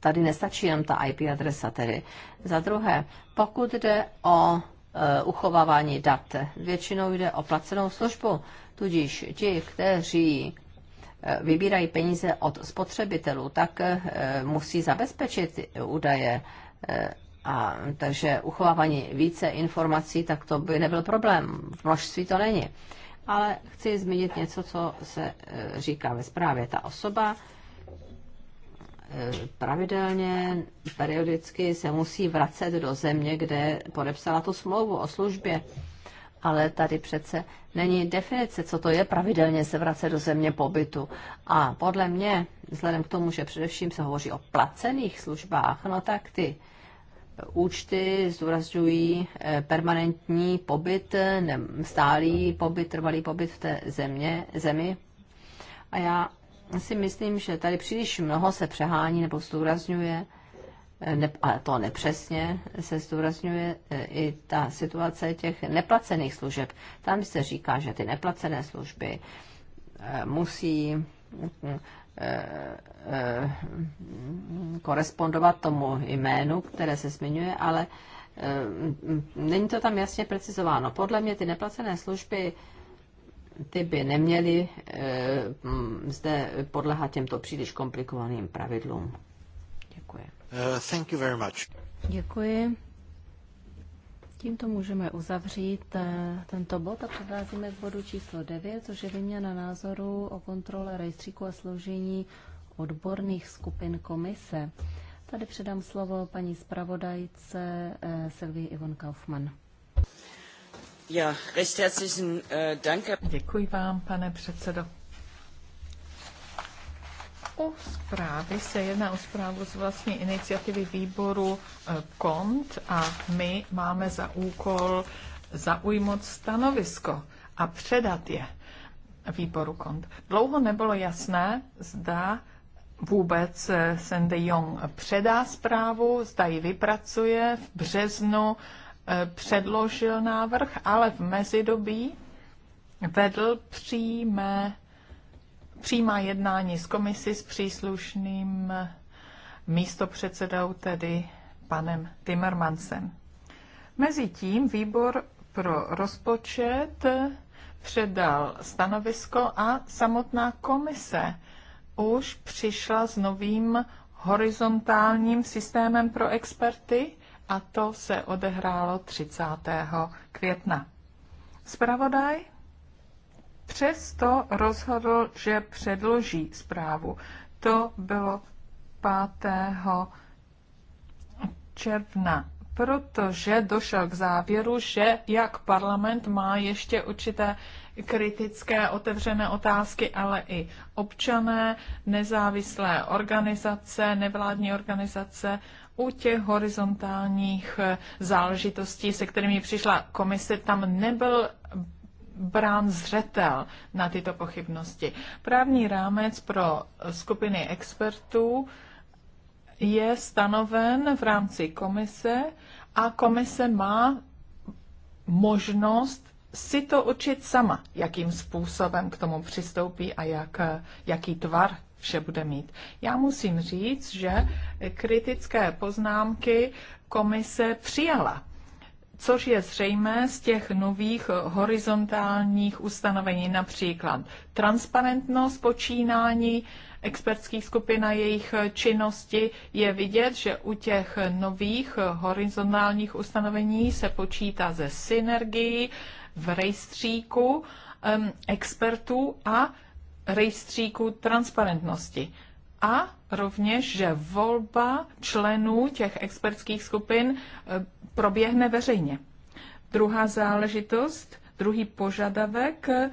tady nestačí jen ta IP adresa tedy. Za druhé, pokud jde o eh, uchovávání dat, většinou jde o placenou službu, tudíž ti, kteří vybírají peníze od spotřebitelů, tak musí zabezpečit údaje a takže uchovávání více informací, tak to by nebyl problém. V množství to není ale chci zmínit něco, co se e, říká ve zprávě. Ta osoba e, pravidelně, periodicky se musí vracet do země, kde podepsala tu smlouvu o službě. Ale tady přece není definice, co to je pravidelně se vracet do země pobytu. A podle mě, vzhledem k tomu, že především se hovoří o placených službách, no tak ty účty zdůrazňují eh, permanentní pobyt, stálý pobyt, trvalý pobyt v té země, zemi. A já si myslím, že tady příliš mnoho se přehání nebo zdůrazňuje, eh, ne, ale to nepřesně se zdůrazňuje eh, i ta situace těch neplacených služeb. Tam se říká, že ty neplacené služby musí korespondovat tomu jménu, které se zmiňuje, ale eh, není to tam jasně precizováno. Podle mě ty neplacené služby ty by neměly eh, zde podlehat těmto příliš komplikovaným pravidlům. Děkuji. Uh, thank you very much. Děkuji. Tímto můžeme uzavřít eh, tento bod a přecházíme k bodu číslo 9, což je výměna názoru o kontrole rejstříku a složení odborných skupin komise. Tady předám slovo paní zpravodajce eh, Sylvie Ivon Kaufmann. Ja, recht herzlichen eh, Děkuji vám, pane předsedo o zprávy se jedná o zprávu z vlastní iniciativy výboru eh, KONT a my máme za úkol zaujmout stanovisko a předat je výboru KONT. Dlouho nebylo jasné, zda vůbec eh, Sende Jong předá zprávu, zda ji vypracuje. V březnu eh, předložil návrh, ale v mezidobí vedl přímé přímá jednání s komisí s příslušným eh, místopředsedou, tedy panem Timmermansem. Mezitím výbor pro rozpočet eh, předal stanovisko a samotná komise už přišla s novým horizontálním systémem pro experty a to se odehrálo 30. května. Spravodaj přesto rozhodl, že předloží zprávu. To bylo 5. června, protože došel k závěru, že jak parlament má ještě určité kritické otevřené otázky, ale i občané, nezávislé organizace, nevládní organizace, u těch horizontálních záležitostí, se kterými přišla komise, tam nebyl brán zřetel na tyto pochybnosti. Právní rámec pro skupiny expertů je stanoven v rámci komise a komise má možnost si to učit sama, jakým způsobem k tomu přistoupí a jak, jaký tvar vše bude mít. Já musím říct, že kritické poznámky komise přijala což je zřejmé z těch nových horizontálních ustanovení, například transparentnost počínání expertských skupin a jejich činnosti je vidět, že u těch nových horizontálních ustanovení se počítá ze synergii v rejstříku expertů a rejstříku transparentnosti a rovněž, že volba členů těch expertských skupin e, proběhne veřejně. Druhá záležitost, druhý požadavek e,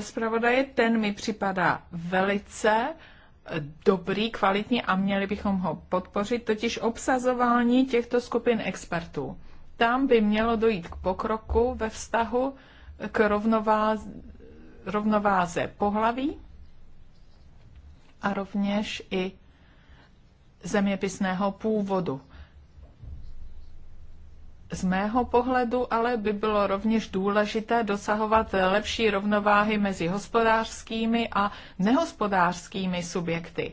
zpravodaje, ten mi připadá velice e, dobrý, kvalitní a měli bychom ho podpořit, totiž obsazování těchto skupin expertů. Tam by mělo dojít k pokroku ve vztahu k rovnováze, rovnováze pohlaví a rovněž i zeměpisného původu. Z mého pohledu ale by bylo rovněž důležité dosahovat lepší rovnováhy mezi hospodářskými a nehospodářskými subjekty,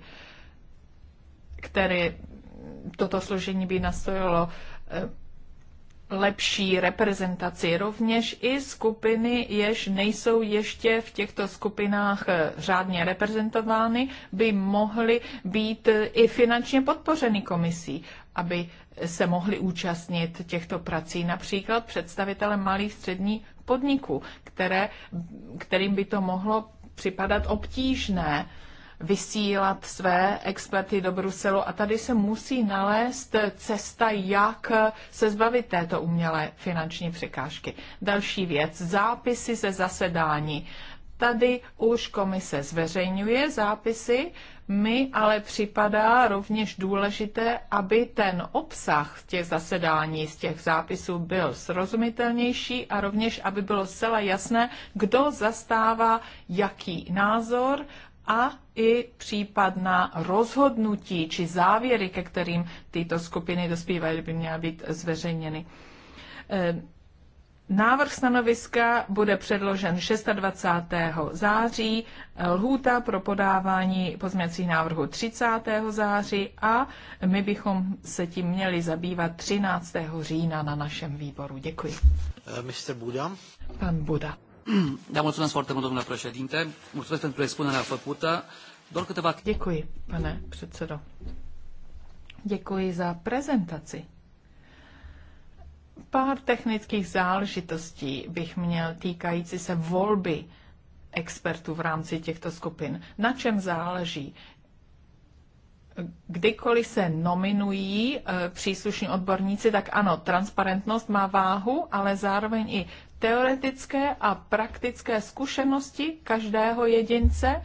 které toto složení by nastojilo eh, lepší reprezentaci rovněž i skupiny, jež nejsou ještě v těchto skupinách eh, řádně reprezentovány, by mohly být eh, i finančně podpořeny komisí, aby se mohli účastnit těchto prací. Například představitele malých středních podniků, které, kterým by to mohlo připadat obtížné vysílat své experty do Bruselu a tady se musí nalézt cesta, jak se zbavit této umělé finanční překážky. Další věc, zápisy ze zasedání. Tady už komise zveřejňuje zápisy, mi ale připadá rovněž důležité, aby ten obsah těch zasedání, z těch zápisů byl srozumitelnější a rovněž, aby bylo zcela jasné, kdo zastává jaký názor a i případná rozhodnutí či závěry, ke kterým tyto skupiny dospívají, by měla být zveřejněny. Eh, návrh stanoviska bude předložen 26. září, lhůta pro podávání pozměňovacích návrhů 30. září a my bychom se tím měli zabývat 13. října na našem výboru. Děkuji. Eh, Mr. Buda. Pan Buda. Da, mulțumesc foarte mult, domnule președinte. Mulțumesc pentru expunerea făcută. Doar câteva... Děkuji, pane předsedo. Děkuji za prezentaci. Pár technických záležitostí bych měl týkající se volby expertů v rámci těchto skupin. Na čem záleží? kdykoliv se nominují e, příslušní odborníci, tak ano, transparentnost má váhu, ale zároveň i teoretické a praktické zkušenosti každého jedince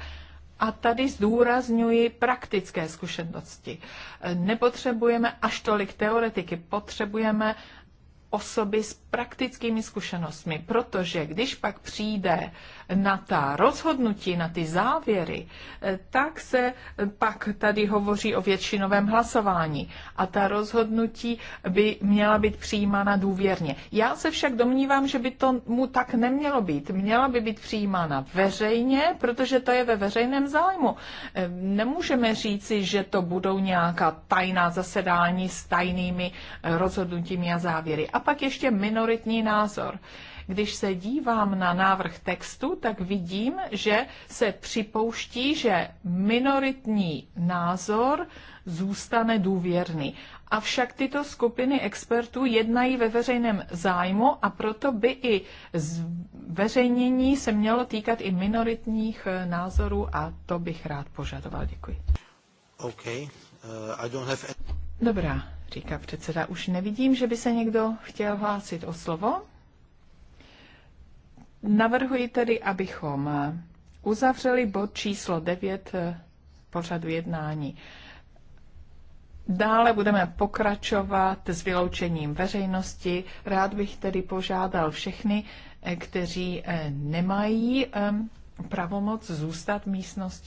a tady zdůrazňuji praktické zkušenosti. Nepotřebujeme až tolik teoretiky, potřebujeme osoby s praktickými zkušenostmi, protože když pak přijde uh, na ta rozhodnutí, na ty závěry, eh, tak se pak tady hovoří o většinovém hlasování a ta rozhodnutí by měla být přijímána důvěrně. Já se však domnívám, že by to mu tak nemělo být. Měla by být přijímána veřejně, protože to je ve veřejném zájmu. Eh, nemůžeme říci, že to budou nějaká tajná zasedání s tajnými eh, rozhodnutími a závěry. A pak ještě minoritní názor. Když se dívám na návrh textu, tak vidím, že se připouští, že minoritní názor zůstane důvěrný. Avšak tyto skupiny expertů jednají ve veřejném zájmu a proto by i zveřejnění se mělo týkat i minoritních eh, názorů a to bych rád požadoval. Děkuji. Okay. Uh, I don't have... Dobrá, říká předseda. Už nevidím, že by se někdo chtěl hlásit o slovo. Navrhuji tedy, abychom uzavřeli bod číslo 9 eh, pořadu jednání. Dále budeme pokračovat s vyloučením veřejnosti. Rád bych tedy požádal všechny, eh, kteří eh, nemají pravomoc zůstat v místnosti,